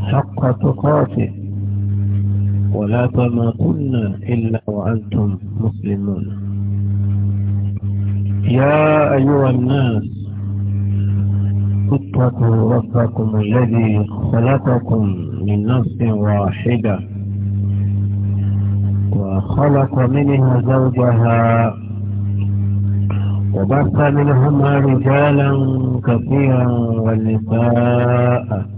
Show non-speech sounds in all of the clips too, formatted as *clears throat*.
حق تقاته ولا تماتن إلا وأنتم مسلمون يا أيها الناس اتقوا ربكم الذي خلقكم من نفس واحدة وخلق منها زوجها وبث منهما رجالا كثيرا ونساءً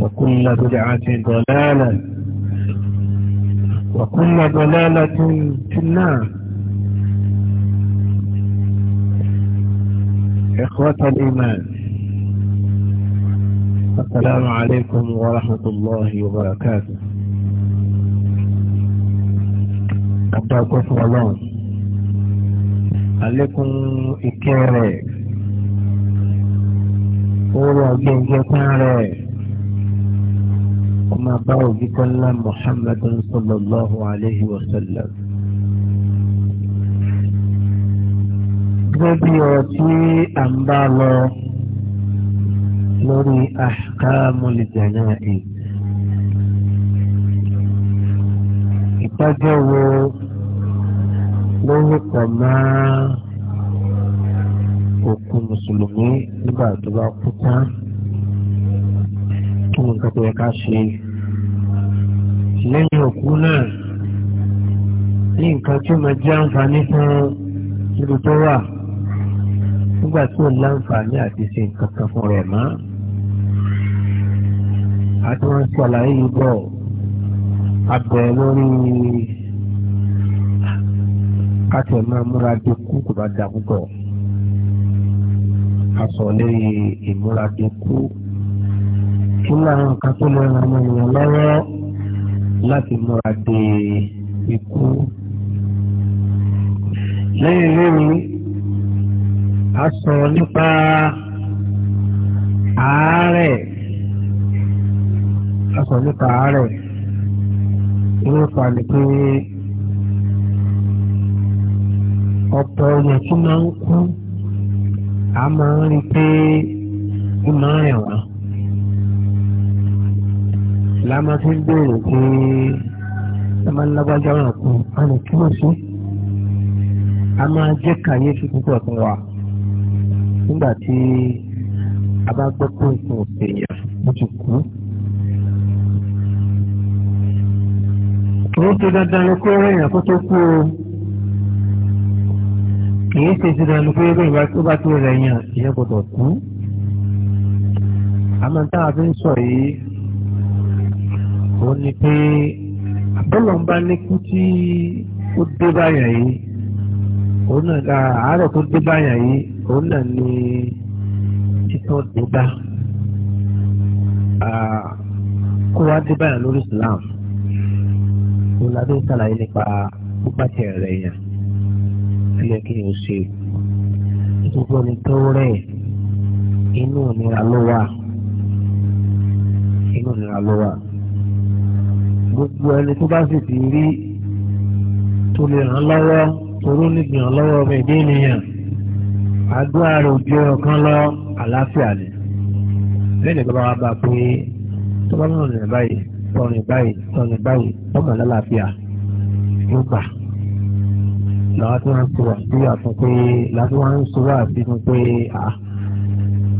وكل بدعة ضلالة وكل ضلالة في النار إخوة الإيمان السلام عليكم ورحمة الله وبركاته أبدا كفر الله عليكم إكيري أولا جنجتان kó máa bá òjíṣẹ́ ńlá Muhammad sallallahu alayhi wa sallam. gẹ́gẹ́ bí ọ̀rọ̀ tí à ń bá lọ lórí ahkamul janaiz. ìtọ́jọ́ wo ló ń pọ̀ máa òkú mùsùlùmí nígbà tó bá kú tán fún nǹkan tó yẹ ká ṣe lẹ́yìn òkú náà ní nǹkan tí ó máa jẹ́ àǹfààní fún ibi tó wà nígbà tí ó láǹfààní àti ṣe nǹkan kan fún rẹ̀ mọ́ àti wọ́n ṣàlàyé yìí bọ̀ abẹ lórí káti máa múra dínkù kò bá dà púpọ̀ a sọ lórí ìmúra dínkù nínú àwọn nǹkan tó lè ran ọmọnìyàn lọ́wọ́ láti múra de ikú. lẹ́yìn lórí a sọ̀rọ̀ nípa àárẹ̀ a sọ̀rọ̀ nípa àárẹ̀ irú ìpàdé pé ọ̀pọ̀ èèyàn tí máa ń kú a máa ń rí i pé ó máa ń rẹ̀ wọ́n lámà fi ń béèrè pé ẹ máa ń lágbájá ọ̀rọ̀ kan àmì kí wọ́n sí. a máa jẹ́ kàyéfì púpọ̀ fún wa nígbà tí a bá gbọ́ pé nǹkan òṣèyàn ó ti kú. kìí ṣe dandan ló kó rẹ̀yìn àkótó kú o kìí ṣe ṣe dandan ló kó rẹ̀yìn àkótó bá tó rẹ̀yìn ìyẹn gbọ́dọ̀ kú. àmọ́ táwọn fi ń sọ yìí òun ni pé bọ́lọ̀mbá níkú tí ó dé báyà yìí òun náà àárọ̀ tó dé báyà yìí òun náà ni títọ́ tó dá kó wá dé báyà lórí Islam òun la tó ń sàlàyé nípa pípa tẹ̀ rẹ̀ yàn tí yẹ kí o ṣe gbogbo ẹni tó rẹ̀ inú ìnira ló wà inú ìnira ló wà gbogbo ẹni tó bá sì ti rí tó lè ràn lọ́wọ́ toró níbi ràn lọ́wọ́ ọmọ ìdí ènìyàn àdúrà rẹ̀ òbí ọ̀kan lọ àlàáfíà ni lẹ́yìn ìgbà wa bá pé tó bá mọ̀ nìyẹn báyìí tọrin báyìí tọrin báyìí ọmọ lálàáfíà yóò gbà làwọn tí wọ́n ń sọ àti àfún pé làwọn tí wọ́n ń sọ àti fún pé à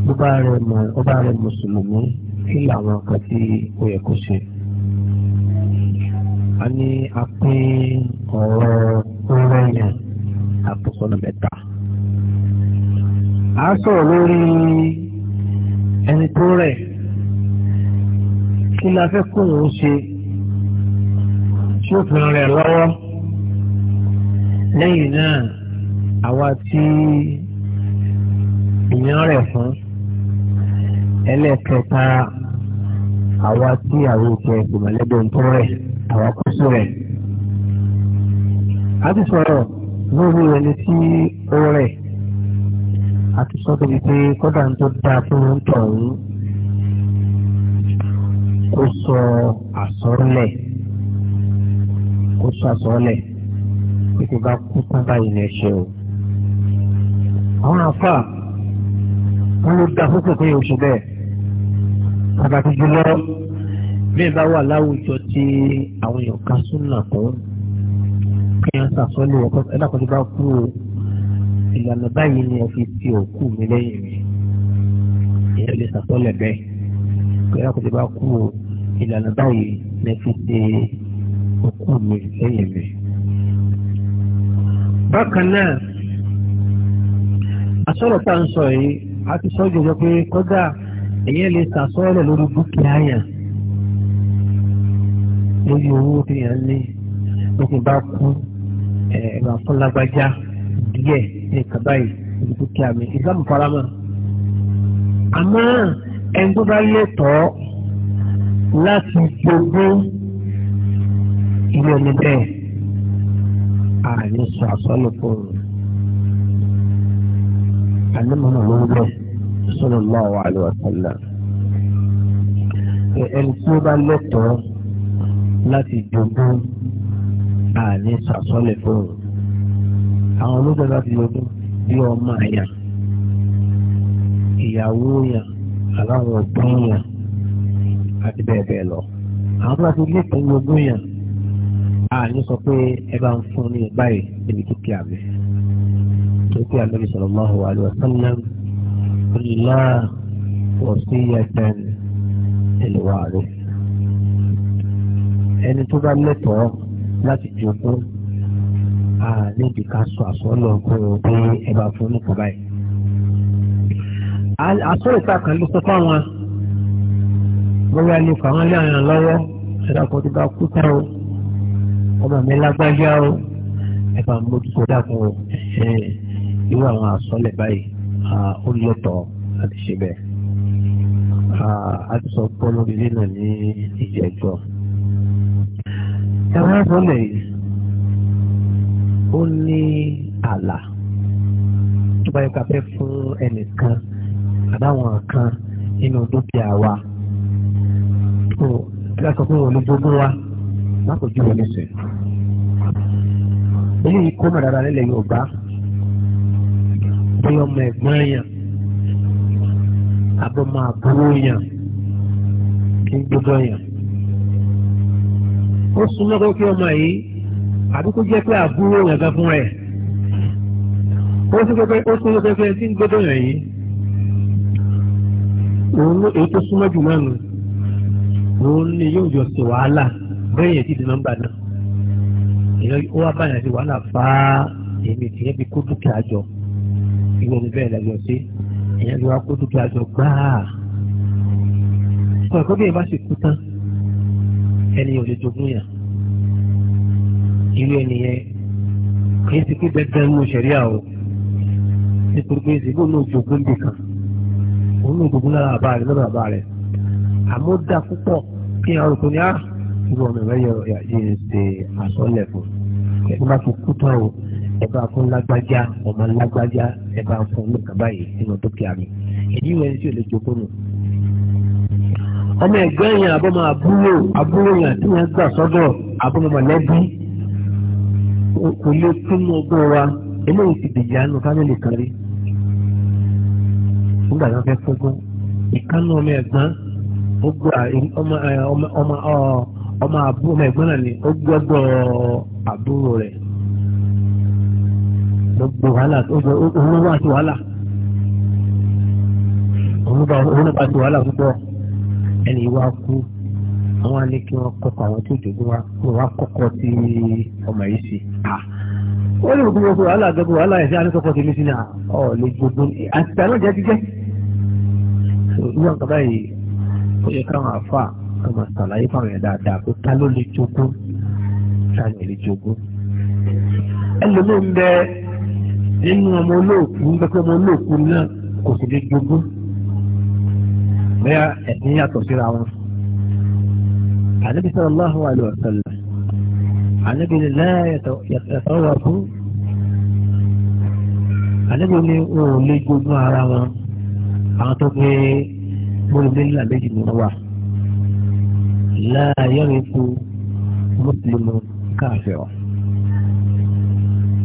bó bá rẹ̀ mọ̀ ọ́ bá rẹ̀ mùsùlùmí kí làwọn kan tí ó yẹ kó ṣe a ní apín ọ̀rọ̀ rẹ́yìn àpòsọ́nà mẹ́ta. a sọ̀rọ̀ lórí ẹni tó rẹ̀ kí la fẹ́ kó òun ṣe tí ó fi rẹ̀ lọ́wọ́ lẹ́yìn náà àwa tí ìyàn rẹ̀ fún ẹlẹ́kẹta àwa tí àwọn òkè ìgbìmọ̀lẹ́gbẹ̀ẹ́ ń tó rẹ̀ àwọn kò sí rẹ̀. a ti sọ̀rọ̀ lórí ẹni tí ó rẹ̀ a ti sọ débi pé kọ́dà tó dáa fún un tọ̀ ń kó sọ àsọ̀rọ̀lẹ̀ kó sọ àsọ̀rọ̀lẹ̀ pé kó bá kú tán báyìí ní ẹ̀ṣẹ̀ o. àwọn afa wọn ló dá fún pé oṣù bẹ́ẹ̀ pàtàkì jùlọ bẹ́ẹ̀ bá wà láwùjọ tí àwọn èèyàn ká súnà kún kí wọ́n ṣàfọ́lẹ̀ ọkọ ẹ̀dàkọ́jú bá kú o ìlànà báyìí ni ẹ fi ti òkú mi lẹ́yìn mi ìyẹn lè ṣàfọ́lẹ̀ bẹ́ẹ̀ kí ẹ̀dàkọ́jú bá kú o ìlànà báyìí ni ẹ fi ti òkú mi lẹ́yìn mi. bákan náà asọ́rọ̀ tá à ń sọ yìí a ti sọ́jú ọjọ́ pé kọ́dà ìyẹn lè ṣàfọ́lẹ̀ lórí dúkìá yẹn lórí owó tí yẹn ní lókun bá kú ẹ̀rọ afọlágbájá díẹ̀ ní kaba yìí ní dúkìá mi ìsìlámù faramọ́. àmọ́ ẹni tó bá lẹ́tọ̀ọ́ láti jogún ilé ẹni bẹ́ẹ̀ àní sọ àsọ́nù fún un. àní mọ̀nà ló ń bẹ̀ sallallahu alaihi wasallam. ẹni tí ó bá lẹ́tọ̀ọ́ láti jogún àní sàsọ́lẹ̀ fóun àwọn olóògbé láti jogún bí ọmọ àyà ìyàwó yàn aláwọ̀ òbí yàn àti bẹ́ẹ̀ bẹ́ẹ̀ lọ àwọn tó bá ti lé fún jogún yàn àní sọ pé ẹ bá ń fún ní báyìí níbi tó kí àmì tó kí àmì sallallahu alaihi wasallam la wasiyatan lil warith ẹni tó bá mẹ́tọ̀ọ́ láti jogún níbi ká sọ àsọ́nà ọkùnrin pé ẹ bá fún nìkan báyìí. àsọ̀rọ̀ ìta kan ló sọ fáwọn bóyá ní fàwọn ní àyàn lọ́wọ́ ẹ̀dá kan tó bá kú tá o ọmọ mi lágbájá o ẹ bá mójútó dákun irú àwọn àsọ̀lẹ̀ báyìí ó lọ́tọ̀ láti ṣe bẹ́ẹ̀. a ti sọ pé ọlọ́run ní ìjẹ́jọ́ ẹ̀rọ ìfọ̀lẹ̀ yìí ó ní àlà tó bá yẹ ká fẹ́ fún ẹnìkan àbáwọn kan nínú dúkìá wa tó bí a sọ pé òun ló gbogbo wa má kò ju wọlé sè. eléyìí kó mọ̀ dáadáa nílẹ̀ Yorùbá bí ọmọ ẹ̀gbọ́n yẹn abọ́mọ àbúrò yẹn kí n gbogbo yẹn ó súnmọ́ pé kí ọmọ yìí àbí kó jẹ́ pé àbúrò yẹn gan fún rẹ̀ ó súnmọ́ pé ó súnmọ́ pé tí ń gbọ́dọ̀ yẹn yìí òun ló èyí tó súnmọ́ jù náà nù òun ni yóò jọ sí wàhálà bẹ́ẹ̀ yẹn ti di nọ́mbà náà èyí ó wá báyìí àti wàhálà fáá èmi ìyẹn fi kó dúkìá jọ ìwé ni bẹ́ẹ̀ lẹ́yọ̀ sí ìyẹn fi wá kó dúkìá jọ gbáà. sọ̀rọ̀ kó bí ẹ bá ṣe kú tán ẹni ò lè jogún yàn irú ẹnìyẹn kìí ti pé gbẹgbẹ nínú sẹríà o nítorí pé ìsìnkú náà jogún bì kan òun náà jogún lára àbá rẹ lọ́nà àbá rẹ àmọ́ dá púpọ̀ kí àwọn òkú ni á ah, irú ọmọ ìwé yọ yìí e ṣe àsọlẹ̀ fún ẹni bá fi kú tán o ẹ bá fún lágbájá ọmọ lágbájá ẹ bá fún ní kàbáyé nínú dúkìá mi èyí wẹ́n tí ò lè jogún nù ọmọ ẹ̀gbẹ́ yẹn àbọ̀mọ àbúrò àbúrò yẹn àti yẹn gbà sọ́dọ̀ àbọ̀mọ mọ̀lẹ́bí kò lè tún ọgbọ́n wa eléyìí ti dìjà nù fámìlì kan rí nígbà tí wọ́n fẹ́ fọ́gbọ́n ìkànnì ọmọ ẹ̀gbọ́n ó gbọ́ ọmọ ọmọ ọmọ àbúrò ọmọ ẹ̀gbọ́n náà ni ó gbọ́dọ̀ àbúrò rẹ̀ gbogbo wàhálà òun wà sí wàhálà òun bá sí wàhálà púpọ̀. ẹni wá kú wọ́n á ní kí wọ́n kọ́kọ́ àwọn tó jogún wa wọ́n wá isi tí ọmọ yìí ṣe. wọ́n lè gbogbo ọkọ̀ wàhálà gbogbo wàhálà ẹ̀ṣẹ́ aníkọ́kọ́ tèmi sí náà ọ̀ lè gbogbo àtìgbà jíjẹ́. kaba yìí ó yẹ káwọn sàlàyé fáwọn yẹn dáadáa ta ló lè jogún ta ló lè jogún. ẹlòmíín bẹ nínú ọmọ olóòkú ń bẹ ọmọ olóòkú náà kò sì lè jogún. bẹ́ẹ̀ ẹ̀sìn yàtọ̀ síra wọn. ànábi sallallahu alaihi wa sallam ànábi la yatawarrafu ànábi ni wọn ò lè jogún ara wọn àwọn tó pé mọ́lùmílà méjì ni wọ́n wà. la yarithu mùsùlùmù kafira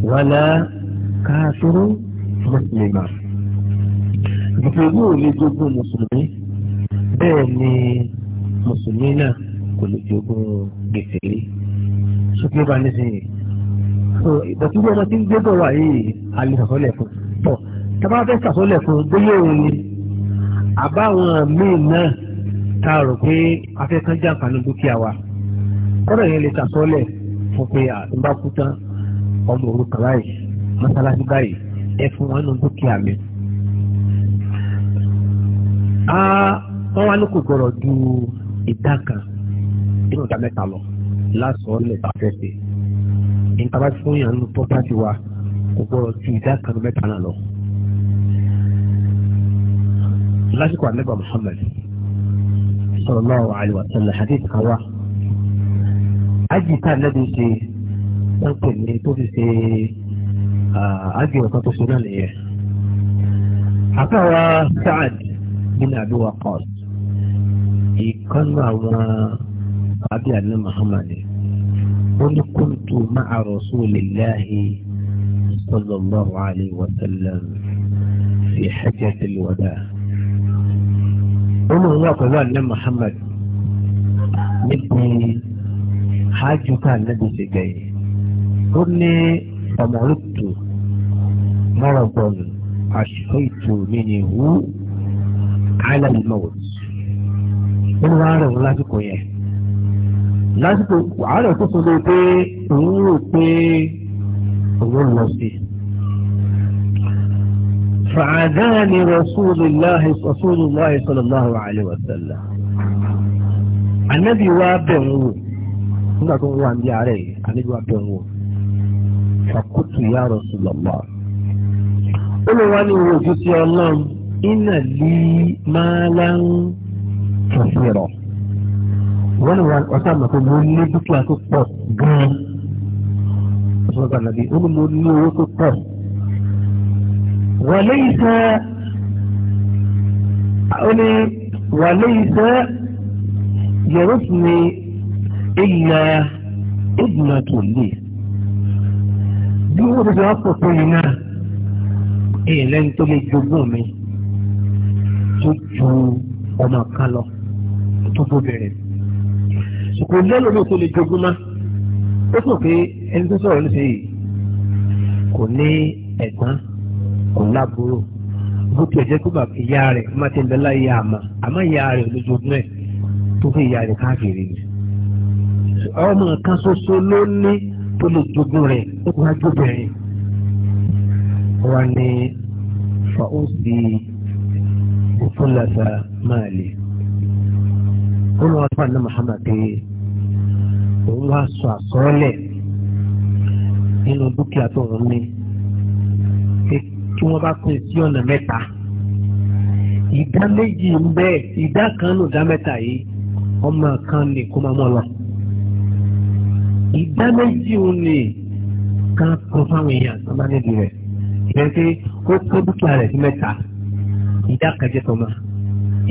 wala kafiru mùsùlùmù mùsùlùmí ò lè jogún mùsùlùmí bẹ́ẹ̀ ni mùsùlùmí náà kò lè jogún gbèsè rí ṣùgbọ́n bá ní sìn ìdọ̀tí bí ọmọ tí ń gbégbọ̀ wà yìí alẹ́ sàsọ́lẹ̀ fún tọ̀ tábà bẹ́ẹ̀ sàsọ́lẹ̀ fún bóyá òun ni àbáwọn míì náà ta rò pé afẹ́kàn jàǹfààní dúkìá wa kọ́dọ̀ yẹn lè sàsọ́lẹ̀ fún pé àtúbà kú tán ọmọ òrukàn báyìí mọ́sálásí báyìí ẹ fún wọn nù dúkìá mi wọ́n wá ní kò gbọ́dọ̀ ju ìdá kan nínú ìdá mẹ́ta lọ lásán lè bá fẹ́ ṣe nǹkan bá fún yàn nínú pọ́pátì wa kò gbọ́dọ̀ ju ìdá kan mẹ́ta náà lọ. lásìkò àlẹ́bà Muhammad sallallahu alaihi wa sallam hadith kan wá ájìká lẹ́bi ṣe wọ́n pè ní tó fi ṣe ájì ọ̀kan tó ṣe náà nìyẹn. àkàwá Sa'ad bin Abi Waqqas. ìkànnì àwọn àbí àná Muhammad ó ní kóńtù máa rasulillahi sallallahu alayhi wa sallam fi hajjatil wadaa. ó ní wọn pẹ̀lú àná Muhammad níbi hajj ká ànábi ṣe gẹ̀yìn ó ní ọmọ rúkutù mọ́rọ̀ bọ́ọ̀lù àṣìṣe ìtò mi ni hu ala al-mawt. ó wá rẹ̀ wọn lásìkò yẹn lásìkò àárẹ̀ tó sọ lóye pé òun rò pé òun lọ sí i. فعذان رسول الله رسول الله صلى الله عليه وسلم النبي وابنه nígbà tó ń wá ní ààrẹ yìí àlejò abẹ́wò fàkútù ya Rasulullah. ó lè wá ní ìwé òjò sí ọlọ́run iná lè máa láń kẹsìrọ̀ wọ́n ní wọn ọ̀sán àmọ̀ pé mo ní dúkìá tó pọ̀ gan-an ọ̀sán àgbà nàbí ó ní mo ní owó tó pọ̀ wọ́n léyìí sẹ́ ó ní wọ́n léyìí sẹ́ yẹ̀rọ fún mi ilẹ̀ ìdùnnà tó lè bí wọ́n ti fi wọ́n pọ̀ tó yìí náà èèyàn lẹ́ni tó lè jogún mi tó ju ọmọ kan lọ tó bó bẹ̀rẹ̀ kò lẹ́nu ní tó lè jogún má ó sọ pé ẹni tó sọ̀rọ̀ lóṣèlú yìí kò ní ẹ̀gbọ́n kò lábúrò bó tiẹ̀ jẹ́ kó bàbá ìyá rẹ̀ má ti ń bẹ láyé àmà àmọ́ ìyá rẹ̀ ló jogún ẹ̀ tó fi ìyá rẹ̀ káàkiri ni ọmọ kan ṣoṣo ló ní tó lè jogún rẹ̀ ó wá jóbìnrin wọn ni fa ó sì fúnlẹ̀ta máa lè ó ní wọn tó àná Muhammad pé òun wá sọ àsọọ́lẹ̀ nínú dúkìá tó ń ní pé kí wọ́n bá pín sí ọ̀nà mẹ́ta ìdá méjì ń bẹ ìdá kan nù ìdá mẹ́ta yìí ọmọ kan lè kó máa mọ́ lọ ìdá méjì ń lè ká kó fáwọn èèyàn tó bá níbi rẹ̀ ìyẹn pé ó kó dúkìá rẹ̀ sí mẹ́ta ìdá kan jẹ́ tọ́mọ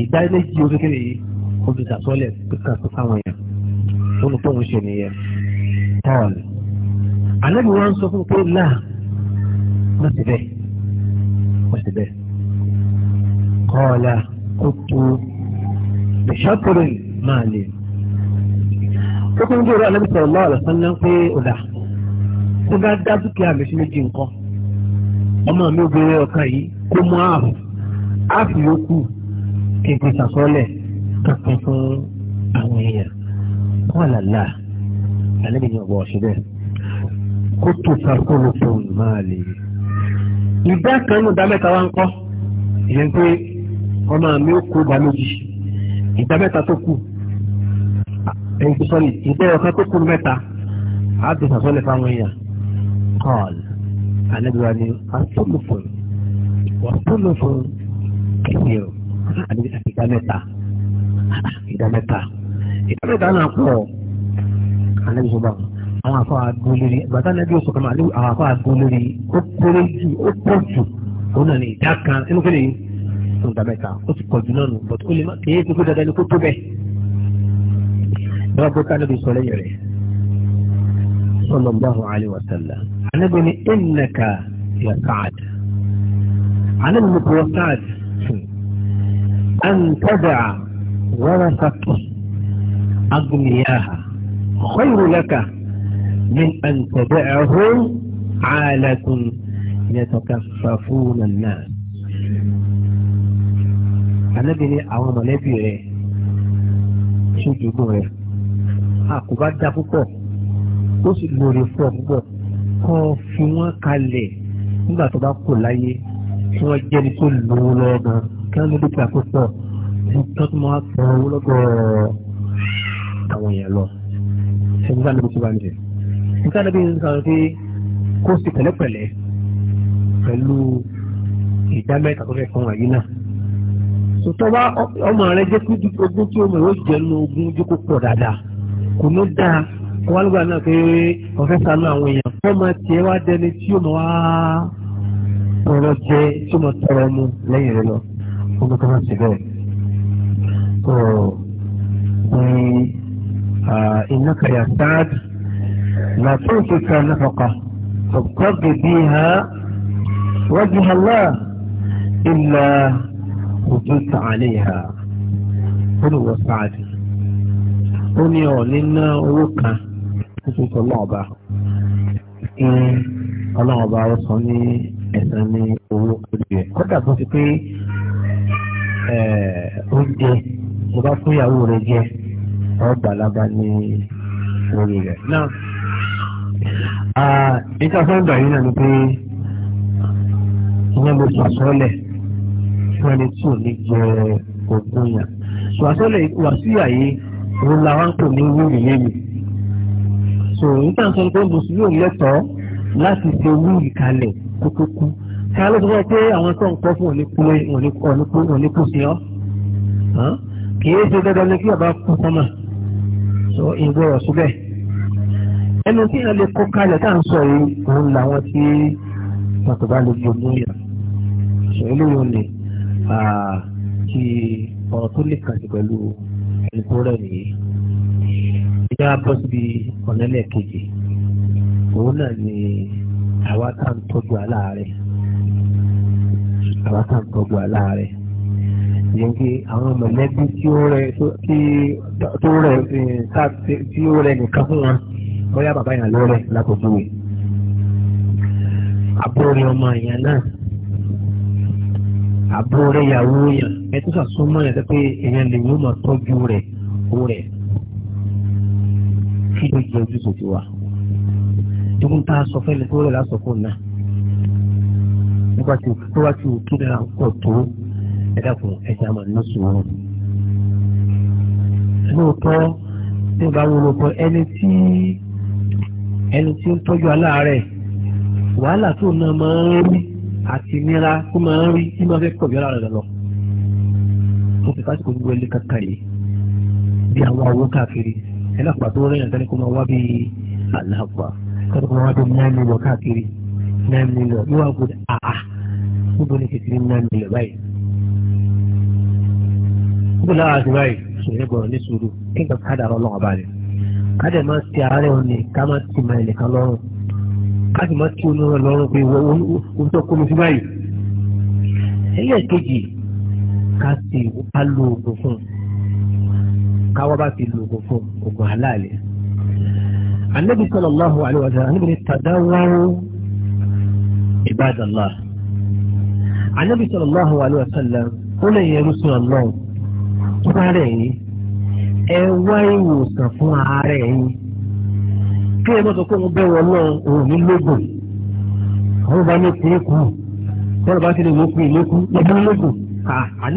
ìdá méjì ó kékeré yìí ó fi sàtọ́lẹ̀ kíkan tó fáwọn èèyàn ó ní tóun ṣe nìyẹn tọ́ọ̀lù. àlẹ́bí wọn sọ fún pé láà wọ́n ti bẹ́ẹ̀ wọ́n ti bẹ́ẹ̀ kọ́ọ̀lá kó tó bẹ̀ṣọ́pọ̀rọ̀ máa lè. ó kún ń gbèrò àlẹ́bí sọ̀rọ̀ lọ́wọ́ lọ́sán náà pé ọ̀dà kó bá dá dúkìá mi sí méjì nǹkan ọmọ mi obìnrin ọ̀kan yìí kó mú ààfù ààfù yókù kí n kan pín fún àwọn èèyàn wọn làlá àlejò yẹn ọ̀bọ̀ ọ̀ṣẹ́ bẹ́ẹ̀ kó tó sàkóló tó máa lè. ìdá kan ní ìdá mẹ́ta wá ń kọ́ ìyẹn pé ọmọ mi ó kó ba lójì ìdá mẹ́ta tó kù ẹ̀yìn tó sọ́ọ̀lì ìdá ọ̀kan tó kù mẹ́ta á ti sàkólẹ̀ fáwọn èèyàn kọ́ọ̀lù àlejò wa ni àtúlùfọ̀n wàtúlùfọ̀n kìnìún àti ìdá ìdá mẹ́ta ìdá mẹ́ta náà pọ̀ ànábì sọ báwọn àwọn afọ àgún lórí bàtà nàbí oṣù kan àwọn afọ àgún lórí ó kéré jù ó pọ̀ jù òun náà ní ìdá kan inú kéde yìí fún ìdá mẹ́ta ó ti pọ̀ jù náà nù bọ̀t ó lè má kéé kókó dandan ní kó bẹ́ẹ̀. ìwà bó ká sọ lẹ́yìn rẹ̀ sallallahu alaihi wa sallam ànábì ní innaka ya Sa'ad ànábì ní kò Sa'ad an tada'a ورثت أغنياها خير لك من أن تدعهم عالة يتكففون الناس Ànábì ní àwọn mọ̀lẹ́bí rẹ̀ ṣojúgbọ́n rẹ̀ àkùbá dá púpọ̀ ó sì lóore fún ọ púpọ̀ kọ́ fi wọ́n kalẹ̀ nígbà tó bá kò láyé kí wọ́n jẹ́ni tó lò ó lọ́ọ́ gan kí wọ́n lè dúkìá púpọ̀ tí tó tó máa tọ owó lọ́dọ̀ àwọn èèyàn lọ ṣẹ́ni bá níbi tí wà níbẹ̀. nígbà níbi ń sọ pé kó sì pẹ̀lẹ́pẹ̀lẹ́ pẹ̀lú ìdá mẹ́ta tó fẹ́ fún àyín náà. sọtọ́ bá ọmọ rẹ jẹ́ kí ogún tí ọmọ yóò jẹ́ nu ogún ojú kó pọ̀ dáadáa kò ní dáa wọ́n lùgbà náà pé ọ̀fẹ́ sanu àwọn èèyàn fọ́ máa tiẹ̀ wá dẹni tí ó máa tọrọ jẹ tí ó máa tọrọ mu lẹ́yìn rẹ lọ. wọ́n mú kí wọ́n ti bẹ́ẹ̀ so ni innaka ya Sa'd la tunfika nafaqa tabtaghi biha wajha Allah illa wujudta 'alayha olùwọ Sa'd ó ní ọ̀ nínú owó kan tuntun tó lọ́ọ̀bà ọlọ́run ọba ó san ní ẹ̀san ní owó orí rẹ̀ kódà tó ti pé oúnjẹ tó bá fún ìyàwó rẹ jẹ ọgbàlagbà ní orí rẹ. náà ìtàkùnbà yìí náà ni pé wọ́n lè sàsọ́lẹ̀ fún ẹni tí ò ní jẹ ogún yàn. sàsọ́lẹ̀ wàsíyà yìí òun làwọn kò ní wúrì lémi. sò nígbà tó ń pè mùsùlùmí lẹ́tọ̀ọ́ láti ṣe wúrì kalẹ̀ kókókó ká ló sọ pé àwọn tó ń kọ́ fún òní kú òní kú sí ọ́ kìí ṣe dandan ní kí ọba kú sọmọ sọ ìgbọràn síbẹ̀ ẹnu tí a lè kó kalẹ̀ tá à ń sọ yìí òun làwọn tí pàtàkì lè jogún yà sọ eléyìí ò lè kí ọ̀rọ̀ tó lè kàṣì pẹ̀lú ẹni tó rẹ̀ nìyí ìyá bọ́ síbi ọ̀nà lẹ́ẹ̀kejì òun náà ni àwa tá à ń tọ́jú aláàárẹ̀ àwa tá à ń tọ́jú aláàárẹ̀ sí pé àwọn mọ̀lẹ́bí tí ó rẹ tó rẹ tí ó rẹ nìkan fún wọn bóyá bàbá yẹn ló rẹ lákòókò rẹ. àbúrò ọmọ èèyàn náà àbúrò ìyàwó yẹn ẹ tó sàsúnmọ́ yẹn pé èèyàn lè yóò máa tọ́jú rẹ̀ ó rẹ̀ kí ló jẹ ojúṣe ti wa. dùkún tá a sọ fẹ́ni tó rẹ̀ lásọ̀kọ̀ náà nígbà tí ó tó wá tí ó kí náà pọ̀ tó ẹ̀dàkùn ẹja máa ní sùúrù. lóòótọ́ tí ó bá wọn lóòótọ́ ẹni tí ẹni tí ó tọ́jú aláàárẹ̀ wàhálà tó náà máa ń rí àti nira kó máa ń rí kí máa fẹ́ pọ̀ bí aláàárẹ̀ lọ. mo fi kásìkò gbogbo ẹni kankan yìí bí àwọn owó káàkiri ẹlẹ́pàá tó rẹ̀ yàtọ̀ ni kó máa wá bí aláàpá kọ́tù kó máa wá bí nine million káàkiri nine million yóò wá gbọdọ̀ àà níbo ni kìtìrì nine million báyìí bó lára àti báyìí ṣèyẹ gbọ́dọ̀ ní sùúrù kí n kankan dàrọ lọ́wọ́ balẹ̀ ká dẹ̀ máa ti ara rẹ̀ ní ká máa ti máa ẹnìkan lọ́rùn ká sì máa ti olóòrùn lọ́rùn pé wọ́n tó kó mi sí báyìí. ẹlẹ́ẹ̀kejì ká sì ká lo oògùn fún un káwọ́ bá ti lo oògùn fún un oògùn aláàlẹ́. النبي صلى الله عليه وسلم من التدور عباد الله النبي صلى الله عليه وسلم قل يا رسول الله fún ara yín ẹ wá ìwòsàn fún ààrẹ yìí kí ẹ mọ̀tò kó ń bẹ́ wọn náà òun ní àwọn ọba ní tọ́lá bá ti lè wọ́n pín ìlékún lọ́dún lóògùn ká gan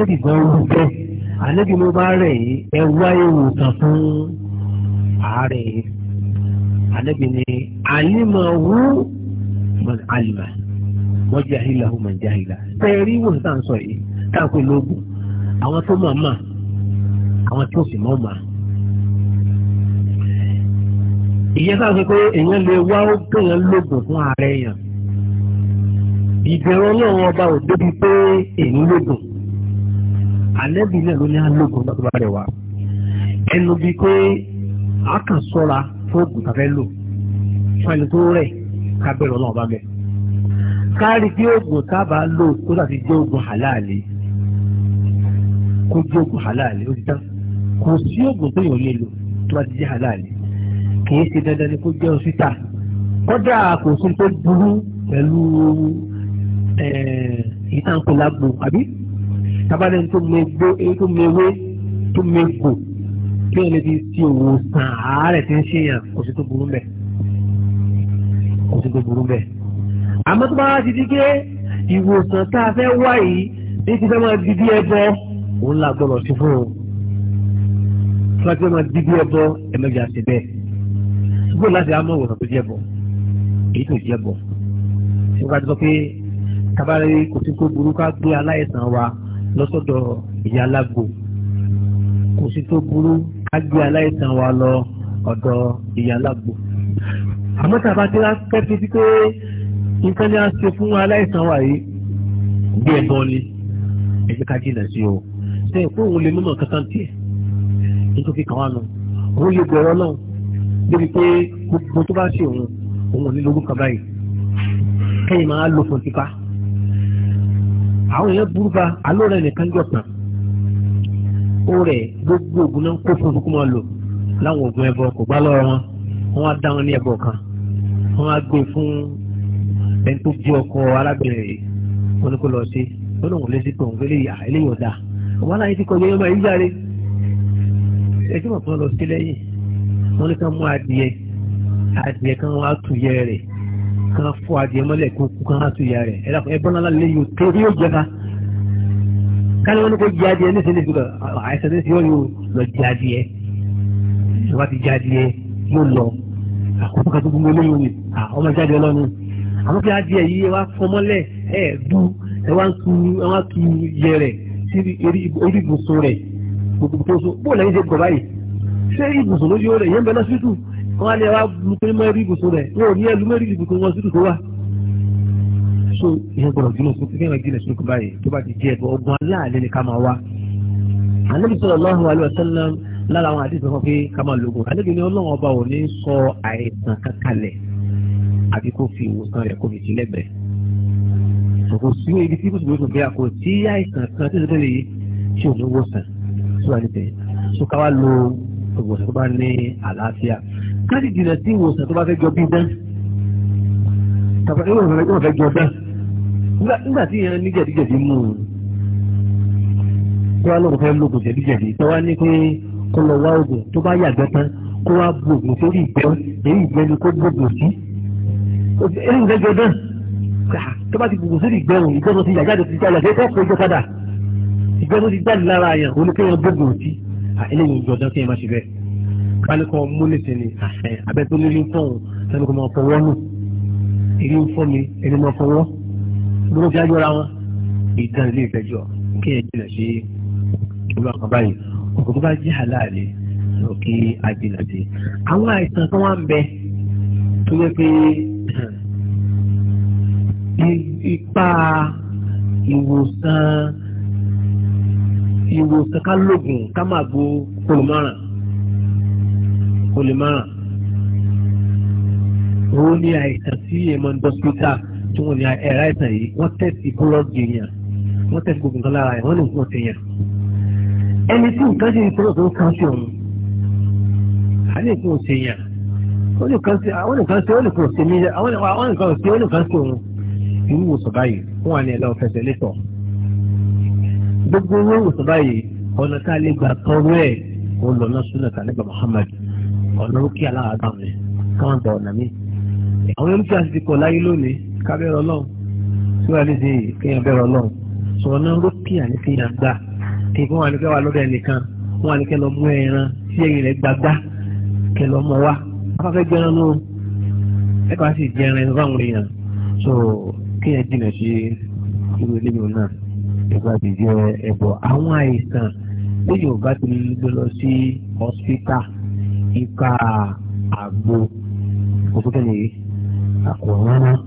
bá rẹ̀ ẹ wá ìwòsàn fún ni wú àlìmọ̀ wọ́n jẹ́ àhílà jẹ́ àhílà sọ yìí àwọn tó mọ̀ mọ̀. àwọn tí ò sì mọ̀ mà. ìyẹn sáà sọ pé èèyàn lè wá ó gbèyàn lóògùn fún ààrẹ yàn ìbẹ̀rù ọlọ́run ọba ò débi pé èyí lóògùn àlẹ́bí náà ló ní alóògùn bá tó bá rẹ̀ wá ẹnu bíi pé a kàn sọ́ra fún oògùn tàfẹ́ lò fún ẹni tó rẹ̀ ká bẹ̀rù ọlọ́run ọba bẹ̀ kárí bí oògùn tábà lò kó dàbí jẹ́ oògùn hàláàlì kó jẹ́ oògùn hàláàlì ó ti tán kò sí oògùn tó yàn lè lò tó bá ti jẹ́ àlàálẹ̀ kì í ṣe dandan ni kó jẹ́ òṣìṣà kódà kò sí tó burú pẹ̀lú ìtànkù lágbo àbí tabalẹ̀ tó mẹ́gbó tó mẹ́wé tó mẹ́gbò kí wọ́n lè fi ti òwò sàn àárẹ̀ tí ń ṣe yàn kò sí tó burú mẹ́ kò sí tó burú mẹ́ àmọ́ tó bá ti di pé ìwòsàn tá a fẹ́ wá yìí ní ti fẹ́ máa di bí ẹbọ òun là gbọ́dọ̀ sí fún un tó ti máa di bí ẹbọ ẹ̀mẹ́jọ àti bẹ́ẹ̀ gbọ́dọ̀ láti á mọ̀ wọ̀rọ̀ tó jẹ́ bọ̀ èyí tó jẹ́ bọ̀ wọ́n bá ti sọ pé kábàárẹ̀ kò sí kó burú ká gbé aláìsàn wa lọ́sọ̀dọ̀ ìyá alágbo kò sí tó burú gbé aláìsàn wa lọ ọ̀dọ̀ ìyá alágbo àmọ́ tàbá tí wọ́n fẹ́ sí pé nǹkan ní a ṣe fún aláìsàn wa yìí bí ẹ̀bọ ni ẹ̀jẹ̀ ká jìnà sí o ṣe ìpò òun lè mímọ̀ kankan tiẹ̀ ètò kíkan wà nù òun lè bẹ̀rẹ̀ ọlọ́run débi pé gbogbo tó bá ṣe òun òun ò ní lógún kan báyìí kẹ́yìn máa lò fún tipa àwọn èèyàn burú ba alóòrẹ́ nìkan jọ tán ó rẹ̀ gbogbo ògùn náà kó fún fúnkú máa lò láwọn ògùn ẹbọ kò gbá lọ́wọ́ wọn wọ́n á dá wọn ní ẹbọ kan wọ́n á gbé fún ẹni tó jẹ́ ọkọ arábìnrin rẹ̀ wọ́n ní kó lọ sí wọ́n lòun lé sí pé òun fẹ́ lè yà eléyìí ọ̀dà wọ́n á láyé ti kọjá yẹn máa yí jáde ẹjọ́ mọ̀ kan lọ sí lẹ́yìn wọ́n ní ká mú adìẹ adìẹ kan wọ́n á tù yẹ rẹ̀ kan fọ adìẹ mọ́lẹ̀ kó kú kan á tù yẹ rẹ̀ ẹ dàpọ̀ ẹ bọ́nà lálẹ́ yóò tó yóò jẹba káni wọ́n ní kó jẹ adìẹ ní sẹ́ni ìfúkọ̀ àìsàn ní sẹ́ni yóò lọ jẹ adìẹ ìjọba ti jẹ adìẹ yóò lọ àkókò kan tó gbogbo lóyún ni ọmọ jáde ọlọ́nu àwọn fi adìẹ yìí ẹ wá fọmọ́lẹ̀ ẹ dú ẹ wá tu yẹ rẹ̀ sí orí ibùsùn rẹ̀ gbogbo tó so bó lẹ́yìn ṣe gbọ̀ báyìí ṣé ibùsùn lójú rẹ̀ yẹn bẹ́ẹ̀ lọ́sítù wọn á lè wá lu pé mọ́ rí ibùsùn rẹ̀ wọn ò ní ẹlú mẹ́rin ibùsùn wọn sítù tó wà. so ìyẹn gbọ́dọ̀ jùlọ sí fẹ́ràn jùlọ sí báyìí tó bá ti jẹ́ ẹ̀bọ̀ ọgbọ́n aláàlẹ́ ni ká máa wá. Ànábì sallallahu alaihi wasallam lára àwọn àdìsí kan pé ká máa lògùn Ànábì ni Ọlọ́run ọba ò ní sọ àìsàn kankanlẹ̀ àbí kó fi ìwòsàn rẹ̀ kó fi sílẹ̀ bẹ̀rẹ̀ kò sí ibi tí bùsùn lóṣù bí a kò sí àìsàn kan tó ṣe tẹ́lẹ̀ yìí tí ò ní tó wà níbẹ̀ so ká wá lo ìwòsàn tó bá ní àlàáfíà ká sì jìnnà sí ìwòsàn tó bá fẹ́ jọ bí dán tàbí ìwòsàn tó fẹ́ jọ dán nígbà tí ìyẹn ní jẹ̀díjẹ̀dí mú un tó wá lóògùn fẹ́ lóògùn jẹ̀díjẹ̀dí tó wá ní pé kó lọ wá oògùn tó bá yàgbẹ́ tán kó wá bu oògùn sórí ìgbẹ́ èyí ìgbẹ́ ni kó gbogbo sí èyí ìgbẹ́ jọ dán tó bá ti gbogbo sórí ìgbẹ́ ìgbẹ́ tó ti jáde lára yẹn òun ni kéèyàn gbógun òtí eléyìí ìjọ ọ̀dọ́ kéèyàn má ṣe bẹ́ẹ̀ kánikọ́ múlẹ̀sẹ̀ ni abẹ́ tó ní fọ́ọ̀n sẹ́ni kò máa fọwọ́ nù èyí ń fọ́ mi ẹni máa fọwọ́ gbogbo ti ájọra wọn ìdán ilé ìfẹjọ kéèyàn jìnà sí ìlú àkàbá yìí ọkọ̀ tó bá jẹ́ àláàlẹ́ lọ kí a jìnà sí àwọn àìsàn tó wá ń bẹ tó yẹ pé *clears throat* ipa ìwòsàn ìwòsàn ká lóògùn ká máa gbo olùmọ̀ràn olùmọ̀ràn òun ní àìsàn tí èèmọ̀ ń dọ́sítà tí wọ́n ní ẹ̀rọ àìsàn yìí wọ́n tẹ̀sí búlọ́ọ̀gì èèyàn wọ́n tẹ̀sí gbogbo nǹkan lára ẹ̀ wọ́n ní nǹkan ti yàn. ẹni tí nǹkan ṣe ìṣòro tó ń kan sí òun àlè kò ṣe yàn wọ́n ní kan ṣe àwọn nìkan ṣe wọ́n ní kan ṣe mí àwọn nìkan ṣe wọ́n ní kan ṣe òun ìwúwo sọ̀ báyìí wọ́n wà ẹ̀ lọ́ọ́ fẹsẹ̀ létọ̀ọ́ gbogbo owó ìwòsàn báyìí ọ̀nà tá a lè gbà tọrọ ẹ̀ ó lọ náà súnà tà nígbà Muhammad ọ̀nà ó kí aláàbà mi káwọn gba ọ̀nà mi. àwọn ẹni tí a ti kọ̀ láyé lónìí ká bẹ̀rẹ̀ ọlọ́run tí wàá léde kéèyàn bẹ̀rẹ̀ ọlọ́run sọ ọ̀nà ó kí àní kéèyàn gbà kí wọ́n wà ní kẹ́ wà lọ́dọ̀ ẹnìkan wọ́n wà ní kẹ́ mú ẹran tí ẹ̀yìn rẹ̀ gbagbá kẹ́ lọ wa afáfẹ́ jẹran nù ẹ̀ka ẹ̀bọ̀ àti jẹ́ ẹ̀bọ̀ àwọn àìsàn tí yorùbá ti gbé lọ sí hospital ìka àgbo òkúta nìyí àkùnrin náà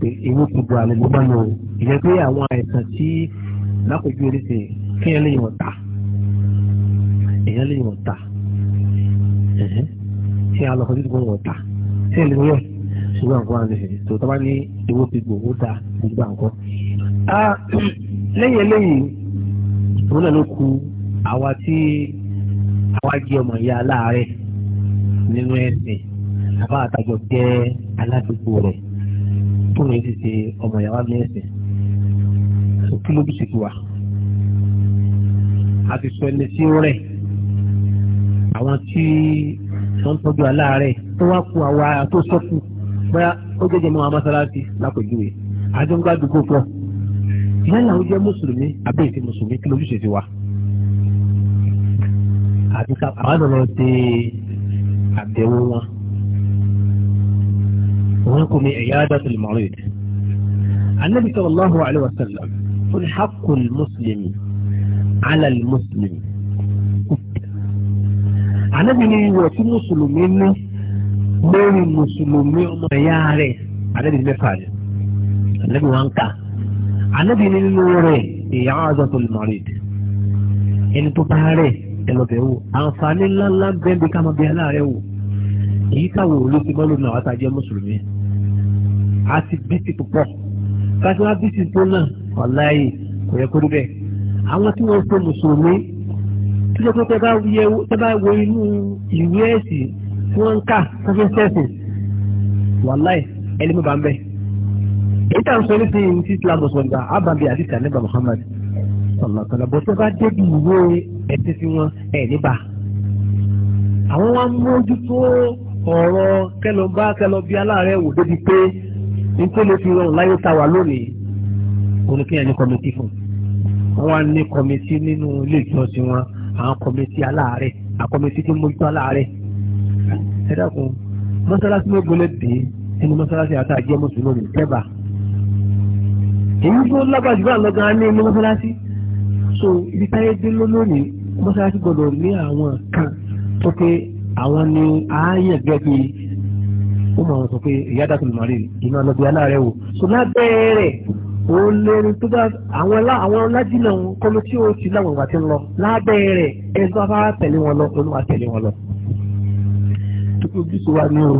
pé ewé ti bu àlejò bá lò ìyẹn pé àwọn àìsàn tí lápòjú oríṣi kí ẹ lẹ́yìn ọ̀tá èèyàn lẹ́yìn ọ̀tá tí a lọ fọdún tó gbọ́n ọ̀tá tí ẹ lè wọ́n yẹ ṣùgbọ́n nǹkan àlejò tó tọ́ bá ní ewé ti gbò ó da gbogbo àǹkan. Ah, lẹ́yìn eléyìí òun náà ló ku àwa tí àwa jẹ́ ọmọ ìyá aláàárẹ̀ nínú ẹ̀sìn àbá àtàjọ jẹ́ aládùúgbò rẹ̀ tóun yìí ti ṣe ọmọ ìyá wa ní ẹ̀sìn kí ló bí ṣètò wa a ti sọ ẹni tí ó àwọn tí wọ́n ń tọ́jú tó wá ku àwa tó sọ́kù bóyá ó jẹ́jẹ́ mọ́ àwọn mọ́sálásí lápèjúwe àjọ ń gbàdúgbò pọ̀ yálà ó jẹ́ mùsùlùmí àbí èsì mùsùlùmí kí lójúṣe ti wà. àti àwọn ọ̀nà ṣe àbẹ̀wò wọn. wọ́n kò ní ẹ̀yà àdàtò lè mọ̀rọ̀ èdè. النبي صلى الله عليه وسلم قل حق المسلم على المسلم ànábì ni ìwọ̀ tí mùsùlùmí ní lórí mùsùlùmí ọmọ ẹ̀yà rẹ̀ ànábì mẹ́fà rẹ̀ ànábì wọn kà ànábì nínú rẹ̀ ìyá àjọpọ lùmọ̀rẹ́ ẹni tó bá rẹ̀ ẹ lọ bẹ̀ wò àǹfààní ńláńlá bẹ́ẹ̀ bí ká máa bí aláàárẹ̀ wò èyí táwọn òòlù ti mọ́lò náà àtàjọ mùsùlùmí a ti bísí púpọ̀ káṣí wá bísí tó náà wàláyé kò yẹ kó rí bẹ́ẹ̀ àwọn tí wọ́n ń fẹ́ mùsùlùmí tó jẹ́ pé tẹ́ bá wo inú ìwé ẹ̀sìn tí wọ́n ń kà sáfẹ́sẹ̀sìn wàláyé ẹni mú bá ń bẹ́ẹ̀ ìta ń sọ ní ti ní islam sọ̀gbà abàbí àdìsí àníbà muhammad sọ̀làtọ̀là bó tó bá débi ìwé ẹ̀sìn sí wọn ẹ̀ níbà. àwọn wa mójútó ọ̀rọ̀ kẹlọ́bá kẹlọ́bí aláàárẹ̀ wò débi pé nítorí fi rọrùn láyé tá wà lónìí oníkéyàn ní kọ́mítì fún wọn wá ní kọ́mítì nínú ilé ìjọsìn wọn àwọn kọ́mítì aláàárẹ̀ àkọ́mítì tó mójútó aláàárẹ̀ ẹ dákun mọ́sálásí mẹ́gbọ́lẹ́ dé ẹni mọ́sálásí àtàjẹ́ mùsùlùmí tẹ́bà èyí tó lágbàjú bá lọ́gán á ní inú mọ́sálásí so ibi táyé dé lónìí mọ́sálásí gbọ́dọ̀ ní àwọn kan tó pé àwọn ni ààyè gẹ́gẹ́ ó mọ̀ wọn sọ pé ìyá dàtò lè mọ̀rí iná lọ́gbẹ́ aláàrẹ̀ wò so lábẹ́ rẹ̀ òun lẹ́nu tó bá àwọn lájìnà kọ́ ló tí ó ti láwọn ìgbà tí ń lọ lábẹ́ rẹ̀ ẹ tó bá tẹ̀lé wọn lọ olúwa tẹ̀lé wọn lọ. tó kí ojúṣe wa ní o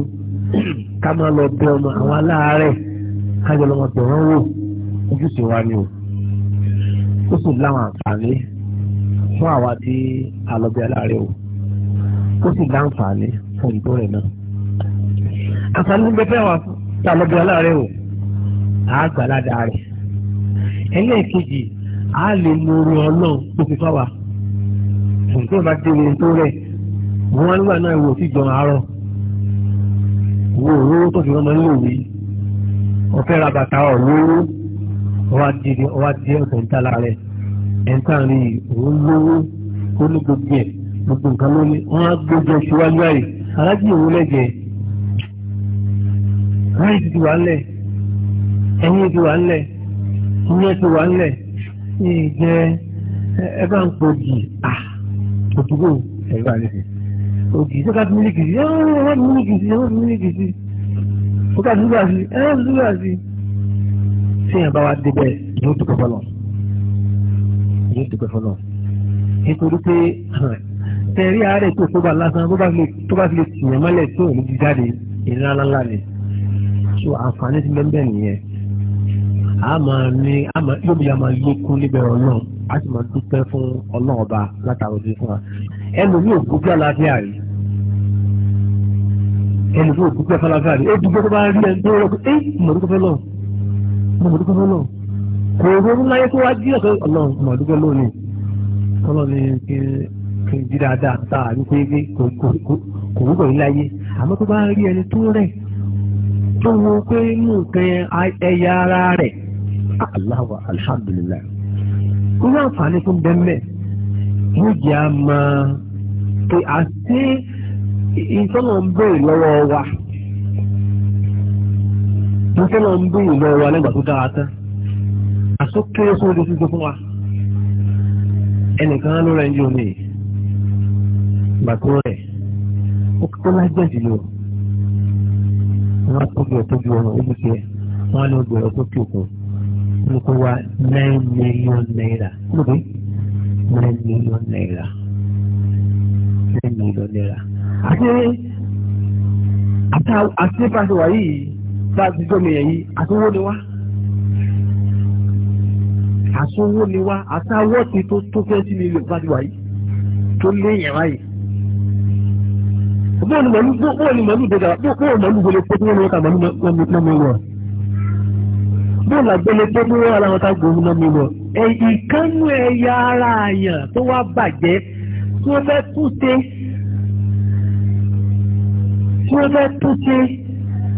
ká máa lọ bẹ ọmọ àwọn aláàárẹ̀ ká jọ lọ́mọ bẹ̀ wọ́n wò ojúṣe wa ni o ó sì láwọn àǹfààní fún àwa tí a lọ bí aláàárẹ̀ o ó sì láǹfààní fún ìbò rẹ̀ náà. àǹfààní ló ń bẹ fẹ́ wa tá a lọ bí aláàárẹ̀ o àgbà ládàá rẹ̀ ẹlẹ́ẹ̀kejì a lè mú orí ọlọ́run tó fi fáwa nǹkan bá dé orin tó rẹ̀ wọ́n nígbà náà wò sí jọ àárọ̀ wo òróró tó fi wọ́n mọ́ nílò wí ọ̀fẹ́ ra bàtà ọ̀róró ọwá dídí ọwá dí ọ̀sẹ̀ níta lára rẹ̀ ẹ̀ńtà rí òun lówó ó ní gbogbo ẹ̀ gbogbo nǹkan ló ní wọ́n á gbogbo ẹ̀ síwájú àyè alájí òun lẹ́jẹ̀ ráì ti wà ńlẹ̀ ẹ̀yìn ti wà ńlẹ̀ ìyẹn ti wà ńlẹ̀ ìjẹ ẹ bá ń pòjì à òdúgbò ẹ̀rọ àlejò òjì tó ká mílíkì sí ẹ̀rọ mílíkì sí ẹ̀rọ mílíkì sí ó ká fi dúró àti ẹ̀rọ dúró àti tíyẹn bá wa débẹ̀ yóò dúpẹ́ fọlọ́ yóò dúpẹ́ fọlọ́ nítorí pé *laughs* tẹ̀rí àárẹ̀ tó tó bá lásán tó bá fi lè tìyàn mọ́lẹ̀ tó ò ní ti jáde ìlànà ni so àǹfààní ti bẹ́ẹ̀ nìyẹn a máa ní yóò bí a máa lékún níbẹ̀rẹ̀ ọlọ́run a sì máa dúpẹ́ fún ọlọ́run ọba látàrí ojú fún wa ẹlòmíì ò gbójú àlàáfíà rí ẹlòmíì ò gbójú àlàáfíà rí ó dúpẹ́ tó bá rí ẹni tó rọ pé ẹ mọ̀ ní kó lọ́run mọ̀dúgbẹ́ lọ́nà kò ronú láyé tó wá jí ọ̀sẹ̀ ọlọ́run mọ̀dúgbẹ́ lónìí ọlọ́ni kí n jí dáadáa tá a wípé kò wúkọ̀ yín láyé àmọ́ tó bá rí ẹni tó rẹ̀ tó wọ pé inú nǹkan ẹ̀yà ara rẹ̀ aláwọ̀ alhamdulillah irú àǹfààní fún bẹ́ẹ̀ yóò jẹ́ a máa pé àti ìtọ́nà ń bèrè lọ́wọ́ wa. ìfẹ́lọ̀ ń bú ìlọ wa nígbà tó dára tán àsókè sóde síse fún wa ẹnìkan ló rẹ̀ ń yọ ní rẹ̀ ó kọ́ lájẹ̀sì lọ wọ́n tóbi ọ̀tóbi ọ̀rọ̀ ó wa nine naira naira nine million naira àti a bá ti jọmọ yẹn yìí àtúwó ni wá àtúwó ni wá àtàwọ̀ ti tó tó twenty million bá ti wà yìí tó lé yẹn wáyìí. bóun ni màlúù bóun ni màlúù dẹ̀dà bóun ni màlúù gbélé pépé wọn ká màlúù náà mú wọn. bóun là gbélé pépé wọn ara wọn ká gbóun náà mú wọn. ìkànnì ẹ̀yà ara àyàn tó wá bàjẹ́ tí wọ́n fẹ́ tún ṣe tí wọ́n fẹ́ tún ṣe.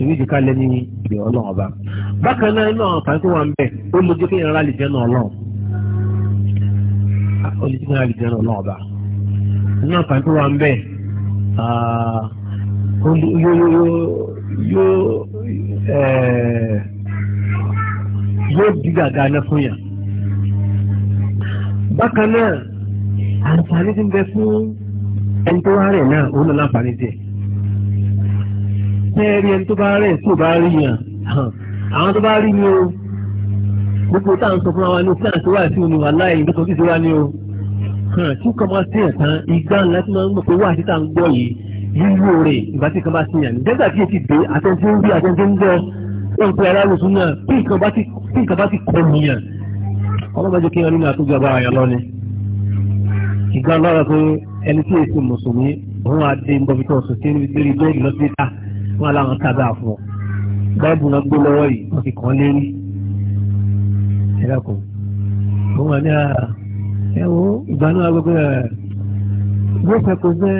mùsùlùmí jù ká ìgbè ọlọ́run ọba bákan náà inú àwọn fàáńtì wà ń bẹ̀ ó lè kí ìrora lè jẹ́nu ọlọ́run ó lè kí ìrora lè jẹ́nu ọlọ́run ọba inú àwọn fàáńtì wà ń bẹ̀ yóò yóò di gàgà náà fún yàn bákan náà àǹfààní ti ń bẹ fún ẹni tó rẹ̀ náà tẹ́ẹ̀rí ẹni tó bá rẹ̀ tí ò bá rí yàn àwọn tó bá rí ni o gbogbo táà ń sọ fún wa ní sáà tó wà sí òní wà láì ní tó kíkọ́ wá ní o tí ó kọ́ máa sí ẹ̀tàn igbá ńlá tí máa ń gbọ́ pé wà síta ń gbọ́ yìí yíyó rẹ̀ ìgbà tí kan bá sí yàn nígbà tí èsì dé àtẹ̀ntì ń rí àtẹ̀ntì ń gbọ́ wọn pe aráàlú fún náà bí nǹkan bá ti kọ́ nìyàn ọlọ́mọdé kí wọn nínú àtúgbò àbára yàn lọ ni ìgbà ńlá rẹ̀ pé ẹni wọn aláwọn tábà fún ọ báìbù náà gbé lọ́wọ́ yìí wọ́n fi kàn lérí ẹ̀rọ kò wọ́n wà ní ẹ wo ìgbà náà gbogbo ẹ̀ bó fẹ́ kó fẹ́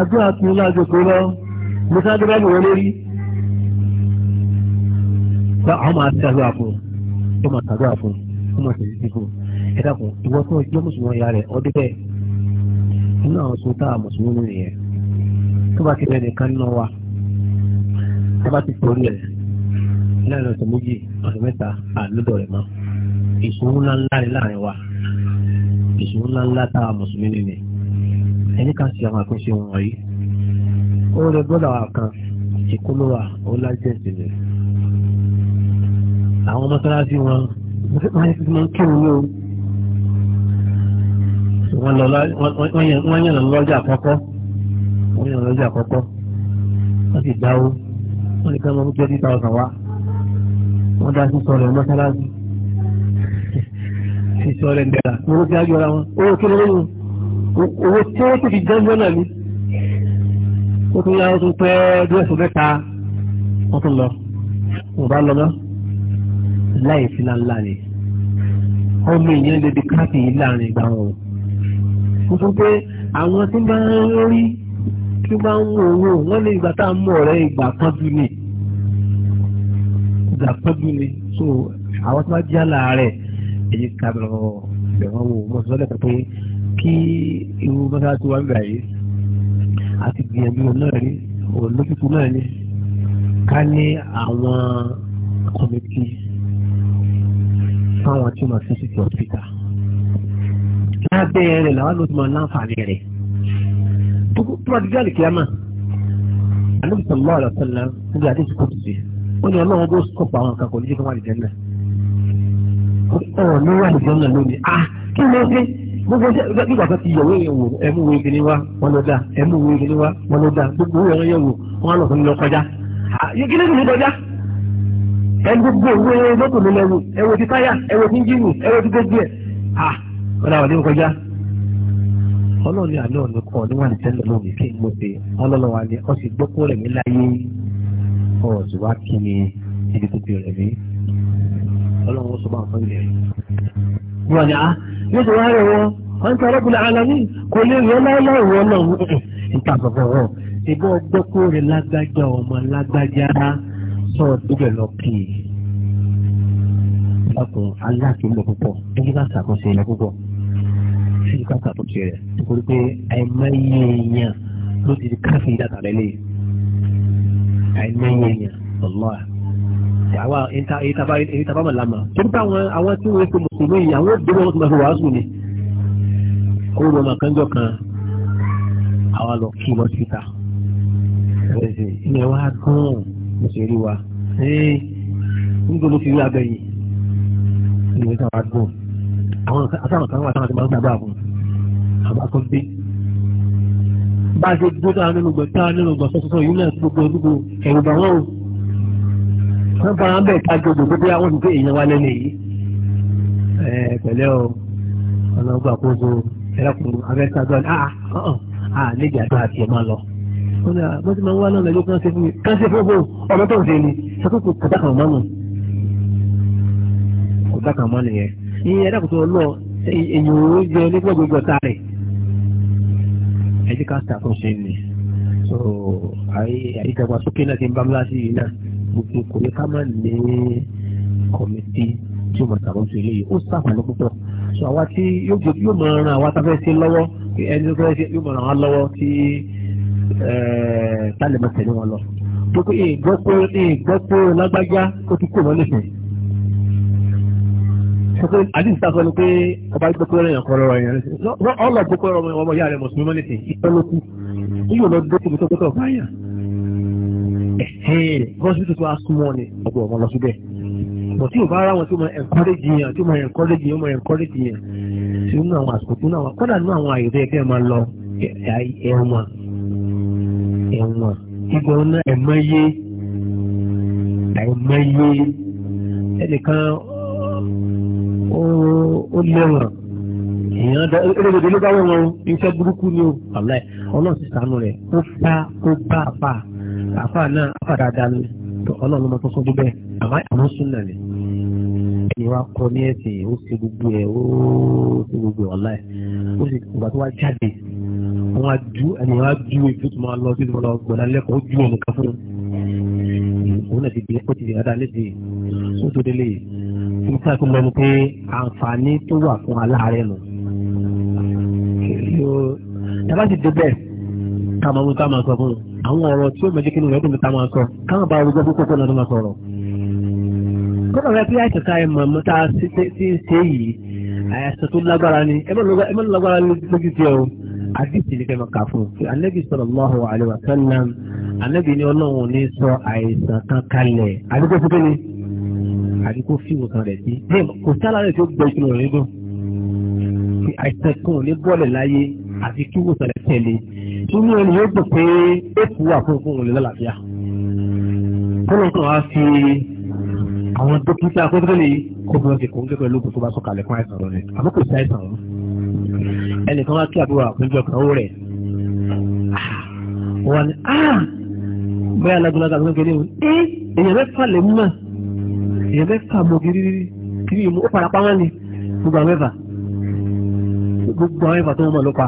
àdúrà tún láàjò kó lọ mo sáré báìbù wọn lérí bá àwọn máa ṣe àdúrà fún ọ máa ṣàdúrà fún ọ máa ṣèlú sí fún ẹ̀rọ kò ìwọ fún ọjọ́ mùsùlùmí ọ̀yà rẹ̀ ọdún bẹ́ẹ̀ nínú àwọn sọ́tà mùsùlùmí nìyẹn tó bá ti rẹ̀ nìkan nínú wa tó bá ti torí ẹ̀ láàrin ọ̀sẹ̀ méjì ọ̀sẹ̀ mẹ́ta àlódọ̀ rẹ̀ mọ́ ìṣòro ńlá ńlá rẹ̀ láàrin wa ìṣòro ńlá ńlá táwa mùsùlùmí nìyẹn ẹni kan ṣe àwọn àkóso wọ̀nyí ó lè gbọ́dọ̀ wà kan ìkólówà ó lájẹ́ ìsinmi àwọn mọ́sálásí wọn wọ́n ti máa ń kírun ní o wọ́n lọ́jà àkọ́kọ́ nínú lọ́jọ́ àkọ́kọ́ wọ́n ti dáwó wọ́n ní ká máa mú twenty thousand wá wọ́n dá sí sọ̀rọ̀ mọ́sálásí sí sọ̀rọ̀ ẹ̀ndẹ̀rà owó tí a yọra wọn owó kí ló lóyún owó tí ó ti fi jẹ́jọ́ náà ni ó tún yá ó tún pẹ́ dúrẹ́sì mẹ́ta wọ́n tún lọ wọ́n bá lọ mọ́ láì sí láńlá ni ọmọ èèyàn lè di káàkiri láàrin ìgbà wọn o. pé àwọn tí máa ń rí tí ó bá ń wò wò wọ́n lé ìgbà tá a mú ọ̀rẹ́ ìgbà pọ́njú ni ìgbà pọ́njú ni so àwọn tó bá jẹ́ àlàárẹ̀ èyí ká lọ bẹ̀rẹ̀ wò wọ́n sọ lẹ́kọ̀ọ́ pé kí irú mọ́sálásí wa ń gbà yìí àti gbìyànjú náà rí òun lókùtù náà ni ká ní àwọn kọ́mítì fáwọn tí wọ́n máa fi ṣètò ọ̀sìtà lábẹ́ rẹ̀ làwọn ló ti máa láǹfààní rẹ̀ tó bá dídá lè kíá máa anabi sallallahu alaihi wa sallam níbi àdéhùn kò tù sí ó ní ọlọ́run bó sọ pa àwọn kan kò ní jẹ́ kí wọ́n lè jẹ́nà ọ̀rọ̀ ní wà lè jẹ́nà lónìí ah kí ló dé gbogbo ṣe nígbà tó ti yọ̀wé yẹn wò ẹ̀mú wo igi ni wá wọn ló dá ẹ̀mú wo igi ni wá wọn ló dá gbogbo owó yẹn wò wọn á lọ fún mi lọ kọjá ah, kí ló dé mi kọjá ẹni gbogbo owó yẹn lọ́tò mi lẹ́wọ̀ ẹ̀wọ̀ ti táyà ẹ̀wọ̀ ti ń jíwò ẹ̀wọ̀ ti gbogbo ẹ̀ ah wọn làwọn ní kọjá ọlọ́run ní àlọ́ ọ̀nà kan níwà ní tẹ́lẹ̀ náà kí n mú pé ọlọ́run wa ni ọ sì gbọ́kọ́ rẹ̀ mí láyé ọ̀rọ̀ tí wàá kí ni ibi tó ti rẹ̀ mí ọlọ́run ó sọ bá nǹkan ilẹ̀ wọn ni a ah, yóò ti wá rẹ̀ wọn wọn ń tọrọ bùnà àlọ́ ní kò lè rẹ̀ láéláé wọn náà nípa bàbá wọn ìbọn gbọ́kọ́ rẹ̀ lágbájá ọmọ lágbájá sọ̀rọ̀ dúbẹ̀ lọ kì í. ọkùnrin aláàfin lọ púpọ̀ ẹni bá ṣàkóso ilẹ̀ púpọ̀ sí ìkàkà tó ṣe rẹ̀ nítorí pé àìmọye èèyàn ló ti di káfí dàtà lẹ́lẹ̀ àìmọye èèyàn ọlọ́à àwa èyí tàbá mọ̀ lámà tó ń bá àwọn tí wọ́n fi mùsùlùmí yìí àwọn òbí wọn tó máa fi wàásù ni ó rọ ọmọ kan jọ kan àwa lọ kí lọ síta ilẹ̀ wa gan-an mo ṣe rí wa nígbà mo fi rí abẹ́yìn ilẹ̀ wa gan-an àwọn àtàwọn kan wà táwọn ti máa ń gbàdúrà fún àwọn akọ́gbé bá a ṣe dúró táwọn nínú gbọ̀ táwọn nínú gbọ̀ sọ́sọ́sọ́ yìí náà gbogbo gbogbo ẹ̀rù bà wọ́n o wọ́n fara ń bẹ̀ ká gbogbo gbogbo àwọn ti gbé èèyàn wa lẹ́nu yìí pẹ̀lẹ́ o ọ̀nà ọgbà kóso ẹlẹ́kùnrin abẹ́sàgbọ́n a níbi àdó àti ẹ̀ máa lọ. wọ́n ní àwọn tí máa ń wá náà lẹ́jọ́ kan ṣe fún mi kan ṣe fún ni ìyẹn ẹ̀dàkùtù ọ̀nà èyàn ò jẹ nígbà gbogbo ọ̀tá rẹ̀ ẹ̀díkà ṣàtúnṣe ni so ìdàgbàsókè náà ti ń bá mi láti yìí náà gbogbo kò ní ká má ní kọ̀mìtì tí ó máa ṣàkóso eléyìí ó ṣàǹfààní púpọ̀ so àwa tí yóò gbé yóò máa ran àwa tá a fẹ́ ṣe lọ́wọ́ ẹni tó fẹ́ ṣe yóò máa ràn wá lọ́wọ́ tí tálẹ̀ máa tẹ̀lé wọn lọ. tó pé ìgbọ́ lágbájá ó ti kó wọn nífẹ̀ẹ́ sọpé àdìsí ta sọ ni pé ọba gbogbo ẹ̀yàn kọ́ lọ́rọ̀ ẹ̀yàn lọ ọlọ gbogbo ẹ̀rọ ọmọ ìyá rẹ̀ mùsùlùmí mọ́lẹ̀ tẹ̀ yóò lọ dé tòmítọ́ pẹ́tọ́ ọ̀gá yàn ẹ̀hẹ́n hospital tó a súnmọ́ ni ọgbọ̀n ọmọ lọ síbẹ̀ bọ̀ tí o bá ara wọn tí o máa encourage yẹn tí o máa encourage yẹn o máa encourage yẹn tí o nú àsìkò tó nú kọ́dà nú àwọn àyè tó yẹ máa lọ ẹ̀wọ̀n ẹ̀wọ̀n ìgbọ̀n náà ẹ̀mọ́yé ẹ̀mọ́yé ẹnìkan ó lẹ́wọ̀n èèyàn dá erébèdè ló bá wọ̀ wọn iṣẹ́ burúkú ni o àlẹ́ ọlọ́run ti sànú rẹ̀ ó bá ó bá àfà àfà náà àfà dáadáa ni ọlọ́run ló máa tọ́ sọ́dún bẹ́ẹ̀ àmọ́ àwọn súnà ni ẹni wa kọ ní ẹsẹ̀ ó ṣe gbogbo ẹ̀ ó ṣe gbogbo ẹ̀ ọ̀la ẹ̀ ó sì ìgbà tó wá jáde wọn á ju ẹni wa ju ètò tó máa lọ sí ìmọ̀lá ọgbọ̀n alẹ́kọ̀ọ́ ó ju ọ̀nà kan fún un òun náà ti di ẹ̀kọ́ ti di ẹ̀dá léde ó tó délé yìí ní sáà tó lọ́nu pé àǹfààní tó wà fún aláàárẹ̀ nù. Tàbá ti débẹ̀ ká máa mú ká máa sọ fún un. Àwọn ọ̀rọ̀ tí ó mọ̀ jẹ́ kí ni ìrẹ́dùn mi ta máa sọ. Káwọn bá arúgbó kókó náà ló máa sọ̀rọ̀. Kọ́nà rẹ bí àìsàn ká ẹ mọ̀ mọ́ tá a ti ń ṣe yìí, àìsàn tó lágbára ni. Ẹ mọ̀ lágbára lójú ti o. Àdìsí ni kẹ́ máa kà fún un. Ànábì sallallahu alaihi wa sallam. Ànábì ni Ọlọ́run ní sọ àìsàn kan kalẹ̀. Àdúgbò àbí kó fi ìwòsàn rẹ̀ sí. kò sálárẹ̀ tó gbẹ ìṣòro rẹ̀ dùn. àìsàn kan ò ní bọ́ọ̀lù láyé àti kí ìwòsàn rẹ̀ tẹ̀lé. inú ẹni yóò gbọ́ pé èkó wà fún òkú òun lálàáfíà. kọ́lọ́kọ́ wa fi àwọn dókítà akọ́tẹ́lẹ̀ kó fún ọ̀sẹ̀ kóńgẹ́ pẹ̀lú òkú tó bá sọ̀kalẹ̀ fún àìsàn rẹ̀. àmọ́ kò sí àìsàn rẹ̀. ẹnìkan wá kí àbúrò àpéjọ kan ó rẹ̀. wọ́n á ah! bẹ́ẹ̀ alágbèlá èèyàn mẹ́fà mọ̀ gírírí kiri ìmú ó padà pamọ́ ni gbogbo àwọn mẹ́fà gbogbo àwọn mẹ́fà tó wọ́n mọ̀ ló pa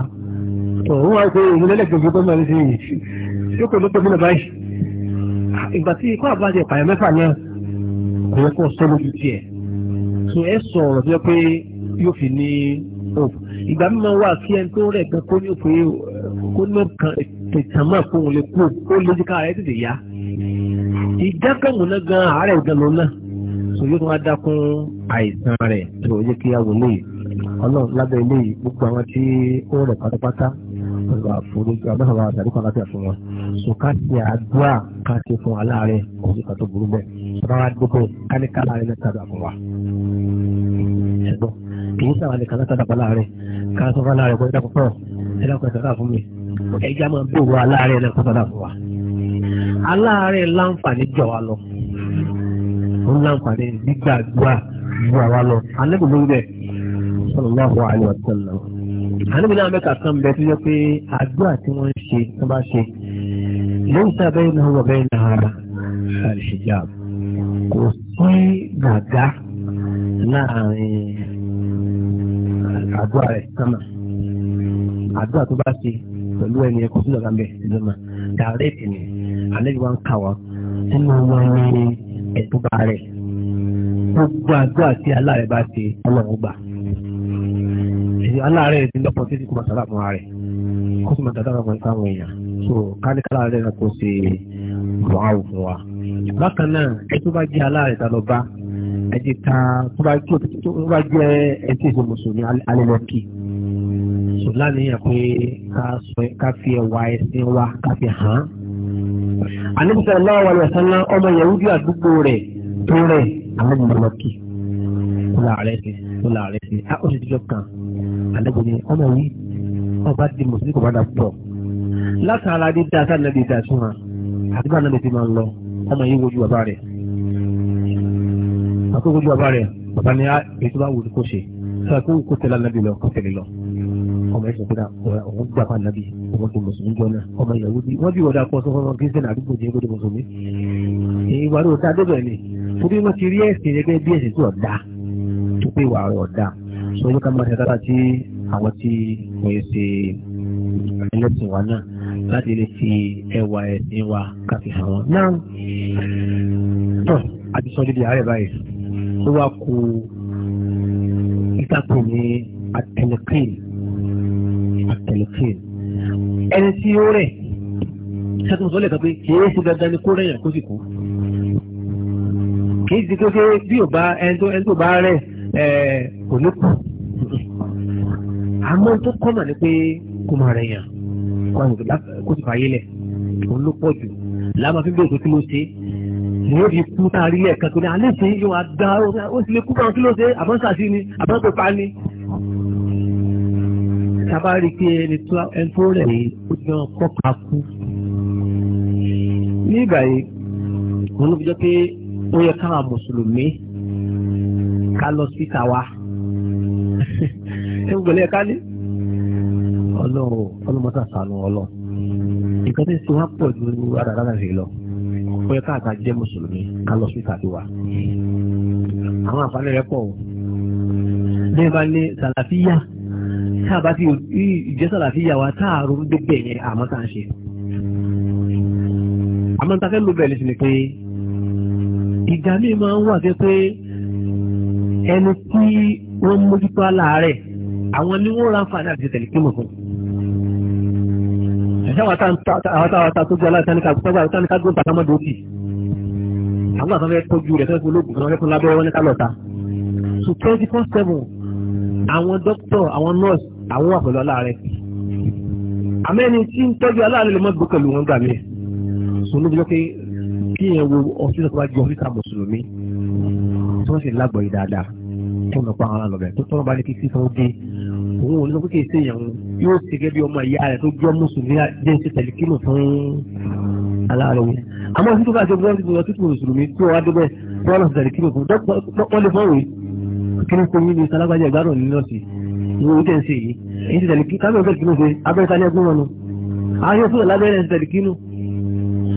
òun wá pé òun lẹ́lẹ́gbẹ̀gbẹ̀ tó mọ̀ ní sẹ́yìn tí ó pè ló tóbi náà báyìí ìgbà tí ikú àbájẹ ìpààyàn mẹ́fà náà kò yẹ kó sọ lójú tiẹ̀ so ẹ sọ ọ̀rọ̀ tó yẹ pé yóò fi ní òòfù ìgbà mímọ wà kí ẹni tó rẹ̀ gan kó ní òpè kó ní kan ìtàmọ́ fóun lè kú ó lójú ká ààrẹ tètè yá ìdákàmù náà gan ààrẹ ìgbà lọ náà so yóò tún wá dákún àìsàn rẹ̀ tó yẹ kí a wò lè ọlọ́run lábẹ́ ilé yìí gbogbo àwọn tí ó rẹ̀ pátápátá ọ̀rọ̀ àforíjì àbẹ́sọ̀rọ̀ àtàríkọ̀ láti àfún wọn so ká ṣe àdúrà ká ṣe fún aláàárẹ̀ òun ìkà tó burú bẹ́ẹ̀ rárá gbogbo káníkà láàárẹ̀ náà tàbí àfún wa ṣùgbọ́n kì í sábà nìkan láti àdàpọ̀ láàárẹ̀ ká sọ fún aláàárẹ̀ gbọ́dọ̀ púpọ̀ ẹ̀dá kan sọ̀rọ̀ fún mi ẹ̀já máa bèèrè aláàárẹ̀ náà kó sọ̀rọ̀ fún wa aláàárẹ̀ láǹfààní jọ wa lọ ó ń láǹfààní gbígbàdúrà ju àwa lọ anábì ló ń bẹ sallallahu alaihi wasallam anábì náà mẹ́ta kan bẹ tó yẹ pé àdúrà tí wọ́n ń ṣe tó bá ṣe lóyún tá a bẹ́ẹ̀ náà wọ̀ bẹ́ẹ̀ náà ara ṣàlìṣìjà kò sí gàgá láàrin àdúrà rẹ̀ sánmà àdúrà tó bá ṣe pẹ̀lú ẹni ẹ̀kọ́ sílẹ̀ lábẹ́ ìjọba dàrẹ́ẹ̀tì ni alẹ́ ìwà ń kà wá nínú wọn ní ẹ̀tú bá rẹ̀ gbogbo àgọ́ àti aláàrẹ̀ bá ti ọlọ́run gbà aláàrẹ̀ ti lọ́pọ̀ títí kò máa sábà fún ààrẹ kó sì máa dáadáa fún ìfáwọn èèyàn so káníkàlà rẹ̀ náà kó ṣe wàhálù fún wa. bákan náà ẹtú bá jẹ́ aláàrẹ̀ ta lọ bá ẹjẹ ta tó bá jẹ́ ẹtí ìṣe mùsùlùmí alẹ́lọ́kì so láàrin pé ká fi ẹwà ẹsìn wa ká fi hàn án àníbùsọ̀ aláwọ̀ àwọn ẹ̀sán náà ọmọ yahudi àdúgbò rẹ̀ tó rẹ̀ alágbèmọ̀lọ́kì tó láàrẹ̀ sí tó láàrẹ̀ sí á ó sì tíjọ́ kan àdúgbò ni ọmọ yìí ọba di mùsùlùmí kò bá dà pọ̀ látara dé dáa sáà nàbẹ̀ dáa sún wa àdúgbò ànábẹ̀ ti máa ń lọ ọmọ yìí wojú bàbá rẹ̀ àkókò wojú bàbá rẹ̀ bàbá ni á ètò bá wù kó ọmọ ẹ̀sìn kúrà òun gbà pa nàbí òun kò mùsùlùmí jọ náà ọmọ ìyàwó bí wọ́n bí wọ́n dàpọ̀ sọ fọ́nà kírísítẹ́nì àdúgbò jẹ́ gbọ́dọ̀ mùsùlùmí. ìwà ló ta débẹ̀ ni torí wọ́n ti rí ẹ̀sìn gẹ́gẹ́ bí ẹ̀sìn tí ọ̀dà tó pé wà ọ̀dà sọ yóò ká máa ṣe dára tí àwọn tí wọ́n yẹ ṣe ẹlẹ́sìn wa náà láti lè fi ẹwà ẹ̀sìn wa káfí hàn wọn. náà náà a ti àárẹ̀ báyìí ó wá ku ìtàkùn ní atẹnukíìnì àtẹlẹkìn ẹni tí ó rẹ̀ sẹ́kùn sọ́lẹ̀ kan pé kìí ṣe dandan ni kó rẹ̀ yàn kó sì kú kìí ṣe pé bí ò bá ẹni tó bá rẹ̀ kò ní kú àmọ́ tó kọ́mọ̀ ni pé kó máa rẹ̀ yàn kó sì fàyè lẹ̀ òun ló pọ̀ jù láàmà fífi òkú kí ló ṣe ni ó di kú tá a rí lẹ́ẹ̀kan tó ní alẹ́ sẹ́yìn yóò wá dá ó sì lè kú báwọn kí ló ṣe àbọ̀nsà sí ni àbọ̀nsà pa ni tàbá rí pé ẹni tó rẹ̀ yìí ó ti wọn kọ́ka kú. ní ìbàyí wọn ló fi jẹ́ pé ó yẹ káwọn mùsùlùmí ká lọ sí tàwa ẹ gbọ́dọ̀ ẹ ká ní. ọlọ́run ọlọ́mọta sànù ọlọ́run nǹkan tí ń sin wá pọ̀ ju àdàdàdà rè lọ ó yẹ káàkà jẹ́ mùsùlùmí ká lọ sí tàdúwà. àwọn àǹfààní rẹ̀ pọ̀ o. bí bá ní sàlàfíà tá a bá ti ìjẹ́sàlà fi yà wá tá a ronú gbogbo ẹ̀yẹn àmọ́ tá a ṣe. àmọ́ ta fẹ́ lo bẹ̀rẹ̀ sí ni pé ìgbà míì máa ń wà sí pé ẹni tí wọ́n mójútó aláàárẹ̀ àwọn ni wọ́n ra fàdà àti tẹ̀lé kí mọ̀ fún. ẹ̀ṣẹ́ àwọn táwọn ta tójú aláìsáníkà gbọ́dọ̀ àwọn táníkà àwọn àfẹ́fẹ́ tọ́jú rẹ̀ fẹ́ fún olóògùn kan lẹ́kùn àwọn dókítà àwọn nọ́ọ̀sì àwọn wà pẹ̀lú aláàrẹ̀ àmẹ́ni tí ń tọ́jú aláàrẹ̀ lè mọ́ gbé pẹ̀lú wọn gbà mí sùn ló fi lọ́kẹ́ kí yẹn wo ọtí tó bá jẹ ọtí ta mùsùlùmí tí wọ́n sì lágbọ̀ yìí dáadáa tó nà pa ara lọ bẹ̀ tó tọ́nà bá ní kí sísan ó dé òun ò ní sọ pé kí èsì yẹn yóò ṣe gẹ́gẹ́ bí ọmọ ìyá rẹ̀ tó jọ mùsùlùmí jẹ́ ṣe tẹ̀lé kí aláàrẹ̀ wọn àmọ́ ìṣútó bá ṣe fún ọtí tó tún mùsùlùmí tó wá débẹ̀ tó wọ́n lọ sí tẹ̀lé kí wọ́n lè fọ́ọ̀rì kí ni fún mi ìwé orí tẹ̀sí yìí èyí ti tẹ̀lé kí tábìlì fẹ́ kínú ṣe abẹ́rẹ́ sani ẹgbẹ́ wọn nu ayé fún ìlábẹ́rẹ́ ti tẹ̀lé kínú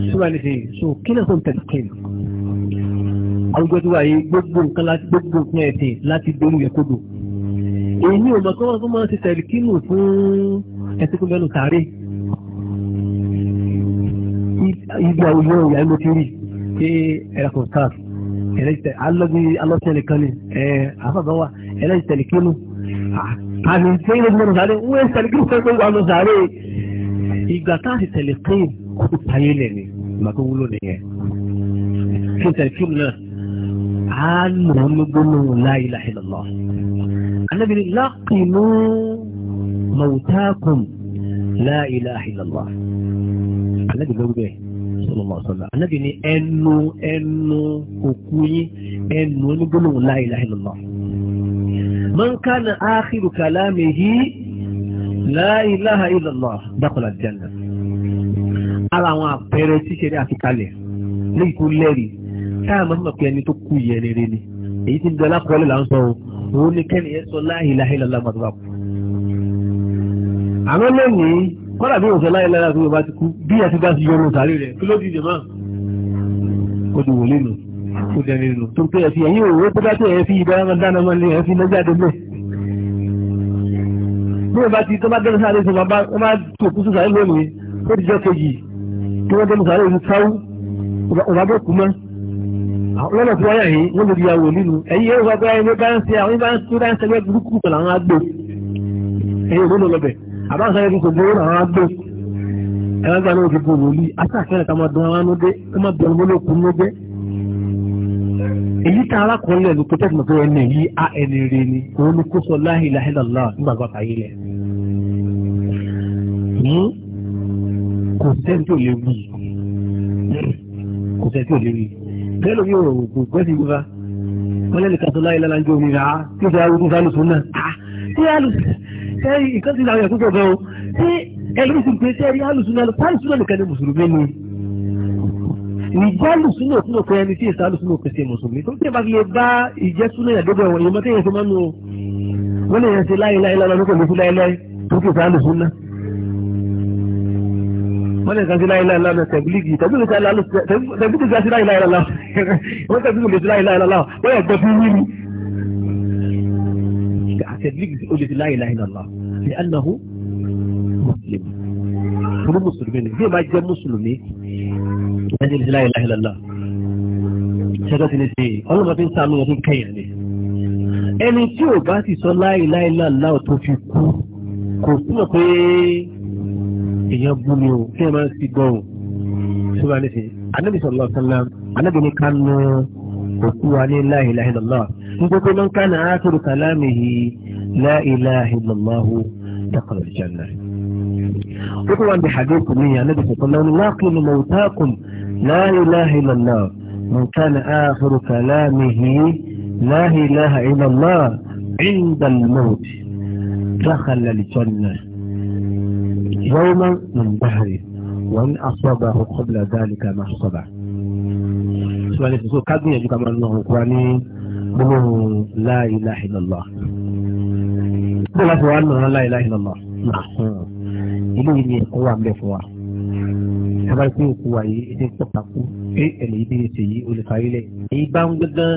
ṣúgbà ní ṣe so kí náà tó ń tẹ̀lé kínú. àwùjọ ti wà yìí gbogbo nǹkan láti gbogbo nǹkan ẹ̀sìn láti dorí rẹ̀ kodò èyí ò mọ̀ kí wọ́n máa ti tẹ̀lé kínú fún ẹ̀sìnkú mẹ́nu tààrí ibi àwùjọ ìyá ẹ̀mọ́ ti rí pé ẹ̀rọ̀kọ̀ kan ní ẹ̀ àfàbáwà ẹ̀rẹ́ kínú ah, àmì tí ó mọ̀nà sáré wọ́n ń tẹ̀lé kí ó fẹ́ pé wà lọ sáré ìgbà táàsì tẹ̀lé pé kó tayé lẹ̀ ni ìgbà tó wúlò nìyẹn kí n tẹ̀lé kí n náà á lò ní gbólóhùn la ilaha illallah anábì ni lákìnnú mawtakum la ilaha illallah anábì ló gbé sallallahu alaihi wasallam anábì ni ẹnu ẹnu òkú yín ẹnu onígbólóhùn la ilaha illallah man kana akhiru kalamihi la ilaha illallah dakhala aljanna ara àwọn àpẹẹrẹ ṣíṣe ní àfikalẹ̀ léyìí tó lẹ́rìí táà máa ń mọ̀ pé ẹni tó kú yẹn rere ni èyí tí ń bẹ lápọ̀ọ́lẹ̀ là ń sọ òun ní kẹ́ni yẹn sọ la ilaha illallah màdúrà kù. àwọn lẹ́yìn kọ́lá bí òṣèlú la ilaha illallah tó bá ti kú bí ẹ ti bá ti yọrùn sàárè rẹ̀ kí ló dìde máa ó di wòlé nù kó dẹni nù tó pé ẹ̀fì ẹ̀yìn òwò tó bá tó ẹ̀fì ìdáná dáná mọ́ ní ẹ̀fì lọ́jáde mẹ́. bí wọ́n bá ti tó bá dẹ́nu sáré sí wọn bá tó kú sùsàré lónìí ó ti jọ kejì tó wọ́n dẹ́nu sáré sáwú ọ̀bá bó kú mọ́. lọ́nà tó wáyà yìí wọ́n lè di àwò nínú ẹ̀yìn ẹ̀rọ bá bẹ́ẹ̀ ní bá ń ṣe àwọn bá ń ṣẹgbẹ́ burúkú pẹ̀lú àwọn agbó ẹ̀yìn òwò lọ́bẹ̀ àbáṣẹ́yẹ́ kò gbowó àwọn agbó ẹ̀rọ gbà náà ti gbòòrò lì àti àfẹ́rẹ́ ká máa dùn àwọn anúdé ó máa bẹ̀rù mọ́lẹ́kùn ló jẹ́ èyí tá arákùnrin lẹ́nu pé tẹ́tùmọ̀ pé ẹni yí á ẹni rẹ ni òun ni kó sọ la ilaha illallah nígbà gbàgbà yìí lẹ̀. kò sẹ́ni tó lè wí kò sẹ́ni tó lè wí bẹ́ẹ̀ ló ní ọ̀rọ̀ òkú gbẹ́sì yìí bá wọ́n lẹ́nu kàtó láyé lálá ń jẹ́ onírà á tí ó fi arúgbó sálù fún náà tí alùsùn ẹ̀yìn ìkànsí làwọn ìjẹ́ lùsùnà òfin òkè ẹni tí ìsà lùsùnà òkè ṣe mùsùlùmí tó tẹ́ bá fi lè bá ìjẹ́ súnà ìyàdógún ẹ̀wọ̀n ìyẹn mọ́tẹ́yẹsẹ mọ́nu o wọ́n lè yẹn ṣe láìláì lọ́la lókè lókè láìláì tó kì ìsà lùsùnà wọ́n lè ṣe láìláì lọ́la tẹ̀bílìgì tẹ̀bílìgì ṣe láìláì lọ́la wọ́n tẹ̀bílìgì ṣe láìláì lọ́la wọ́n yẹ gbẹ́ fún wíwí àtẹ̀bílìgì ó lè ṣe láìláì lọ́la ṣe ẹnahu mùsùlùmí fún mùsùlùmí ni bí ó máa jẹ́ mùsùlùmí ẹni ìdílé ìlàhìlàlá ṣẹ́gbẹ́ ti ní ṣe ọlọ́mọ tó ń sàánú ọdún kẹyìn ni ẹni tí ò bá ti sọ láìláìláìlá tó fi kú kò túnmọ̀ pé èèyàn bú mi ò kí ẹ máa ti gbọ́n tó bá ní ṣe anábì sọ̀rọ̀ sọ́lá anábì ní ká nu òkú wa ní láìláìlá ń gbogbo náà ká náà á tó kàlámì yìí láìláìlá dákàlọ̀ ìjànà rẹ̀. وطبعا بحديث لي النبي صلى الله عليه وسلم لاقم موتاكم لا إله إلا الله من كان آخر كلامه لا إله إلا الله عند الموت دخل الجنة يوما من دهره وإن أصابه قبل ذلك ما أصابه سؤالي في سوء كابني يجب أن أنه قواني منه لا إله إلا الله بلا سؤال لا إله إلا الله نعم eléyìí ni ẹ̀kọ́ wà ń bẹ̀ fún wa sábà pé òkú wa yìí ẹni pọ̀ta kú pé ẹ̀lẹ́ yìí bẹ̀rẹ̀ sèyí o lè parí lẹ̀ èyí bá ń gbẹ́gán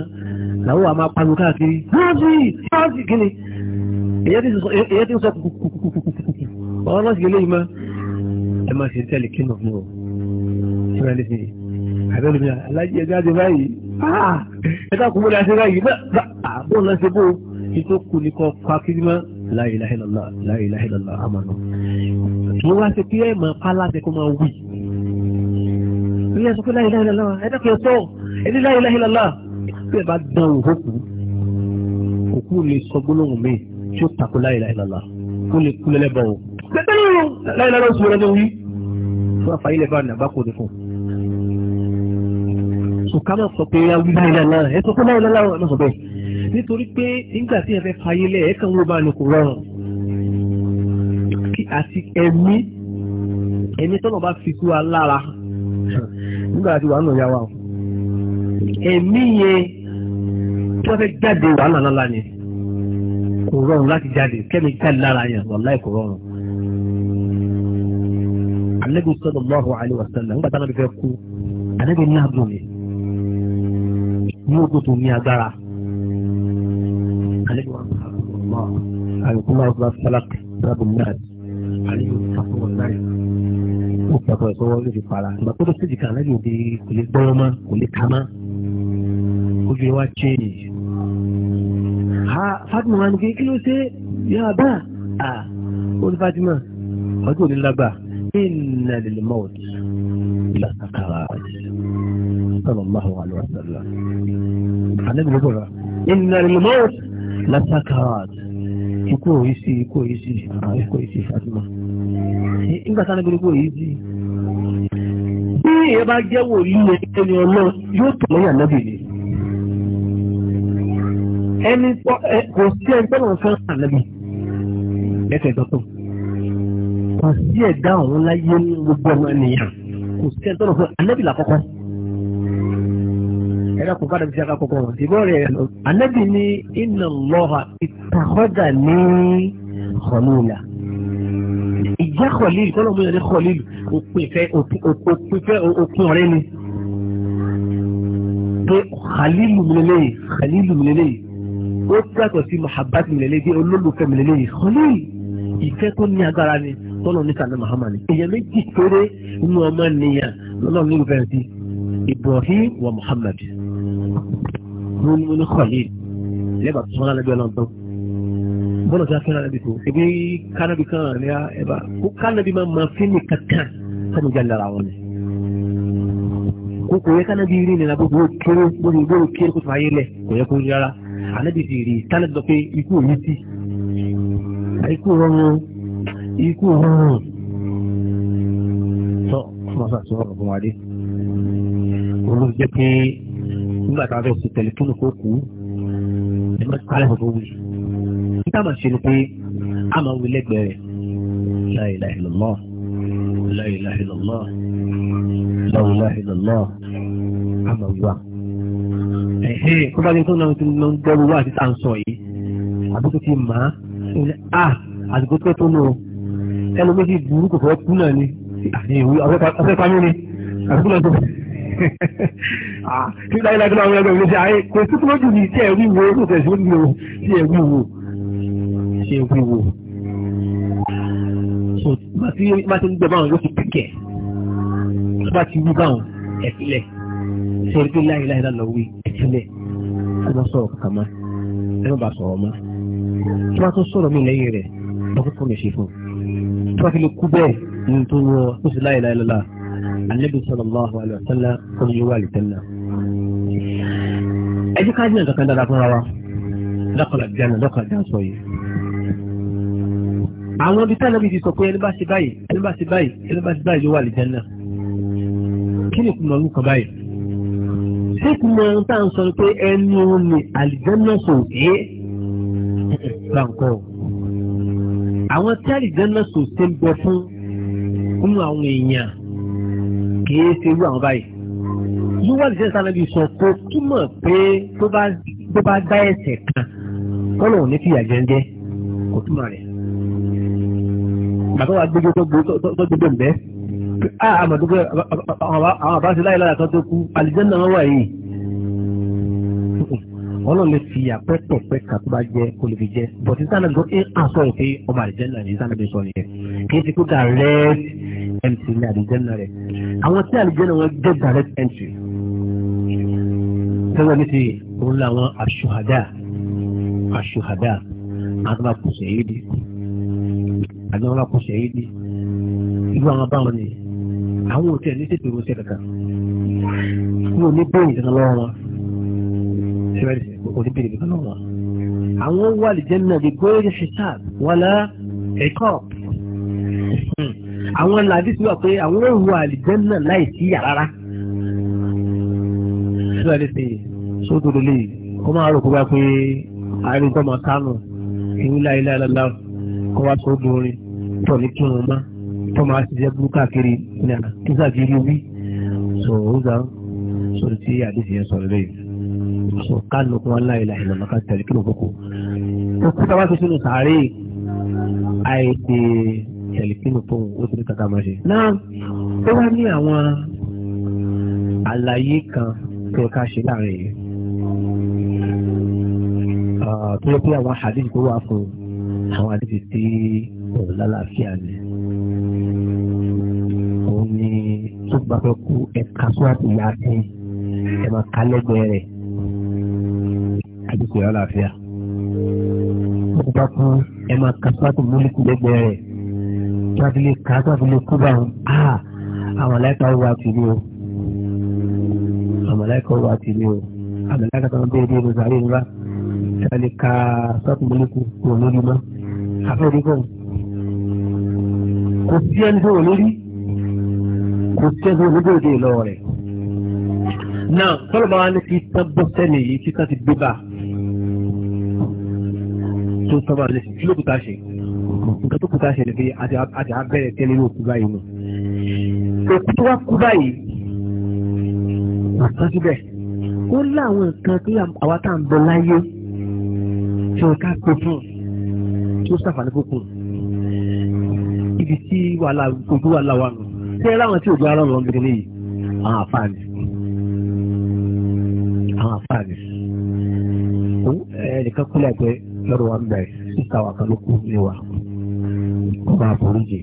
làwọn wa máa pariwo káàkiri fáàsì fáàsì kìíní èyí ti ń sọ kùkùkùkùkùkù ọ̀rọ̀ náà sì lè léyìí mọ́ ẹ máa ṣe tẹ́lẹ̀ kí nọ̀ fún ọ síra lè fi àbẹ́ lómi alájí ẹgbẹ́ àti báyìí ẹ̀ka kò wọlé àti báyìí ṣe bó la ilaha illallah la ilaha illallah àmàna mo wá sí pé ẹ̀ máa pa láti kó máa wì ilé ẹ̀sùn pé la ilaha illallah ẹ̀dá kìí sọ ẹ̀dí la ilaha illallah bí ẹ bá dán òhó kù òkú lè sọ gbólóhùn mi tí ó tako la ilaha illallah ó lè kú lẹ́lẹ́bọ̀ o gbẹgbẹ́ yìí la ilaha illallah sùn lọ́dún wí fún àfàyè lè bá ọ̀nà àbá kò ní fún sùkámọ̀ sọ pé ya nítorí pé nígbà tí ẹ fẹ́ fayélẹ̀ ẹ kàn wọ́n bá ní kò rọrùn àti ẹ̀mí ẹ̀mí tọ́nà bá fi kú wa lára nígbà tí wàá nà ya wa o ẹ̀mí yẹn tí wọ́n fẹ́ jáde wàá nà lọ́la ni kò rọrùn láti jáde kẹ́mi jáde lára yẹn wàláì kò rọrùn. Ànábì sallallahu alaihi wasallam nígbà tí Ànábì fẹ́ kú Ànábì ní àgùn mi ní ogun tó ní agbára. أن يكون أصلا السلق رب الناس عليه الصلاة والسلام ó pẹ̀pẹ̀ tó wọ́n lóde para ìgbà tó tó sídìí kan lẹ́yìn òde kò lè gbọ́ ọmọ kò lè ka mọ́ ojú wa chéèjì. Fatima wa ni kí kí ló ṣe yá bá a ó ní Fatima ọjọ́ òní lágbà inna lil mawt la sakarat sallallahu alaihi wa sallam. Àlẹ́ mi ló bọ̀ rà inna lil mawt la sakarat. ikú òyí sí ikú òyí sí ikú òyí sí Fatima nígbà tí a nígbà ikú òyí sí. bí èèyàn bá jẹ́ wòlíì ẹni ọ̀nà yóò tó lẹ́yìn ànábì ni ẹni kò sí ẹni tó lọ́wọ́ fẹ́ràn ànábì lẹ́sẹ̀ tọ́tọ̀ kò sí ẹ̀dá òun láyé ní gbogbo ọmọ ènìyàn kò sí ẹni tó lọ́wọ́ fẹ́ràn ànábì làkọ́kọ́ ẹ̀rọ kò fàdà fi ṣe àkọ́kọ́ wọn ìbọn rẹ̀ lọ. anabi ní inna Allaha ìtàkọ́dà ní kọ̀lílà. ìjẹ́ kọ̀lílì kọ́lọ̀ mú yẹn ní kọ̀lílì òpin ọ̀rẹ́ ni. pé khalilu mi lélẹ́yìn khalilu mi lélẹ́yìn ó gbàgbọ́ sí mahabbat mi lélẹ́yìn olólùfẹ́ mi lélẹ́yìn kọ̀lílì ìfẹ́ tó ní agbára ni tọ́lọ̀ ní sàlẹ̀ mahama ni. èèyàn méjì péré inú ọmọ nìyàn lọ́lọ́ ní ìfẹ́ sí Ibrahim wa Muhammad wọ́n ní ní khalil lẹ́bà tó sọ́nà lẹ́bẹ̀ẹ́ náà tán bọ́lá tí a fẹ́ràn lẹ́bi tó ebi kánábi kan ní ẹ̀bà kó kánábi máa ma fi mi kankan sani jallara wọn ni kó kò yẹ kánábi rí ni lábó bó kéré bó ni bó kéré kó tó ayé lẹ kò yẹ kó rí rárá ànábi ti rí kánábi lọ pé ikú òyìn sí ikú rọrùn ikú rọrùn tọ́ fún wa sàtúnwọ̀n fún wa dé olùjẹ́ pé nígbà tá a fẹ́ ṣe tẹlifóònù kó kú ẹ má kálẹ̀ fọ́fọ́ wí. níta máa ṣe ni pé a máa wí lẹ́gbẹ̀ẹ́ rẹ̀ la ilaha illallah la ilaha la ilaha a máa wí wa. ẹ̀hẹ́ kó bá ní tó náà ti lọ ń gbọ́rú wá àti tá sọ yìí àbúkú ti mà á a àdìgbò tó tó nù ẹnu méjì burúkú fẹ́ kú náà ni àfẹ́fà náà tó fẹ́. *laughs* Ah, kí láyé láti láwọn ẹgbẹ́ ìgbésí ayé kò sí tó lójú ní tí ẹ̀ wíwo ó tẹ̀sí ó nílò tí ẹ̀ wíwo tí ẹ̀ wíwo. bá ti ń gbẹ báwọn yóò fi pìkẹ́ bá ti wí báwọn ẹ̀ sílẹ̀ sọ̀rọ̀ pé láyé láyé lọ́wọ́ wí ẹ̀ sílẹ̀ kó má sọ̀rọ̀ kankan má ẹ má bàa sọ̀rọ̀ má tó bá tún sọ̀rọ̀ mí lẹ́yìn rẹ̀ lọ́kùnkùn lè ṣe fún tó bá fi lè kú bẹ́ẹ̀ ní tó wọ ó sì láyé láyé lọ́la Ànábì sallallahu alaihi wasallam fún yíwá àlùjànnà. ẹ jẹ́ ká jẹ́ nǹkan kan dára fúnra wa lọ́kọ̀lá jẹ́nà lọ́kọ̀lá jẹ́ sọ yìí. àwọn ibi táwọn ibi ti sọ pé ẹni bá ṣe báyìí ẹni bá ṣe báyìí ẹni bá ṣe báyìí yóò wà àlùjànnà. kí ni kùnà orúkọ báyìí? ṣé kùnà ohun tá à ń sọ pé ẹni òun ni àlùjànnà sọ òkè? àwọn tí àlùjànnà sọ ṣe ń bọ fún nínú àwọn èèyàn kìí ṣe irú àwọn báyìí yíwá ìṣẹ́ sanabi sọ kó túmọ̀ pé tó bá dá ẹsẹ̀ kan kọ́nà ò ní fìyà jẹ́ńjẹ́ kò túmọ̀ rẹ̀ bàbá wa gbogbo tó gbogbo mbẹ́ a àmàdúgbò àwọn àbáṣe láyé lára kan tó kú àlìjẹ́ náà wà yìí ọlọ́run lè fi àpẹ́pẹ̀pẹ́ kan tó bá jẹ́ kó lè fi jẹ́ bọ̀tí sáré gbọ́ pé àṣọ ìpè ọmọ àdìjẹ́nà rẹ̀ sáré bí sọ nìyẹn kì í ti kó direct entry ní àdìjẹ́nà rẹ̀ àwọn tí àdìjẹ́nà wọn jẹ́ direct entry sẹ́wọ́n ní ti òun làwọn aṣùhàdà aṣùhàdà àtàkùsẹ̀ yìí di àtàkùsẹ̀ yìí di irú àwọn báwọn ni àwọn òtẹ́ ní tètè ìrọsẹ̀ kankan wọn ò ní bẹ́ẹ̀ ìdáná lọ́wọ́ wọn ṣẹ́rẹ́ oníbèrè nìkan náà wọn. àwọn wà lè jẹ́ náà lè gbóyè ṣìṣà wọn lá ẹ̀kọ́ hmm. àwọn làbí sí wà pé àwọn òwò àlìjẹ́ náà láì sí yà rárá. ṣọ́ra lè ṣe sódodo lè kó máa rò kó bá pé àárín tó máa kánú ìwé láìláìláìlá kó wá tó dorin tó ní kí wọn má tó máa ṣiṣẹ́ burú káàkiri ní àná kí sàgírí wí. sọ̀rọ̀ ó gbà sọ̀rọ̀ tí àdéhìí yẹn sọ̀rọ̀ lẹ́yìn ibùsùn kánú kó wọn láìláì lọ́nà ká tẹ̀lé kí ló kókó. òkú tá a bá fi sínú sàárè àìdè tẹ̀lé kí ló fóun ó ti ní kàkà máa ṣe. náà ó wá ní àwọn àlàyé kan tó ká ṣe láàrin yìí. tó yẹ pé àwọn àdéhùn tó wà fún àwọn àdéhùn tí òun lálàáfíà ni. òun ni tó bá fẹ́ kú ẹ̀ka sóhàtì yá sí ẹ̀ máa ká lẹ́gbẹ̀ẹ́ rẹ̀ àdúgbò yàrá àfíà. Òkúta kan ẹ máa ka sọ́tò múlùkù lẹ́gbẹ̀ẹ́ rẹ̀. Tábìlì ká tábìlì kú bá wọn. Àwọn aláìka wà tìlú o. Àwọn aláìka wà tìlú o. Àwọn aláìka tó ń bẹ̀rẹ̀ bí ìrìnsà rí nira. Tábìlì ká sọ́tò múlùkù kò lórí mọ́. Afẹ́ òdìgbò. Kò sí ẹni tó wò lórí. Kò sí ẹni tó wò lórí ìlọ rẹ̀ náà tọ́lọ̀ bá wá ní kí tán sẹ́ni yìí kí tán ti gbé bá tó sọ́mà lẹ́sì kí ló kúta ṣe nǹkan tó kúta ṣe ni pé àti abẹ́rẹ́ tẹ́ nínú òkú báyìí nù. òkú tó wá kú báyìí àtọ́ síbẹ̀ ó láwọn nǹkan tí àwa tá à ń bọ láyé tí ó ká pé fún tí ó sàfàní kókò ibi tí ojú wa láwa nù tí ẹ láwọn tí ojú ara lọ ń bẹ̀rẹ̀ nìyí àwọn àfáàní àwọn àfáàní ẹnìkan kúlẹ̀ pé lọ́rọ̀ wa ń bẹ̀ sísá wa kan kú ní wa ọba àforíjì.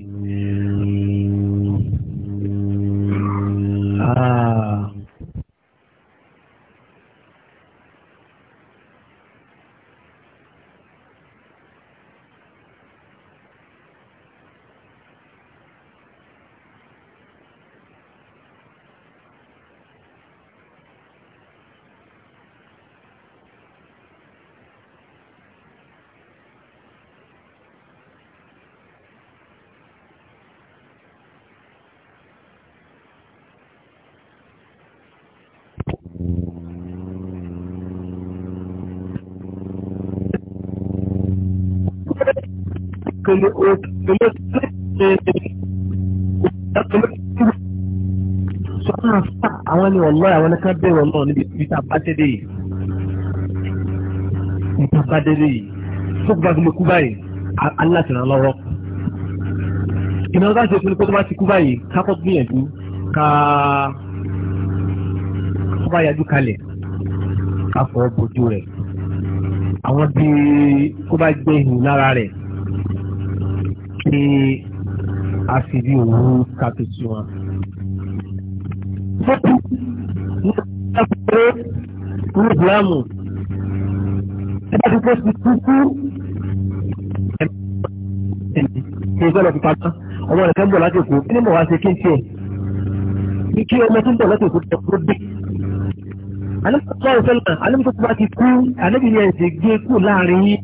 como como àwọn ni wọ̀lọ́ àwọn ní ká bẹ̀rẹ̀ náà níbi ìta bátẹ́dẹ̀ yìí ìta bátẹ́dẹ̀ yìí tó kúbá fún mi kú báyìí aláṣẹ̀rẹ̀ lọ́wọ́ ìnáwó láti fún mi kó tó bá ti kú báyìí kápọ́ gbìyànjú ká kó bá yájú kalẹ̀ ká fọ́ bójú rẹ̀ àwọn bíi kó bá gbẹ̀yìn lára rẹ̀ pé a sì rí òwú kàtó sí wọn. Fọ́tù ní ọ̀pẹ̀rẹ̀ ní ìbúlámù ẹgbẹ́ tó ti kúkú ẹ̀mí ìgbẹ́ lọ fi pamọ́ ọmọ rẹ̀ kẹ́ ń bọ̀ láti èkó kí ni mo wá ṣe kí n tiẹ̀ ní kí ọmọ tó ń bọ̀ láti èkó tó tó dé. Alẹ́sọ̀tọ́ ìfẹ́lẹ̀ alẹ́mọ̀tò bá ti kú alẹ́bìnrin ẹ̀ ti gé kú láàrin yín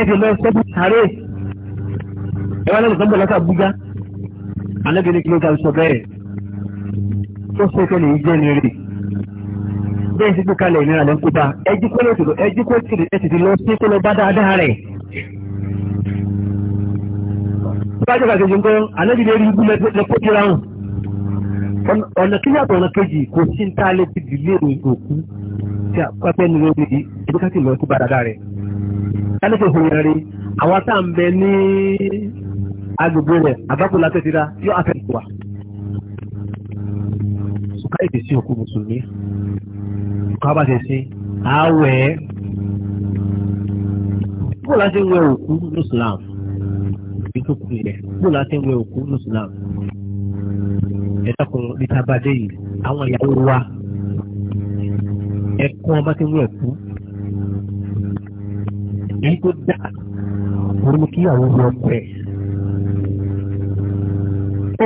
ẹ̀jẹ̀ lọ sẹ́bí sáré. ẹ wá lẹ́nu sọ́gbọ̀n láti Àbújá anábì ní kìlógà sọ bẹ́ẹ̀ tó ṣe tó nìyí jẹ́ nìyí bẹ́ẹ̀ sì gbé kalẹ̀ ìnira lẹ́nu kó bá ẹjú kó lọ́sì ẹjú kó ẹ tìrì lọ sí kó lọ bá dáadáa rẹ̀. ń gbọ́ ibú lẹ́kọ́ ọ̀nà kí a ti a nínú omi lọ sí bá dáadáa rẹ̀. agbègbè rẹ̀ àbákò látẹ̀ ti dá Sùkà èdè sí òkú Mùsùlùmí. Sùkà bá ṣe sí àwẹ̀ ẹ́. Bó la ṣe ń wẹ òkú Mùsùlùm? Ibi tó kù yẹ. Bó la ṣe ń wẹ òkú Mùsùlùm? Ẹ dákun níta bá dé yìí. Àwọn ìyàwó wa. Ẹ̀kún ọba ti ń wẹ̀ kú. Èyí tó dá. Mo ní kíyàwó wọ ọkọ ẹ̀.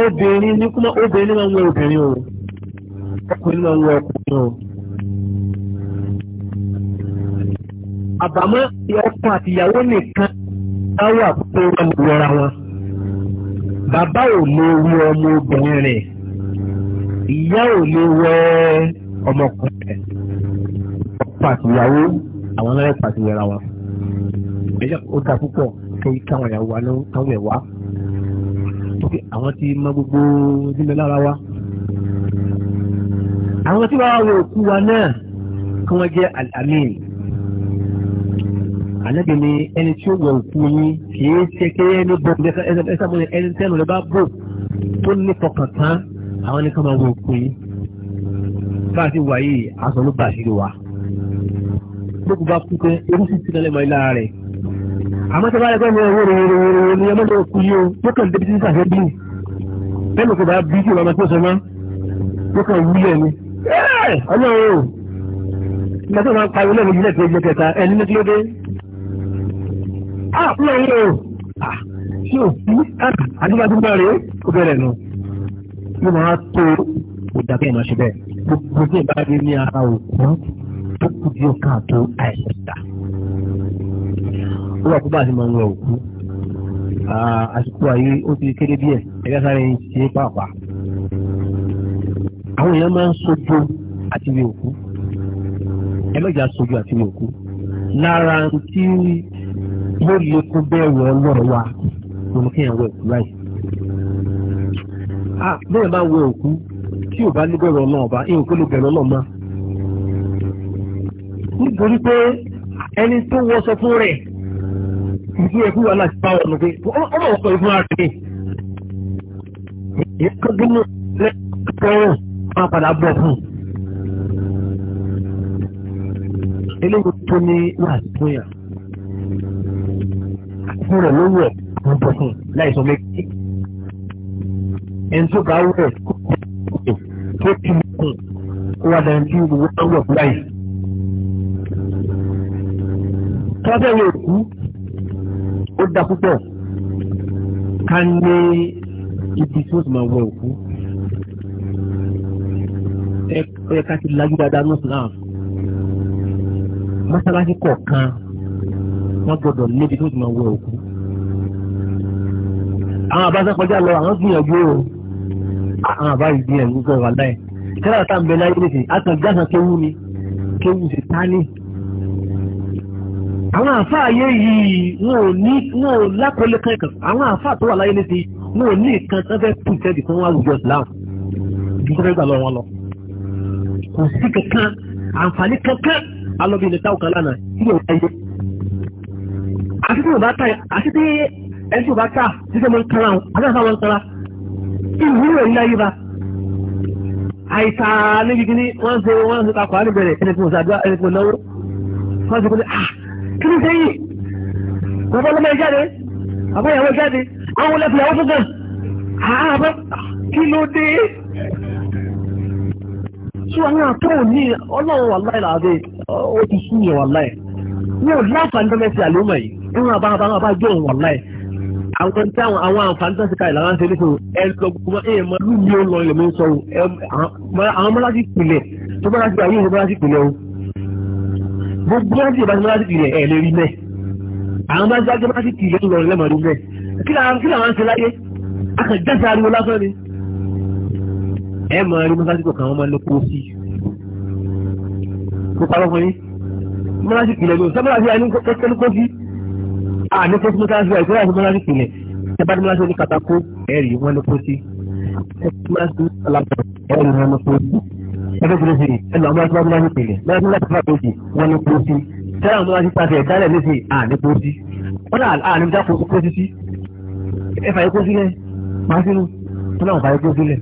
obìnrin ní kúmọ́ obìnrin máa ń obìnrin o ọkùnrin máa ń wẹ ọkùnrin o. àbámọ́ ọkọ àti ìyàwó nìkan báwo wọn wọn. bàbá ò lè wẹ ọmọ obìnrin rẹ̀ ìyá ò lè wẹ ọmọkùnrin àwọn tí mọ gbogbo nílẹ̀ lára wa àwọn tí wàá wo òkú wa náà kí wọ́n jẹ́ alamin anabi ni ẹni tí ó wọ òkú yín kì í ṣe kí ẹni bọ ẹsẹ mọ ẹni tẹnu rẹ bá bò tó ní fọkàn tán àwọn ni kí wọ́n wọ òkú yín bá a ti wà yìí aṣọ ló bá a ṣe wa gbogbo bá kú pé irú sí ti nílẹ̀ mọ́ ilé rẹ̀ àmọ́ tó bá rẹ̀ pẹ́lú ẹ̀wọ́ rẹ̀wẹ̀rẹ̀wẹ̀rẹ̀ ni ọmọ náà kú yíò tó kàn débi títí sàfẹ́ bí lẹ́nu kò bá bí kí ọmọ tó sọ mọ́ tó kàn wúlẹ̀ ni ọlọ́run o nígbà tó máa ń pariwo lẹ́nu ilé ìpéjọ kẹta ẹni ní kílódé ah ọlọ́run o ah, ṣé o sí ah, àdúgbò àdúgbò rẹ̀ ó bẹ̀rẹ̀ nù ló máa tó ìdàkẹ́ ìmọ̀ ṣe bẹ́ẹ̀ gbogbo tí ìbá wà bá ti máa ń wẹ òkú àsìkò ayé ó ti kéde díẹ̀ ẹgbẹ́ sáré ń ṣe pàápàá àwọn èèyàn máa ń sojú àti wẹ òkú ẹlọ́jà sojú àti wẹ òkú lára tí yóò lè kó bẹ́ẹ̀ ọlọ́rọ̀ wa mo ní kéèyàn wẹ òkú a bẹ́ẹ̀ bá òkú tí ò bá ọba nítorí pé ẹni tó ìdí ẹ̀kú wà láti bá wọn gbé ọmọ ọkọ̀ ìfún ara rẹ̀ yẹ kó gbóná lẹ́kọ̀ọ́ máa padà bọ̀ fún un. eléyìí tó ní láti tó yà fún rẹ̀ ló wẹ̀ kó bọ̀ fún un láì sọ méjì ẹni tó bá wẹ̀ kó tó ti mú un kó wà dáhùn tí gbogbo wọn fún báyìí. tọ́jú ẹ̀yẹ òkú ó dá púpọ̀ ká ní ibi tí ó sì máa wọ òkú ẹ ká ti lajú dáadáa ní islam mọ́sálásí kọ̀ọ̀kan wọ́n gbọ́dọ̀ níbi tí ó ti máa wọ òkú àwọn àbáṣe kọjá lọ àwọn gbìyànjú o àwọn àbáyé gbìyànjú sọ̀rọ̀ aláì kẹ́lá tá à ń bẹ láyé nìsín àtàgbàsán kéwú ni kéwú sí tání àwọn àfáà ayé yìí wọn ò ní wọn ò lápẹ̀lẹ̀ kan ìkàn àwọn àfáà tó wà láyé ní ti wọn ò ní ìkan tó fẹ́ pù ìtẹ́jì fún àwùjọ Islam ju tó fẹ́ gbà lọ wọn lọ. kò sí kankan àǹfààní kankan alọ́bí ilẹ̀ táwọn kan lánàá tí yóò ta iye. àti tí yóò bá ta àti tí ẹni tí yóò bá ta títí mo ń tara àwọn àti àfáà mo ń tara ìwúrò ilé ayé ba àìsàn níbi kíní wọ́n ń ṣe wọ́n ń ṣe kí ló ṣe yìí bàbá ọlọ́mọ ìjáde bàbá ìyàwó ìjáde àwọn olè fìyàwó tó gàn àbá kí ló dé tí wọn náà tó ní ọlọ́run wà láì láàbẹ̀ ó ti sún yẹn wà láì wọn ò láǹfààní tọ́lẹ̀ sí àlómọ̀ yìí wọn àbá àbá àbá jẹ́ òun wà àwọn tí àwọn àwọn àǹfààní tó ti ka ìlànà ṣe nípa ẹlọgbọmọ ẹ mọ lù mí ó lọ ilẹ̀ mi àwọn mọ́lájí pìlẹ̀ tó bá láti gbà yóò tó bá láti o gbogbo ẹ̀sìn ìbáṣe mọ́tàkì rẹ̀ ẹ̀ lè rí mẹ́ àwọn bá ń jágé mọ́tàkì rẹ̀ ń lọ rẹ̀ mọ̀rí mẹ́ kí làwọn ń ṣe láyé akàjẹ́sà ariwo lásán ni ẹ mọ̀ rí mọ́tàkì kan wọ́n máa ń lọ kó sí kó parọ́ fún yín mọ́tàkì kìlẹ̀ ló sábà fi àní kẹ́kẹ́ ló kó sí àní kó sí mọ́tàkì rẹ̀ ìṣẹ́lẹ̀ àti mọ́tàkì kìlẹ̀ ẹ bá ní mọ́tàkì ní kàtàkó ẹ̀rì wọ́n lọ kó sí ẹ ẹgbẹ́ tó ṣe ẹlọ ọmọ ẹgbẹ́ ọmọ láti pèlè lọ́wọ́ ní láti fàtó sí wọn ní pósí tẹ́lá ọmọ láti pàṣẹ ìdálẹ̀ ní sí àní pósí wọ́n náà àní dá pósí pósí sí ẹ fàyẹ pósí lẹ̀ máa sínú tó náà fàyẹ pósí lẹ̀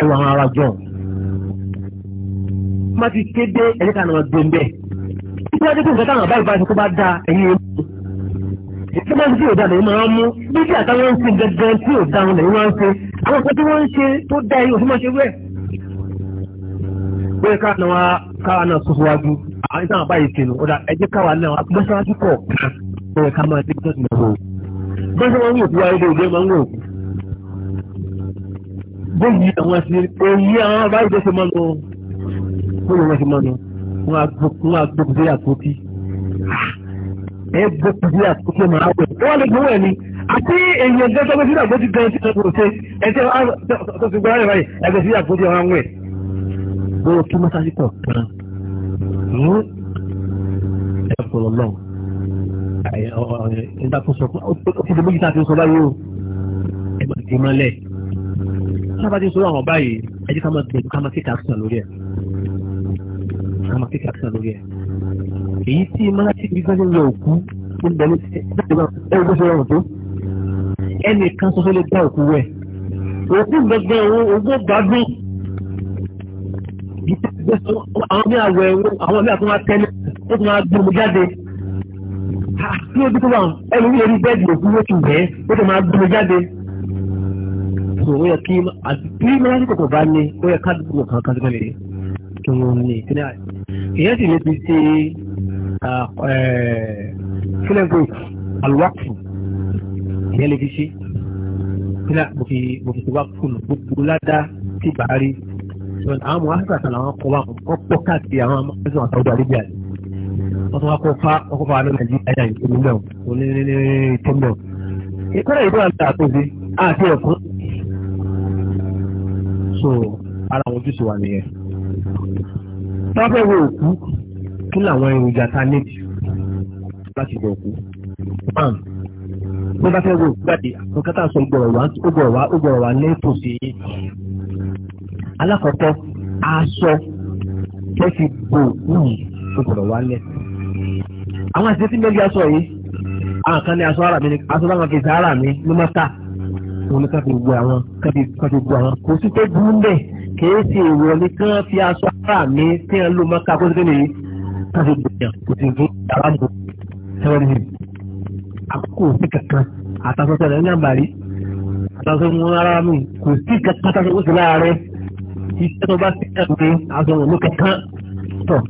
ẹ wọ àwọn ará jọ má ti kéde ẹni kan náà gbé mbẹ ìgbà tó kún kẹta àwọn àbáyé bá ṣe tó bá da ẹyin èèyàn ìgbà tó kún kẹta àwọn àbáyé bá ṣe tó bá da ẹyin èèyàn àwọn ọ̀pọ̀ tí wọ́n ń ṣe tó dá ẹyìn òṣìmọ̀ ṣe wẹ̀. bóyá káà náà káà náà sọ síwájú àwọn ìtàn àbáyé ìṣẹ̀lú ọ̀dà ẹ̀jẹ̀ káwa náà mọ́ṣáláṣí pọ̀ bóyá ká máa dé tó ti mọ̀ bọ́sẹ̀ wọn ń wò fún wa ilé ìgbé máa ń wò. bóyí àwọn ẹ̀sìn èyí àwọn àbáyé tó ṣe mọ́ lọ bóyá wọ́n ṣe mọ́ lọ wọ́n á gbókùn sí àpótí ẹ̀ gbókùn sí àpótí ọ̀ àti èyàn gẹ́gẹ́ tó sílẹ̀ àgbójú gan sí ẹgbẹ̀rún ṣe ẹ̀tẹ́ tó fi gbọ́ ẹ̀rọ ẹgbẹ̀ sí àgbójú ọ̀rọ̀ àwọn ẹ̀ bọ́ọ̀ kí mọ́sáàsì pọ̀ gan ní ẹ̀fọ̀rọ̀ náà nígbà tó sọ pé ó ti méjì tá a ti sọ báyìí o ẹgbẹ́ ti mọ́lẹ̀ sábà ti sọ àwọn báyìí ẹ jẹ́ ká máa gbẹ̀dú ká máa kíkà àkùsà lórí ẹ̀ ká máa kíkà àkùsà lórí ẹ̀ èyí tí mọ́lá ti fi gbẹ́dẹ́ lọ òkú ó ń bẹ ní ẹ̀ ẹ̀ ẹ̀ ẹnìkan ṣoṣo lè dá òkú wẹ̀ òkú gbẹgbẹ ogún gbádùn àwọn bí àwẹ̀ àwọn bí àtúnwá tẹ́lẹ̀ ó tún máa gbọ́n mi jáde ní ojú tó wà ẹnu ní orí bẹ́ẹ̀dì òkú wọ́n ti wẹ̀ ó tún máa gbọ́n mi jáde ó yẹ kí bí mẹ́rin kòkò bá ní ó yẹ ká dùn kan kan sílẹ̀ lè kí wọ́n ní ìpínlẹ̀ ìyẹn sì lè fi ṣe fúlẹ̀ gbòòkù alùwàkù yẹn lè fi ṣe kílá mo fi mo fi tiwa kùnú gbogbo ládàá tí bàá rí àwọn ọmọ afẹ́fẹ́ àtàlà wọn kọ́ wa wọn pọ̀ káàkiri àwọn amẹ́sàn àtàwọn àlejò àlè wọ́n tún wá kó fa ọkọ̀ fa ní nàìjíríà yìí omi náà oní tó náà. ìkọ́lẹ̀ ìdúrà ń ta àtòsí àti ẹ̀kọ́. so ara àwọn ojúṣe wà nìyẹn. tábẹ́wò òkú kí làwọn èròjà ta níbi láti bọ̀ òkú tó bá fẹ́ wo gbàdé nǹkan tá a sọ gbọ̀rọ̀ wá ó gbọ̀rọ̀ wá ó gbọ̀rọ̀ wá lẹ́tòsí. alákọ̀ọ́kọ́ aṣọ tẹ́sí bò wúyì ó gbọ̀rọ̀ wá lẹ̀. àwọn àti tẹ́tí mẹ́lí aṣọ yìí àwọn kan ní aṣọ ara mi aṣọ táwọn kì í sá ara mi ló má ta wọn ni káfí gbọ́ àwọn káfí káfí gbọ́ àwọn kò sí tó burú mbẹ kìí ṣe ìwọ ni kí wọn fi aṣọ ara mi tí wọn lò má ká kó sí pé nìyí káfí gbọ́ àkókò sí kankan àtàkùnṣe rẹ̀ ní àbàrí àtàkùnṣe mú ara mi kò sí kankan tàbí ó sì láàárẹ̀ iṣẹ́ tó bá sí kankan aṣọ òun ló kankan tọ̀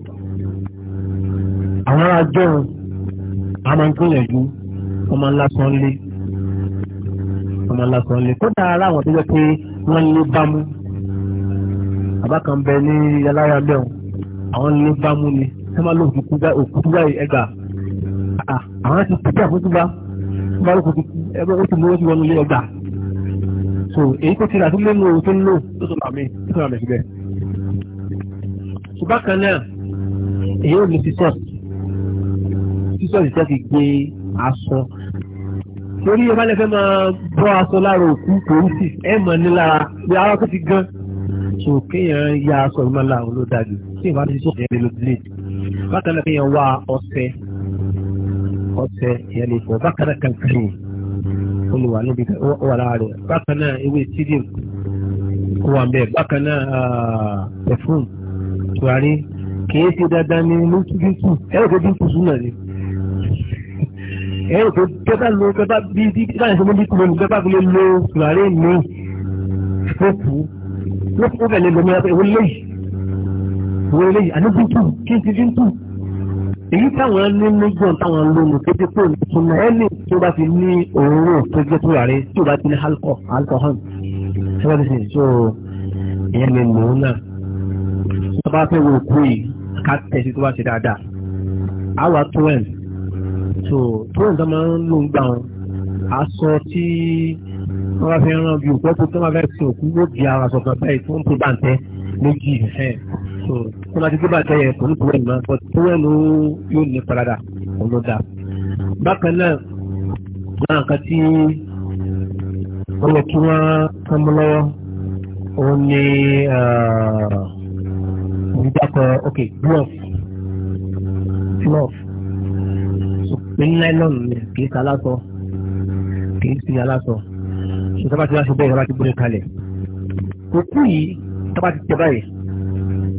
àwọn ará jọ̀rùn a máa ń gbìyànjú ọmọ ńlá sàn lé ọmọ ńlá sàn lé kódà ara àwọn tó jẹ́ pé wọ́n lé bámú bàbá kan bẹ ní alára bẹ́ẹ̀ àwọn lé bámú ni ẹ má lọ òkú tó báyìí ẹgbàá. Ah, àwọn ti pèsè àfojúbá bárúkú ti ẹgbẹ́ ó ti mú ojú wọnú ilé ọgbà so èyí tó ti rà tó lónìí ohun tó ń lò tó sọ àmì tó sọ àmì síbẹ̀. ṣùgbọ́n kan náà èyí ò ní sísọ sísọ ìṣe ti gbé aṣọ torí ẹ bá lè fẹ́ máa bọ́ aṣọ lára òkú kòrísì ẹ mọ̀ ní lára bí ara tó ti gan so kéèyàn ya aṣọ ìmọ̀lára ló dájú tí ìbá ti sọ ìyẹn lè lo blade bákan náà kéèyàn wá ọṣẹ ọ̀tẹ̀ ìyẹn lè sọ bákan náà kankiri olùwà níbi wà lára rẹ̀ bákan náà ewé sídìm wà ń bẹ̀ bákan náà pẹ̀fúm tùwárí kìí ṣe dandan ní lókìkì ẹ̀rọ tó dínkù súnà ni ẹ̀rọ tó bẹ́bà lo bẹ́bà bí bí láì ṣe mú dínkù lónìí bẹ́bà fi lè lo tùwárí ní fòkù lókùnkùn bẹ̀ lè lọ́mọ ìwé lẹ́yìn ìwé lẹ́yìn àníbùtù kí n ti dínkù èyí táwọn ní méjìlá táwọn lónìí tó dé pé ìtumọ̀ ẹni tó bá ti ní òróró tó jẹ́ tó rárẹ̀ tó bá ti ní alcohol ṣẹ́wọ́n ti sè so ìyẹn lè lò ó náà tó bá fẹ́ wo òkú yìí ká tẹ̀sí tó bá ṣe dáadáa àwa twen so twen tó máa ń lò ń gbà wọn aṣọ tí wọ́n bá fẹ́ ràn bí òkú tó máa fẹ́ sin òkú yóò di ara sọ̀kan báyìí tó ń pè bàǹtẹ́ méjì ẹ̀ so tó bá ti gbé bàtẹ́ yẹn kò ní tówẹ́lù náà bọ́ tówẹ́lù yóò ní parada òun ló dáa. bákan náà náà nǹkan tí wọ́n lọ kí wọ́n kán mọ́ lọ́wọ́ òun ni ah, ìdákọ̀ ok glove glove ní nylon kì í sálásọ kì í sí alásọ ṣùgbọ́n tí wọ́n ti bẹ́ẹ̀ tí wọ́n ti gbé kalẹ̀ òkú yìí tí wọ́n ti tẹ báyìí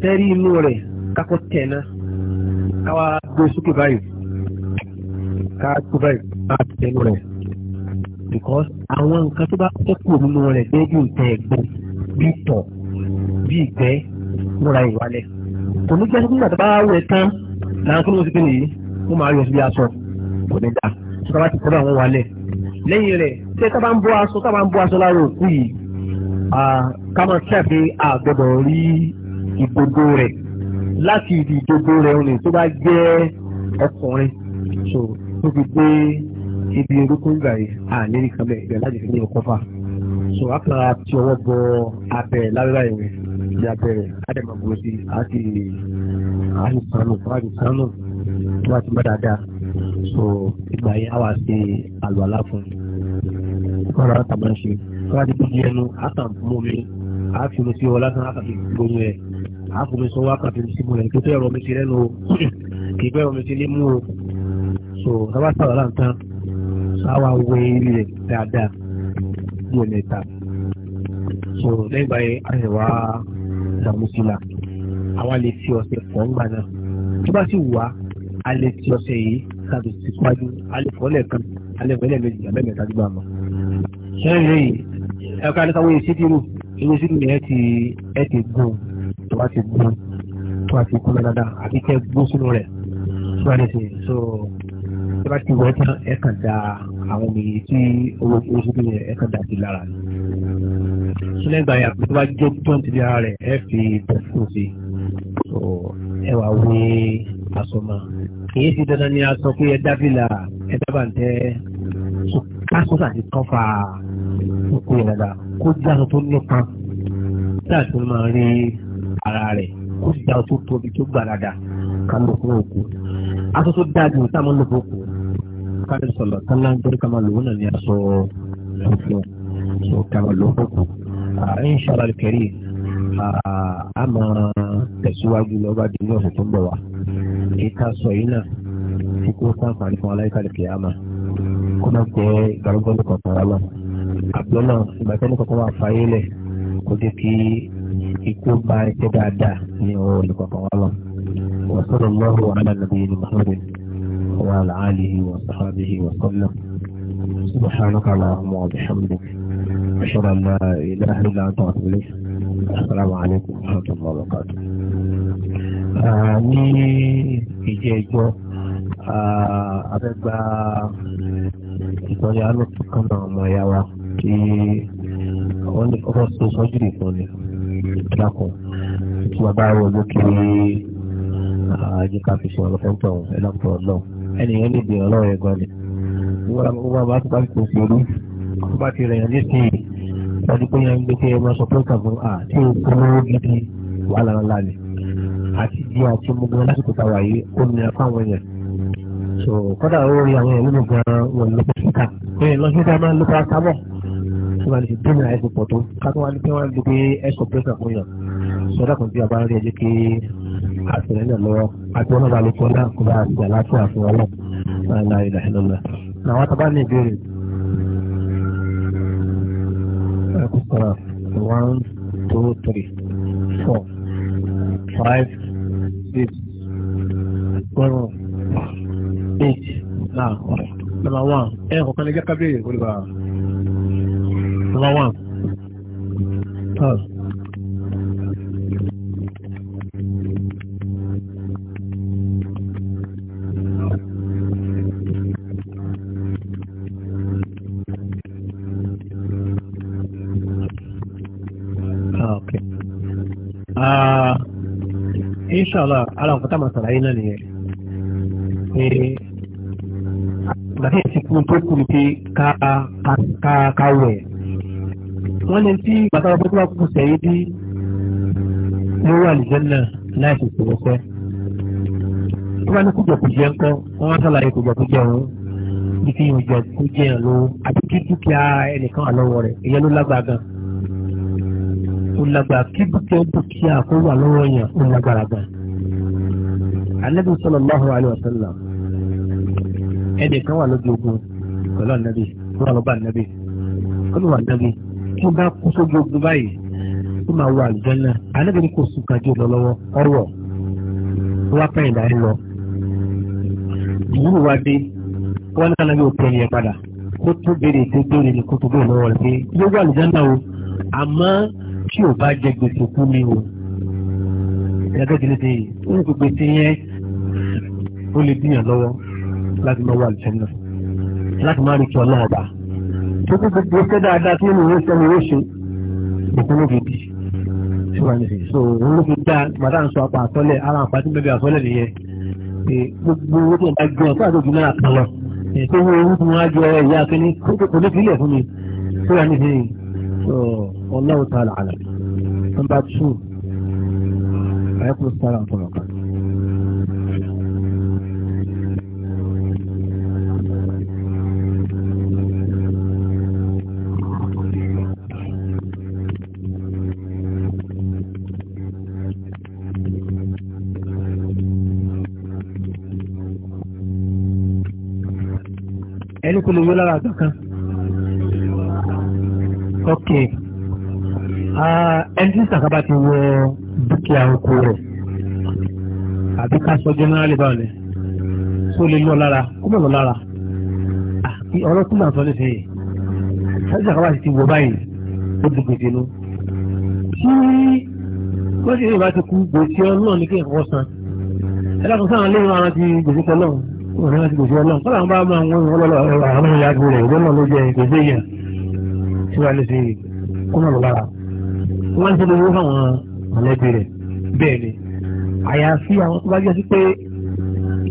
tẹ́rí inú rẹ̀ kakọ́ tẹ̀ná káwá gbé sókè báyìí ká tó báyìí bá tẹ̀nu rẹ̀ because àwọn nǹkan tó bá tẹ́kù nínú rẹ̀ déédé ìtẹ̀ ẹ̀gbọ́n bíi tọ̀ bíi ìgbẹ́ múra ìwálẹ̀ kò ní jẹ́ nígbà tó bá wẹ̀ tán làwọn tó ń sèké nìyí wọ́n máa yọ síbi aṣọ kò ní dà tó bá ti kọ́ bá wọn wálẹ̀ lẹ́yìn rẹ̀ ṣé ká bá ń bọ́ aṣọ ká ń bọ́ aṣọ lára òkú yìí ká máa àgbọ̀dọ̀ rí ìdodo rẹ̀ láti ibi ìdodo rẹ̀ olè tó bá jẹ́ ọkùnrin so tó fi dé ibi orúkún ìgbà yìí àlérí kan bẹ́ẹ̀ ìgbà láti fi ní ọkọ̀ fà so a kàn á ti ọwọ́ bọ abẹ lábẹ́lá ìwé ìdí abẹ́rẹ́ ádẹ́mọ̀gbọ̀n sí àti àlùsánù àlùsánù tó bá ti mọ́ dáadáa so ìgbà yìí á wà sí àlùalá fún un kọ́ra àtàmọ́ ṣe kọ́ra ti bí ẹnu àtàmọ́ mi àá fi omi sí lásán àtàmọ́ ìgbóyún rẹ̀. A àkùnrin sọ wákàtí sí mo lẹ́yìn tó fẹ́ rọmi sí lẹ́nu o kì í fẹ́ rọmi sí nímú o so sábà sàrọ̀ là ń tán sáwà wé ilẹ̀ dáadáa mo lè ta so lẹ́yìn báyìí àyẹ̀wò àdàmúsílà àwa lè fi ọ̀sẹ̀ fọ́ ńgbà náà tó bá sì wà á lè fi ọ̀sẹ̀ yìí sábì sí pàjù á lè fọ́ lẹ́ẹ̀kan á lè fọ́ lẹ́ẹ̀mejì àbẹ́mẹ́ta gbígbà mọ́ sẹ́yìn lẹ́yìn ẹ̀ka ní káwọn èsì dìrò èyí sì ní ẹ ti ẹ ti gùn tó bá ti gbó tó bá ti kú lọ dáadáa àti kẹ́ gbó sínú rẹ̀ tó bá lè ṣe so tó bá ti wọ́n tán ẹ kàn da àwọn omi tí owó oṣù tó yẹ ẹ kàn da sí lára sílẹ̀gbà yà tó bá jẹ́ tọ́ǹtì bí ara rẹ̀ ẹ fi bẹ̀fún sí so ẹ wà wí asọ́mọ kì í dandan ni a sọ pé ẹ dábìlà ẹ dábàǹtẹ́ kásọ́sà ti kọ́ fa òkú yẹn dáadáa kó jáde tó nípa láti máa rí ara rẹ̀ kó sì dáa tó tóbi tó gbàdàdà ká ló fún òkú aṣọ tó dáa ju táwọn ló fún òkú káàdì sọ̀lọ̀ kánlá ń torí ká máa lòun náà ní aṣọ òfin sọ ká máa lòun fún òkú ah, insha Allah kẹrì ah, a máa tẹ̀síwájú lọ́ba di ní ọ̀sẹ̀ tó ń bọ̀ wá ìta sọ yìí náà tí kò sáǹfààní fún aláìkàlẹ̀ kìyàmà kó má jẹ́ ìgbàlógbọ́n ní kọ̀ọ̀kan rárá àbúrò náà ìgbà tẹ́lẹ̀ kọ̀ọ̀kan wà fáyé lẹ̀ kó jẹ́ kí ikú bá iṣẹ́ dáadáa ní ọwọ́ olùkọ̀kọ̀ wa lọ. وصلى الله على نبينا محمد وعلى آله وصحبه وسلم سبحانك اللهم وبحمدك أشهد أن لا إله إلا أنت أتوب إليك السلام عليكم ورحمة الله وبركاته ní ìjẹ́jọ́ abẹ́gbà ìtọ́jú alùpùpù kan náà ọmọ ẹ̀yà wa kí wọ́n lákọ̀ tí bàbá rẹ̀ ló kiri àjíká fi ṣe ọlọ́fẹ́ntọ̀ ẹlọ́pọ̀ ọlọ́run ẹnìyàn lè dè ọlọ́run ẹ̀gọ́ ni wọ́n bá ti bá ti pèsè orí tó bá ti rẹ̀yàn ní sí ìtọ́jú pé yẹn ń gbé kí ẹ máa sọ pẹ́ńtà fún à tí o kú lówó gidi wàhálà ńlá ni àti bí àti mú gan lásìkò táwa yìí ó nira fáwọn yẹn so kọ́dà ó rí àwọn ẹ̀mí mi gan wọn lọ sí ká ẹ lọ sí ká máa lọ sí ká sábọ̀ tí wọ́n lè fi bímọ àìsàn pọ̀ tó ká tó wá ní pé wọ́n lè gbé ẹ̀kọ́ pẹ́sà fún yàn sọ́dọ̀ kan tí a bá rí ẹjẹ́ kí àtẹ̀lẹ́ náà lọ́wọ́ àti wọn bá lè kọ́ náà kó bá a ṣe àlàáfíà fún wọn náà láì láì lọ́la. àwọn àtàbá ní ìbéèrè ẹ̀kú sọ̀rọ̀ one two three four five six seven eight náà number one ẹ̀kọ́ kan lè jẹ́ kábíyèsí olùbàdàn number one. Pause. Okay. Uh, inshallah, alam kata masalah ini Eh, nanti si kumpul kumpul ka ka ka wọ́n lè tí bàbá ọgbọ́n tó bá kú sẹ́yìn bí ló wà lìjẹ́ náà láì fi sọ̀rọ̀ fẹ́. tó bá ní kújọkújẹ ńkọ́ wọ́n wá sàlàyé kújọkújẹ òun ife ìjọ tó jẹ́ a ló àti kí dúkìá ẹnìkan wà sallallahu alaihi wasallam tí wọ́n bá kú sójú ogun báyìí ó máa wọ àlùjànnà ànábì kò sùn kájú lọ́wọ́ ọ̀rọ̀ wọ́n apẹ́yìn dárí lọ. ìwúrò wa dé wọ́n ní kánábì ò tẹ̀yìn padà kó tó béèrè tó béèrè ní kó tó béèrè lọ́wọ́ rẹ̀ pé yóò wọ àlùjànnà o àmọ́ tí ò bá jẹ gbèsè kú mi o. ìyàgbẹ́ ìdílé ti ń gbogbo ti yẹn ó lè díyàn lọ́wọ́ láti máa wọ àlùjànnà láti máa rí kí ọlọ́ọ̀bà tó kó gbogbo ṣẹ́ dáadáa tí mo ń sọ mo ń ṣe nìkan ló fi di síwájú sí so òun ló fi dá màdá ń sọ apá àtọ́lẹ̀ ara àpá tí bẹ́bẹ̀ àtọ́lẹ̀ nìyẹn pé gbogbo owó tó ń bá gbé ọ̀tọ́ àti òjò náà kan lọ ètò owó owó tí two ayẹ́kùn sára ọ̀tọ̀ ọ̀kan. kó lè yó lára àgbà kan. ok ah, ẹni tí sàkábà ti wọ dúkìá oko rẹ̀ àbí ká sọ jẹ́nẹ́rálì báwọn ẹ̀ tó lè lọ lára kó mọ̀ lọ lára ah, ọ̀rọ̀ tó máa sọ ní sẹ́yìn ẹni sàkábà ti wọ báyìí ó dùgbò sínú. tí wọ́n ṣe ìbá ti kú gbèsè ọlọ́run ní kí n kọ́ san ẹ̀dá kan sáà lé wọn ara ti gbèsè tọ́lọ́run òun náà ti kò sí ọlọ́run kọ́lá àwọn bá máa ń wọ́n lọ́lọ́ àwọn ìyá àgbo rẹ̀ ìgbọ́n náà ló jẹ kò sí èèyàn tí wàá lè fi kún náà lọ́la wọ́n ti lówó fáwọn mọ̀lẹ́bí rẹ̀ bẹ́ẹ̀ ni àyàfi àwọn tó bá jẹ́ sí pé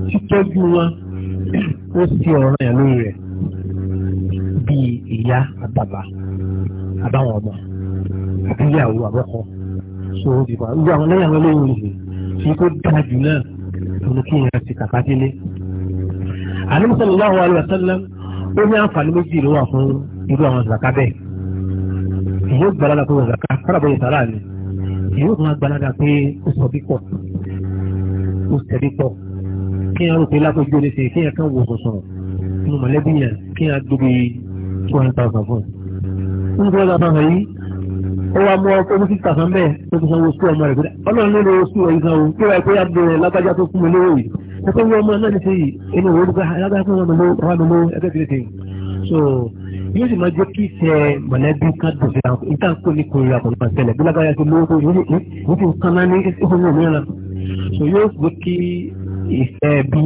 títọ́jú wọn ó sì ọ̀ràn yà lórí rẹ̀ bíi ìyá àbàbà àbáwọn ọmọ àbí ìyàwó àbọ́kọ so ó ti pa gbogbo àwọn lẹ́yìn àwọn olóyún ìlú tí kò dáa jù àlùmọ́sọ̀lọ́wọ́ àwọn alùsọ́lọ́m ó ní àǹfààní méjì ló wà fún irú àwọn zaka bẹ́ẹ̀ yóò gbalada pé zaka kọ́nàbọ̀ ìsàlá ni yóò máa gbalada pé ó sọ bí pọ̀ ó sẹ́bí pọ̀ kí n rò pé lápẹjọ ní sè kí n kàn wò sọ̀sọ̀ nínú mọ̀lẹ́bí yẹn kí n gbé two hundred thousand fún un. nígbà tó bá yìí ó wá mú ọkọ oníṣẹ́ tàfán bẹ́ẹ̀ tó fi sanwó sí ọmọ rẹ̀ ọlọ́run ló lọ sí ọ̀yìn ẹ̀kọ́ wọ́n ọmọ náà ní sí inú òwò dùgbà alágbára fún wọn lọ́wọ́ ẹgbẹ́ tí ó ti so yóò sì máa jẹ́ kí ìfẹ́ mọ̀lẹ́bí ká dùn sí àwọn ìta kó ní kò yàgò nípa ṣẹlẹ̀ bí lágbára ti lówó yóò fi kán náà ní ohun mìíràn so yóò gbé kí ìfẹ́ bí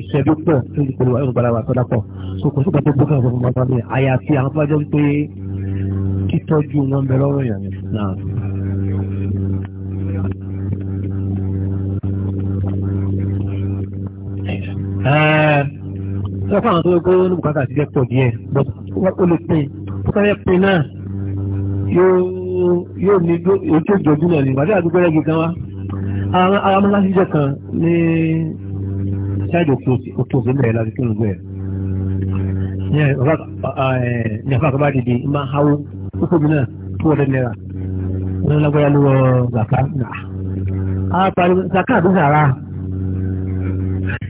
ìfẹ́ bí pọ̀ tó ti pẹ̀lú àwọn ìgbàlá wa tọ́lá pọ̀ so kò sígbà tó gbókè àwọn ọmọ ọmọ mi àyàfi àwọn tó bá jẹ́ pé títọ́jú wọn bẹ lọ́rọ̀ yàn náà. sọ fún àwọn tó gbé ní bùkátà ti dẹ́pọ̀ díẹ̀ but ó lè pin tó fẹ́ pin náà yóò ní ojú ìjọjú náà ní ìwádìí àdúgbò rẹ̀ gígan wá ara mọ́lá ṣíṣe kan ní ṣáàjì òkú òṣèlú ẹ̀ láti kírun gbẹ̀ ní àfa àkọ́bá dìde máa háwó púpọ̀ mi náà tó wọlé náírà wọn lágbára ló wọ zaka náà a parí zaka àbí zara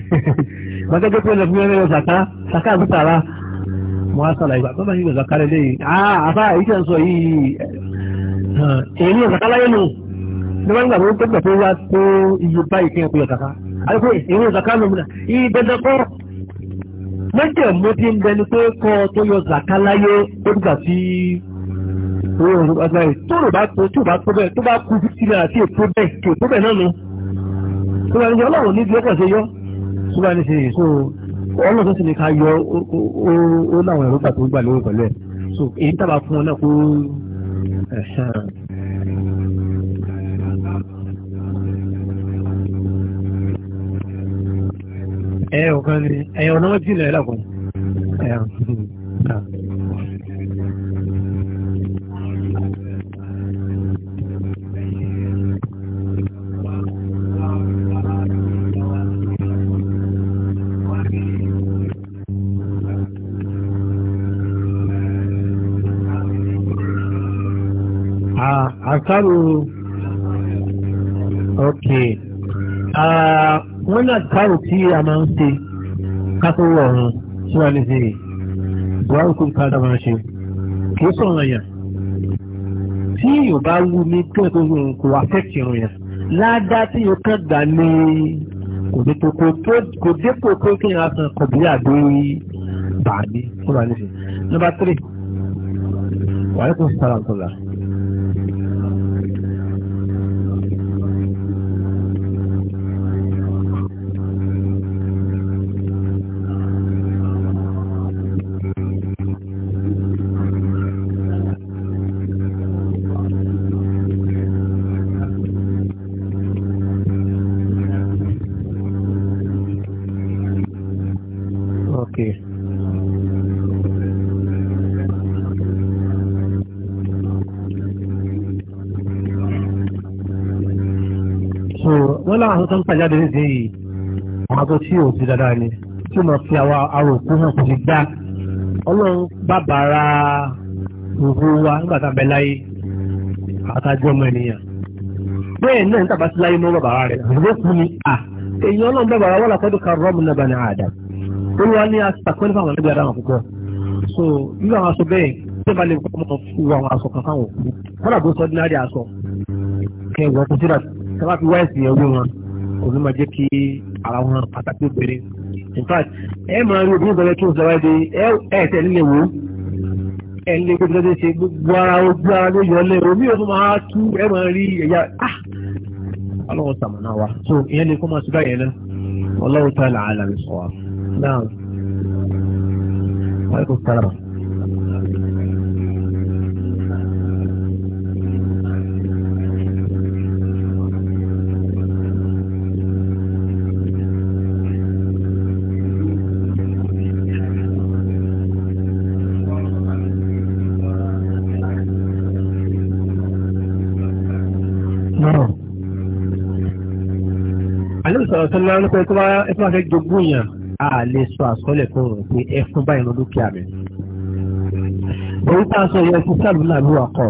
*laughs* gbàgẹ́gẹ́ pé ẹlẹ́fún ẹlẹ́yọ zaka zaka àbútàrà mo á sàlàyé bàbá bá yíyọ zaka rẹ̀ léyìí àbá ìjẹ́ ń sọ yìí èyí zaka láyé nù ní wọ́n ń gbà tó gbà tó wá tó iye báyìí kí n pè zaka àyẹ̀kọ́ èyí zaka nù múna iye dandakọ́ mẹ́jẹ̀ mo ti ń bẹni pé kọ́ tó yọ zaka láyé ó dùgbà sí tó rò bá tó tó bá tó bẹ́ẹ̀ tó kú sí àti èpo bẹ́ẹ̀ kò ṣúgbà ní ṣe so ọlọ́ tó sì ní ká yọ ó láwọn ẹ̀rọ gbà tó gbà lórí pẹ̀lú ẹ̀ so èyí tàbá fún ọ náà kó ẹ̀sán. ẹ ọ̀kan ni ẹ̀yàn ọ̀nà wọ́n jìnà ẹ̀ lákọ̀ọ́ ẹ̀yàn. àtàrò ok ah, wọ́n ní àtàrò tí a máa ń ṣe kátó ọ̀run tí wọ́n lè ṣe buhari kò káàdà máa ṣe kìí sọ̀rọ̀ yẹn tí yóò bá wú ní kẹ́ẹ̀tọ́ yóò kò affect irun yẹn ládá tí yóò kàn gbà ní kò dépò kò dépò kó kí n àtàn kọ̀bí àbí bàbí kó bá ní ṣe. number three wàhálà kò sí sára nǹkan so wọ́n láwọn tó ń pàjáde nídìí yìí àwọn tó tí ò ti dáadáa ni tí mo fi àwọn aròkú hàn kò sí gbá ọlọ́run bàbára òru wa nígbà tá a bẹ láyé àtàjọ ọmọ ènìyàn bẹ́ẹ̀ náà nígbà láyé mọ́ rẹ̀ kú ni à èyí ọlọ́run bàbára wọ́n rọ́ọ̀mù náà bá ní àdá ní ẹgbẹ́ adáwọn púpọ̀ so àwọn aṣọ bẹ́ẹ̀ bá lè tí wọ́n fi wá ẹ̀sìn ẹ̀wé wọn kò ní máa jẹ́ kí ara wọn pàtàkì obìnrin in fact ẹ máa rí obìnrin bẹ̀rẹ̀ kí n sọ̀rọ̀ ẹ̀dẹ̀ ẹ̀ tẹ̀ nílé wo ẹ̀ nílé gbogbo ẹ̀dẹ̀ ṣe gbogbo ara ojú ara ló yọ lẹ́rọ omi òfin máa tú ẹ máa rí ẹ̀yà ah ọlọ́wọ́ sàmùnà wa so ìyẹn lè kó máa ṣe báyẹn náà ọlọ́wọ́ tá a là á sọ wa náà wọ́n kò ń pẹ́ tó bá fẹ́ jogún yàn á lè sọ àsọ́lẹ̀ fún òun pé ẹ fún báyìí lọ dúkìá mi. orúkọ aṣọ yẹn ti sábà náà ló wà kọ́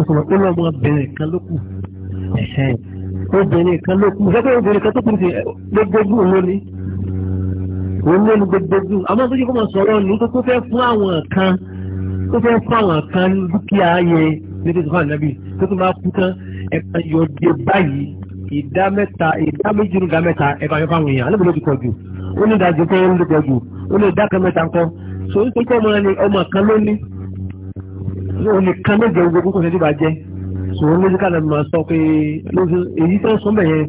òṣùwọ̀n tó lọ́mọ obìnrin kan ló kù obìnrin kan ló kù sọ́kọ́ obìnrin kan tó kù sí gbogbo lónìí òun lónìí gbogbo àmọ́ tó yẹ kó máa sọ̀rọ̀ ní tó fẹ́ fún àwọn kan tó fẹ́ fún àwọn kan dúkìá yẹn nítorí sọ́kọ́ ànábì tó tún máa kú tán ẹ̀ka yọ̀ọ́ ìdá mẹ́ta ìdá méjì ní ìdá mẹ́ta ẹ̀fà fẹ́ fáwọn èèyàn alóbìnrin ti pọ̀ jù ó ní ìdájọ́ pé ó ń pọ̀ jù ó ní ìdá kan mẹ́ta ńkọ́ so ó pé ọmọ ni ọmọ kan ló ní òun nìkan ló jẹ gbogbo kókò sí ìdíbà jẹ so ó lójú kálẹ̀ máa sọ pé èyí tó ń sọ bẹ̀yẹn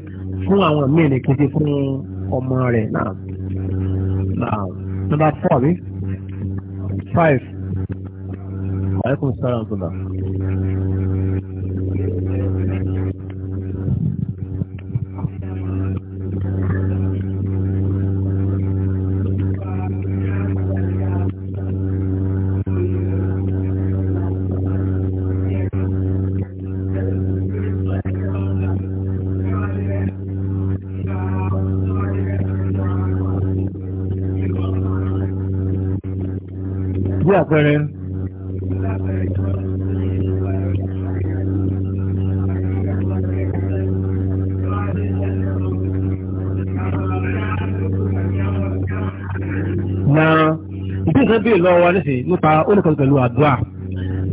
fún àwọn míì ní kété fún ọmọ rẹ̀ náà number four àbí five alaikum salaam nísìnyí nípa oníkan pẹ̀lú àdúrà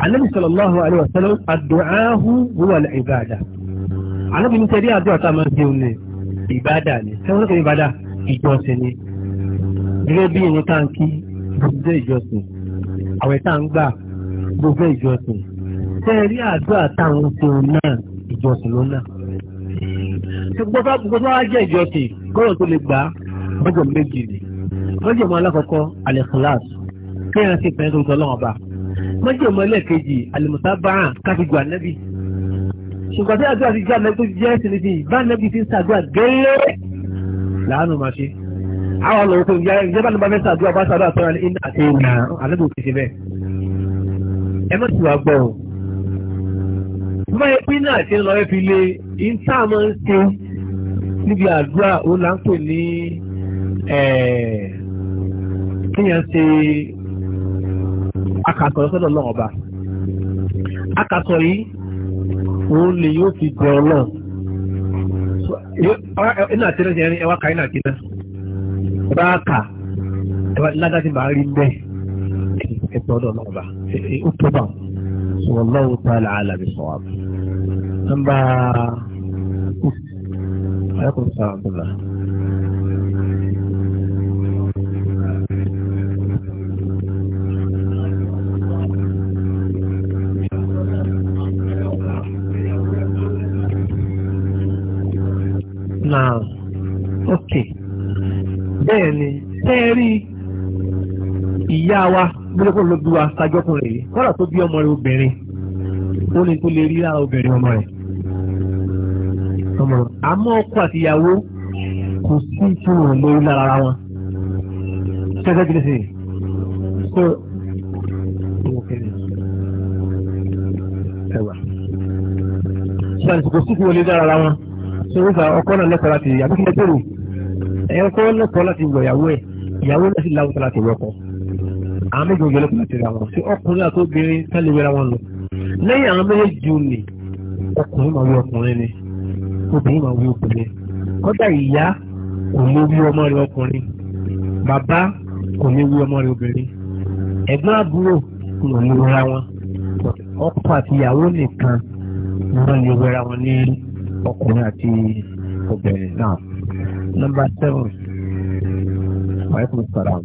anábì sallallahu alaihi wasallam àdúràáhù huwa al-ibada anábì ní sẹ́rí àdúrà tá a máa ń ṣe òun ìbádà ni sẹ́wọ́n kò ìbádà ìjọsìn ni gẹ́gẹ́ bí ẹni tá à ń kí gbogbo ìjọsìn àwẹ̀ tá à ń gbà gbogbo ìjọsìn sẹ́rí àdúrà tá à ń ṣe òun náà ìjọsìn ló náà gbogbo wa jẹ́ ìjọsìn kọ́rọ̀ tó lè gbà á mọ́jọ méjì ni mọ́jọ mọ́ alákọ̀ọ́kọ́ al-ikhlas kéèyàn sì fẹ́ tuntun ọlọ́run ọba mọ́jẹ̀mú ẹlẹ́ẹ̀kejì alimusabaa káfíńgù ànábì ṣùgbọ́n tí àdúrà ti jẹ́ ànábì tó jẹ́ ẹ̀sìn níbi ìbá ànábì ti ń ṣàdúrà gẹ́lẹ́ làánù máa ṣe àwọn ọlọ́run tó yára ìjọba ní bá fẹ́ ṣàdúrà bá ṣàdúrà tọ́ra ní iná àti ìlà ànábì òkè ṣe bẹ́ẹ̀ ẹ má ti wá gbọ́ o bí wọ́n yẹ pé iná àti ìlọ rẹ fi lé ìta máa ń akàtọ̀ sọ́dọ̀ náà ọba akàtọ̀ yìí òun lè yóò fi bọ̀ náà ina tẹ́lẹ̀ ṣe ẹni ẹwà káyínà kí náà ọba kà ẹwà ládàtí bá rí bẹ́ẹ̀ ẹ̀tọ́ ọ̀dọ̀ náà ọba ó tó bá wọn lọ́wọ́ tá a là sọ̀wọ́ àbúrò. Nọ́mbà 6 ayọ́kùnrin sáà Abdullahi. lókùn ló bí wa sájọ́kùnrin yìí kọ́lá tó bí ọmọ rẹ̀ obìnrin ó ní tó lè rí lára obìnrin ọmọ rẹ̀ àmọ́ ọkọ àti ìyàwó kò sí ìṣòro lórí lára wọn ṣẹ́gbẹ́ bí lẹ́sìn so ẹwà ṣáàlì kò sí ìṣòro lórí lára wọn so ó gba ọkọ náà lẹ́kọ̀ọ́ láti àbíkí lẹ́tọ̀rọ̀ ẹ̀yọ́ kọ́ lẹ́kọ̀ọ́ láti wọ ìyàwó ẹ̀ ìyàwó náà sì láwùjọ láti wọ́kọ̀ọ́ àwọn méjèèjì ló pàṣẹ ra wọn sí ọkùnrin àti obìnrin tẹ́lẹ̀ wẹ́ra wọn lọ lẹ́yìn àwọn méjèèjì ò ní ọkùnrin máa wí ọkùnrin ni obìnrin máa wí obìnrin kọ́dà ìyá kò lè wí ọmọ rẹ̀ ọkùnrin bàbá kò lè wí ọmọ rẹ̀ obìnrin ẹ̀gbọ́n àbúrò kò lè wẹ́ra wọn ọkọ àti ìyàwó nìkan ni wọ́n lè wẹ́ra wọn ní ọkùnrin àti obìnrin náà. Number seven. Wa alaikum salaam.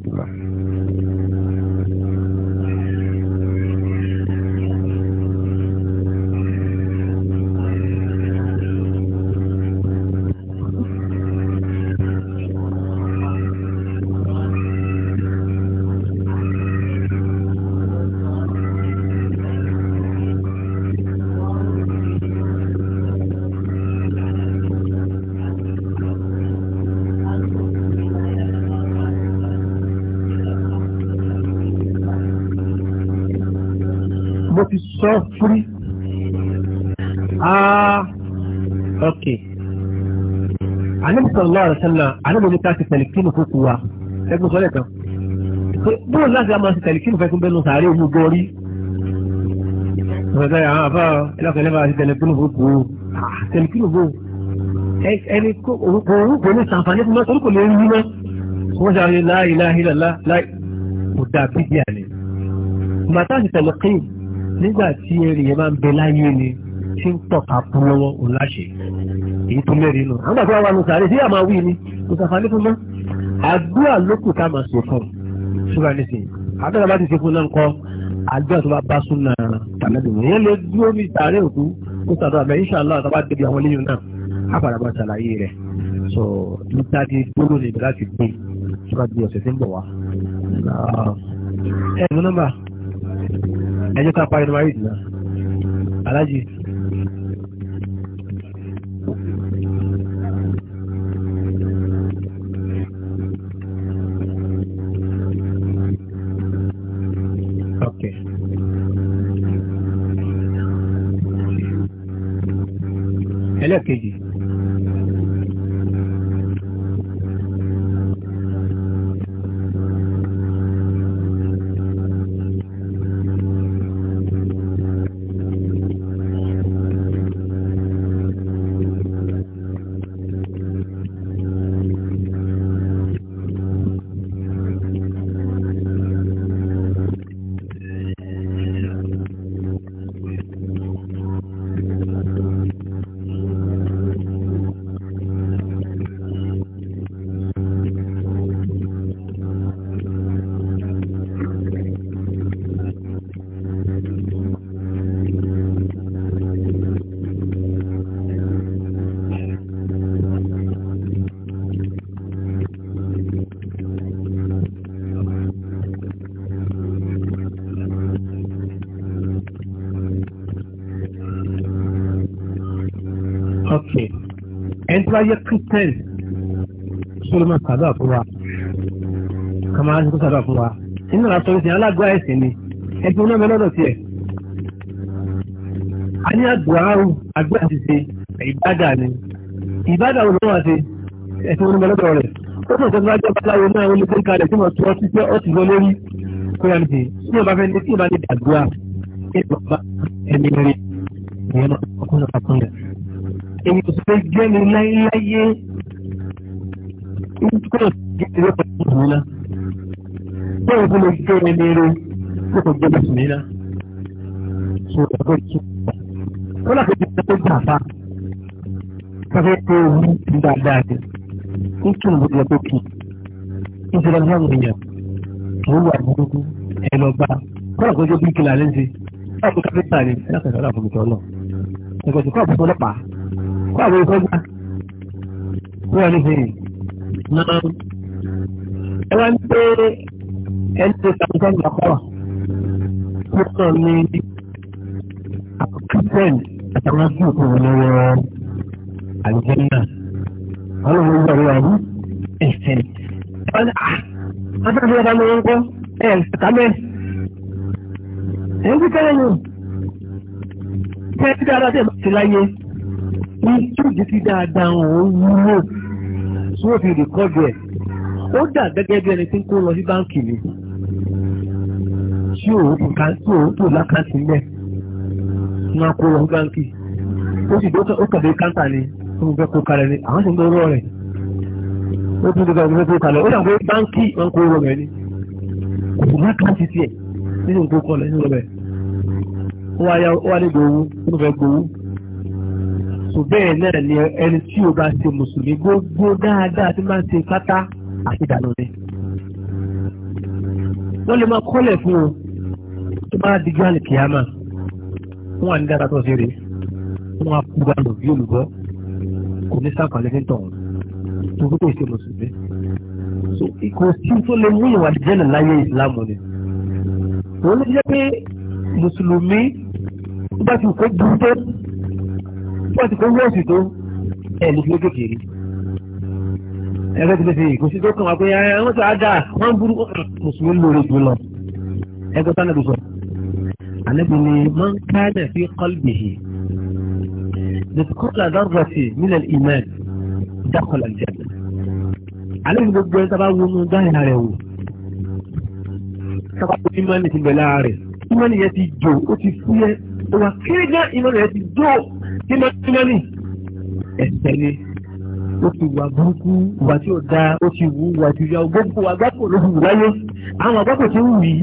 mo ti sọ fúrí ah ok anabi sallallahu alaihi wasallam anabi ní ká ti tẹ̀lé kí ni kó kú wa ẹgbẹ́ sọ́lẹ̀ kan bóun láti máa ti tẹ̀lé kí ni fẹ́ kí n bẹ́ẹ̀ lọ sàárè omi gọ́rí ọ̀sẹ̀ àwọn àbá ẹlọ́kẹ̀lẹ́bà àti tẹlifíìnì gbogbo tẹlifíìnì gbogbo ẹni orúkọ ní sàǹfààní fún mọ́tò orúkọ lórí yíná wọ́n ṣe àwọn ilá ilá ilá ilá kò nígbà tí ẹrì yẹn máa ń bẹ láyé ni tí ń pọ̀ ká kú lọ́wọ́ òun láṣẹ èyí tó mẹ́rin nù. àwọn àgbà wa ló sàárè sí àmà wí ni mùsàfà ní fún mọ́ àdúrà lókù tá a máa ṣe fún ṣúgà nísìn àdúrà bá ti ṣe fún náà ń kọ́ àdúrà tó bá bá sún náà tàlẹ́dùn yẹn lè dúró ní sàárè òkú ó sàdúrà bẹ́ẹ̀ ìṣàlá àtàbà débi àwọn eléyìí náà àfàdàbà ṣàlàyé rẹ̀ sọ níta ti dúró ní ìbẹ̀rẹ̀ láti gbé ṣúgà bí ọ̀sẹ̀ ẹjọ́ ká parí nọmba eight náà alájì. bá yẹ christian solomon sàdúrà fún wa kamara ti kó sàdúrà fún wa nínú àtọ́ ìsìn alágbó ẹ̀sìn ni ẹgbẹ́ onáwó lọ́dọ̀ tiẹ̀ a ní àdúrà àgbẹ̀ àti ṣe ìbádà ni ìbádà wo lọ́wọ́ àti ẹ̀sìn onáwó lọ́dọ̀ rẹ̀ ó mọ̀ sọ́dún ajọ́ báláwo náà wọlé pé kalẹ̀ tí wọ́n tún ọtí pé ọtí lọ lórí kó yà nìyí tí wọ́n bá fẹ́ ní tí wọ́n bá ní dàdúrà kí wọ́n bá ẹni rẹ̀ ìyẹn ọkùnrin ọkùnrin èyí ò sì fẹ́ jẹ́ ní láyéláyé nítorí ìgbésẹ̀ pẹ̀lú ìmúná bẹ́ẹ̀ fún mi jẹ́ ní lérò tó kò jẹ́ bẹ́sùn níná tó ẹ̀kọ́ ìtú. ó láti fi ṣe tó gbà fa káfẹ́ pé òun ti dáadáa jẹ ní kí ni bóyá tó kì í ṣe lọ́dún láwọn èèyàn kì í wà burúkú ẹ lọ bá kọ́nà kó jẹ́ bí kìlà lẹ́sẹ̀ láti káfíńtà ni ẹ̀ láti ṣàlàyé àbùkù tọ́ kó àwọn ìkọ́gbà kó wà nífẹ̀ẹ́ náà ẹ wá ní pé ẹni tó sàkóso ìgbà pàwà tó kàn ní kírísítẹ́n àtàwọn akíkò tó wọlé wọ àlùjẹ́nà wọn lòun ń gbàgbé wàbú ẹ̀sìn wọn ni àtàkùn ìgbà lóun kọ́ ẹ̀ kàmẹ́ ẹ̀ ń kíkẹ́ lẹ́yìn tẹ́tí dáadáa tẹ̀ bá ti láyé. ìtújì sí dáadáa òun wúlò tí wọ́n fi ẹ̀ ó dà gẹ́gẹ́ bí ẹni tí ń kó lọ sí báńkì ni tí òun tó lákàtí mẹ́ máa kó lọ sí báńkì ó sì dé ó káńtà ni ó fẹ́ kó kalẹ̀ ni àwọn sì ń lọ́rọ́ rẹ̀ ó tún O ìgbésẹ̀ kó kalẹ̀ ó dà pé báńkì máa ń kó lọ rẹ̀ kò lákàtí tiẹ̀ nínú nǹkan kọlẹ̀ ó wá ní ó fẹ́ so bẹ́ẹ̀ náà ni ẹni tí o bá ṣe mùsùlùmí gbogbo dáadáa tí máa ń ṣe pátá àti ìdànù ni. wọ́n lè máa kọ́lẹ̀ fún o tó bá dijú àlè kìámà wọ́n á ní dára tó ṣe rè wọ́n á kú dànù bí olùgbọ́ kò ní sàkàlẹ̀ ní tọ̀hún tó kó kò ṣe mùsùlùmí. so kò sí tó lè mú ìwà jẹ́nà láyé ìsìlámù ni. òun ló jẹ́ pé mùsùlùmí bá ti kó dúró wọ́n ti kó owó òsì tó ẹ̀ lè fi lókè kiri ẹgbẹ́ ti lè fi ìkòsí tó kàn wá pé ẹ wọ́n ti àdá wọ́n burú mùsùlùmí lórí jù lọ ẹgbẹ́ tó ànábì sọ ànábì ni man kana fi qalbihi mithqala darratin min al-iman dakhala al-janna ànábì gbogbo ẹ̀ sábà wọnú dáhìnà rẹ̀ wò sábà wọ́n ìmánì ti bẹ̀ láàrẹ̀ ìmánì yẹn ti jò ó ti fúyẹ́ ó wà kéré náà yẹn ti jò kí ló ti mọ́ ní ẹ̀sẹ̀ ni ó ti wà burúkú wà tí ó da ó ti wù wà tí ìyá gbogbo àgbákò ló wù láyé àwọn àgbákò tí ń wù yìí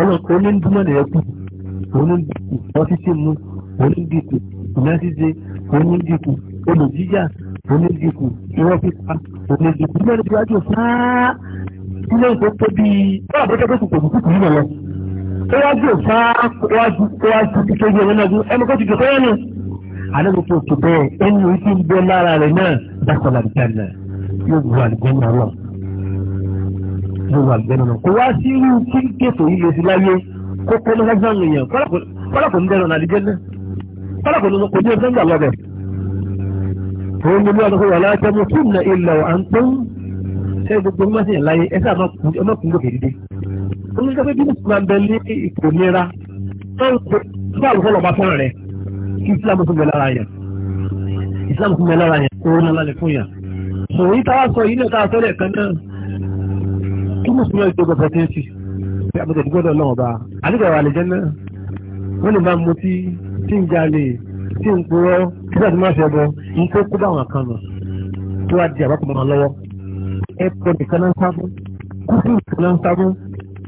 ọ̀nà kò ní dúmọ̀ nà ẹ̀kú òní dìkù ọ́fíìsì mu òní dìkù ìnáṣíṣe òní dìkù olùjíjà òní dìkù ìwọ́n pípa òní dìkù ìmọ̀ ní ìwájú fáá ilé ìfẹ́ tó bí báwa bọ́jọ́ tó kù kò yìí lọ. ó wájú fáá ó wájú kékeré ẹ̀rọ náà ẹnu kó ti dùn alẹ́gbẹ̀tò tó bẹ́ẹ̀ ẹni orí tí ń bẹ lára rẹ̀ náà dákọ̀lá àdìjánà yóò wọ àdìjánà lọ. yóò wọ àdìjánà lọ. kò wá sí irú tí ń kéètò yìí lè fi láyé kó kọ́ lọ́sàn án nìyẹn kọ́lá kò ní dẹ́rọ̀ nà àdìjánà kọ́lá kò ní kò ní ọ̀sán gbà lọ́bẹ̀. òun ni wọ́n sọ wàlá tẹ́ mo fún na ilẹ̀ à ń tán ṣé gbogbo ọmọ sèyàn láyé ẹ sáà má kún islam fún mi lára yẹn islam fún mi lára yẹn owó náà lálẹ́ fún yẹn sọ̀rọ̀ yìí táwa sọ yìí náà táwa sọ́lẹ̀ kan náà kí mùsùlùmí ọjọ́ gbọ́dọ̀ tẹ́ sí bí abúlé gbọ́dọ̀ náà ọba àdúgbò àwọn àlejò náà wọ́n lè máa mutí tí ń jalè tí ń purọ́ tí wọ́n ti máa fẹ́ bọ́ ní tó kó bá àwọn kan nù tó wá di àbákùn mọ́ lọ́wọ́ ẹ pọ̀ nìkan náà ń sábú kúkú nìkan náà ń sábú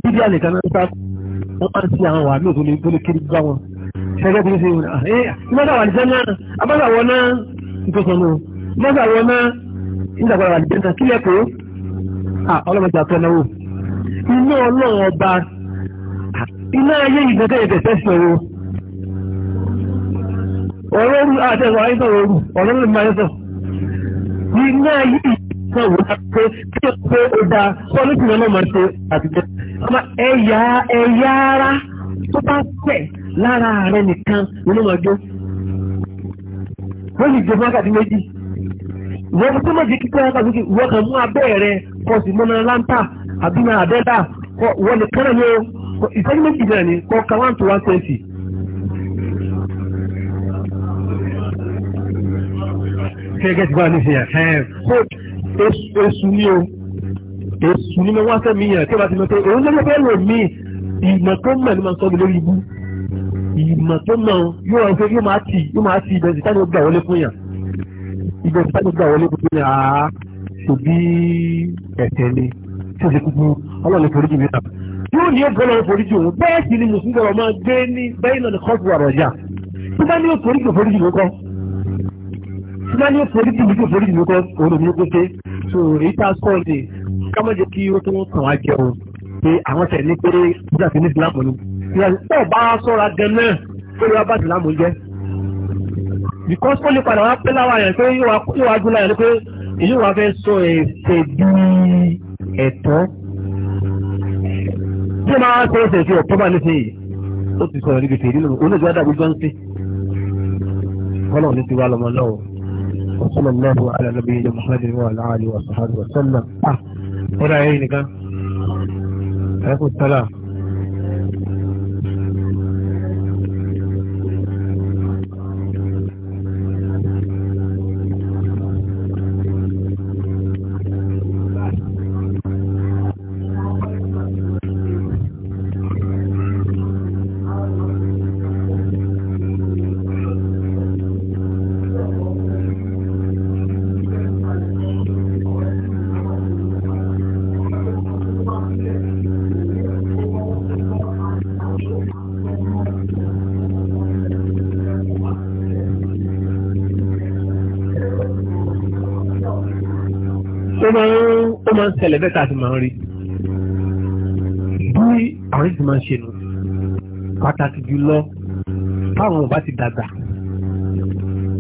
bíbí àlè kan náà ń sábú wọ́n máa ń ṣe àwọn wàhálà òtún ní kiri gbá wọn ṣẹ́gẹ́ tí ń ṣe ìwòrán ẹ̀ eh, mọ́sà wà nìjẹ́ náà abọ́sà wọ náà nítòsàn náà mọ́sà wọ náà nígbàgbọ́ra wà nìjẹ́ náà kí lẹ́kọ̀ọ́ ọlọ́mọdé àtọ́ náà wò iná ọlọ́run ọba iná ayé ìgbẹ́kẹ̀ yẹn tẹ̀sẹ̀ sọ̀rọ̀ ọ̀rọ̀ rú àtẹ̀sọ̀ ayé sọ̀rọ̀ rú ọ̀rọ̀ rú máa sọ̀ iná ayé ìgbẹ́kẹ̀ wò pé kí o pé o da pọ́lítì náà máa ṣe àtijọ́ ọmọ ẹ̀yà ẹ̀yà ara tó bá lára rẹ nìkan onímọ̀jọ́ wọ́n sì jẹ fún wákàtí méjì wọ́n fi tó mọ̀ jẹ́ kíkọ́ wákàtí méjì wọ́n kàn mú abẹ́ rẹ kọ́ sí mọ́nà láńtà àbí náà àdẹ́dà wọ́n lè kẹ́rẹ̀ ní o ìṣẹ́jú méjì náà ni kọ́ ka one to one twenty. kẹ́kẹ́ ti bá a nísìnyà ẹ̀ èsù ni o èsù ni mo wá sẹ́mi yàn tí o bá ti mọ̀ pé òun ló ló fẹ́ lò mí ìmọ̀ tó mọ̀ ni mo sọ mi lórí ibú ìmọ̀ tó mọ̀ yóò rẹ̀ pé yóò máa ti yóò máa ti ìbẹ̀sì táni ó gbà wọlé fún yàn ìbẹ̀sì táni ó gbà wọlé fún yàn àá ṣòbí ẹ̀sẹ̀ ni tí ó ṣe kúkú ọlọ́run forí jù mí náà yóò ní ọgbọ́n lọ́wọ́ forí jù òun bẹ́ẹ̀ sì ni mùsùlùmí ọ̀rọ̀ máa gbé ní bẹ́ẹ̀ náà ní kọ́ọ̀tù àrọ̀jà tó bá ní òforí jù forí jù mí kọ́ tó bá ní òforí jù mí kọ́ forí jù mí so èyí tá a sọ ni ká má jẹ́ kí ó tó pọ̀ bá sọ́ra gẹ́nẹ́ tó lè wá bàjẹ́ láàmú jẹ́ because ó lè padà wá pé láwa yẹn pé yóò wá dún láyẹn pé èyí wà fẹ́ sọ ẹ̀sẹ̀ bí ẹ̀tọ́ tí ó máa sọ ẹ̀sẹ̀ fi ọ̀tọ́ bá nísìnyí ó ti sọ̀rọ̀ níbi fèrè nínú oníjọ́ dàbí gbọ́nsẹ̀ ọlọ́run ní ti wá lọ́mọ lọ́wọ́ وصلى الله على نبينا محمد وعلى اله وصحبه وسلم. اه ولا عينك. عليكم السلام. máa ń ṣẹlẹ̀ bẹ́ẹ̀ tá a ti máa ń rí bí àwọn ìdí máa ń ṣe nù pàtàkì jùlọ táwọn ọba ti dàgbà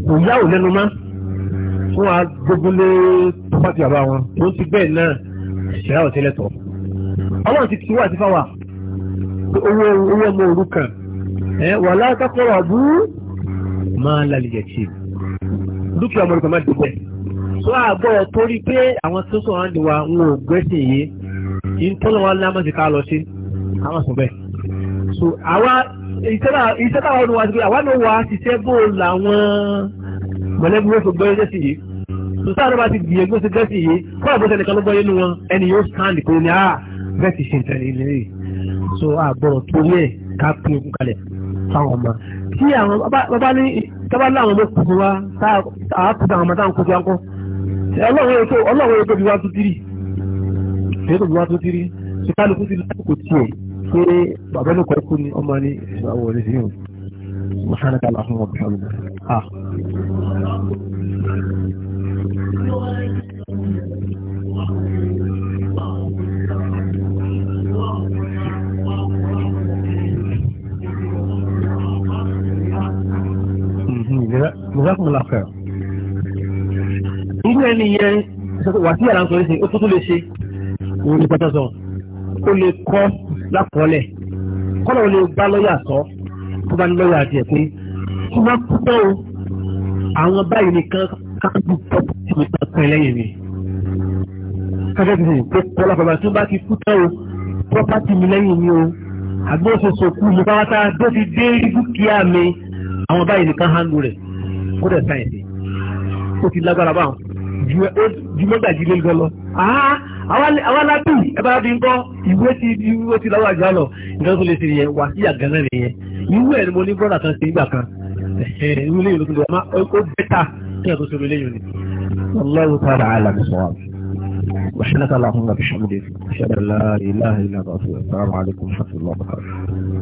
kò yá ò lẹ́nu mọ́ fún agbógunlé pàtàkì bàbá wọn tó ti bẹ́ẹ̀ náà ṣẹlẹ̀ ò tẹ́lẹ̀ tọ̀ ọlọ́run ti tiwọ́ àti fáwà owó owó ọmọ òrukàn ẹ wà látàkọ́rọ̀ àbúrú máa lálẹ́ yẹ̀ tí dúkìá ọmọ òrukàn má dùn bẹ́ẹ̀ tó àgbọ̀ torí pé àwọn tó sọ̀rọ̀ ń diwa ń wò gbẹ́sìn yìí yìí ń tọ́lọ̀ wọn lámọ̀ sí ká lọ sí àwọn sọ bẹ́ẹ̀. so àwa iṣẹ́ táwọn ọdún wa ti pé àwa ló wà ṣiṣẹ́ bó làwọn mọ̀lẹ́bí wọ́n fi gbọ́ ẹgbẹ́ sí yìí so sáà ló bá ti gbìyànjú sí gbẹ́sìn yìí fún àbọ̀sẹ̀ nìkan ló gbọ́ inú wọn ẹni yóò stand pé ní ah bẹ́ẹ̀ ti ṣe ìtẹ̀lẹ̀ so àgbọ̀rọ̀ torí ẹ̀ ká pín ogun kalẹ̀ fáwọn ọmọ tí àwọn bàbá ní tábàlá àwọn ọmọ kùsùn wa táà kùsùn àwọn ọmọ táà ń kùsùn ń kọ́ ọlọ́run ètò ọlọ́run ètò ìwà tó tiri ètò ìwà tó tiri ìkálukú ti lásìkò tiẹ̀ pé bàbá ní kọ́kú ni ọmọ ní ìṣàwọ̀ orí sí òun mọ̀sánà kálá fún ọmọ ìṣàwọ̀ جزاكم الله خير fẹ́ nìyẹn wà sí àlàǹsọ ní sìn ó tó tó lè ṣe ní pàtàkì ó lè kọ́ lápọ̀ọ́lẹ̀ kọ́lọ̀ ó lè bá lọ́yà sọ tó bá ní lọ́yà àti ẹ̀ pé tí wọ́n kú bọ́ o àwọn báyìí nìkan káàdù pọ́pù tí mo tán pẹ́ lẹ́yìn mi kájọ́tì sìn tó kọ́ lápọ̀ọ́lẹ̀ tí wọ́n bá ti kú tán o pọ́pátì mi lẹ́yìn mi o àgbọ̀nsọ̀sọ̀ kú mi pátá tó ti dé dúkìá mi àwọn báyìí nìkan hándù rẹ̀ kó dẹ̀ sáyẹ̀nsì ó ti lágbára báwọn ju mọ́gàjì lé gan lọ. àwa lábì ẹ bá fi ń kọ́ ìwé ti ìwé ti láwọn àjọ lọ ìdájọ́ tó lè ṣe yẹn wà sí àgànnà nìyẹn ìwé ẹ̀ ni mo ní brọ́dà kan ṣe nígbà kan ìwé lè lókun lọ́wọ́ ó bẹ́tà kí ẹ̀ tó ṣe lóléyìn ni. Allahu ta'ala a'lam bissawab. وحنك اللهم بحمدك أشهد أن لا إله إلا أنت السلام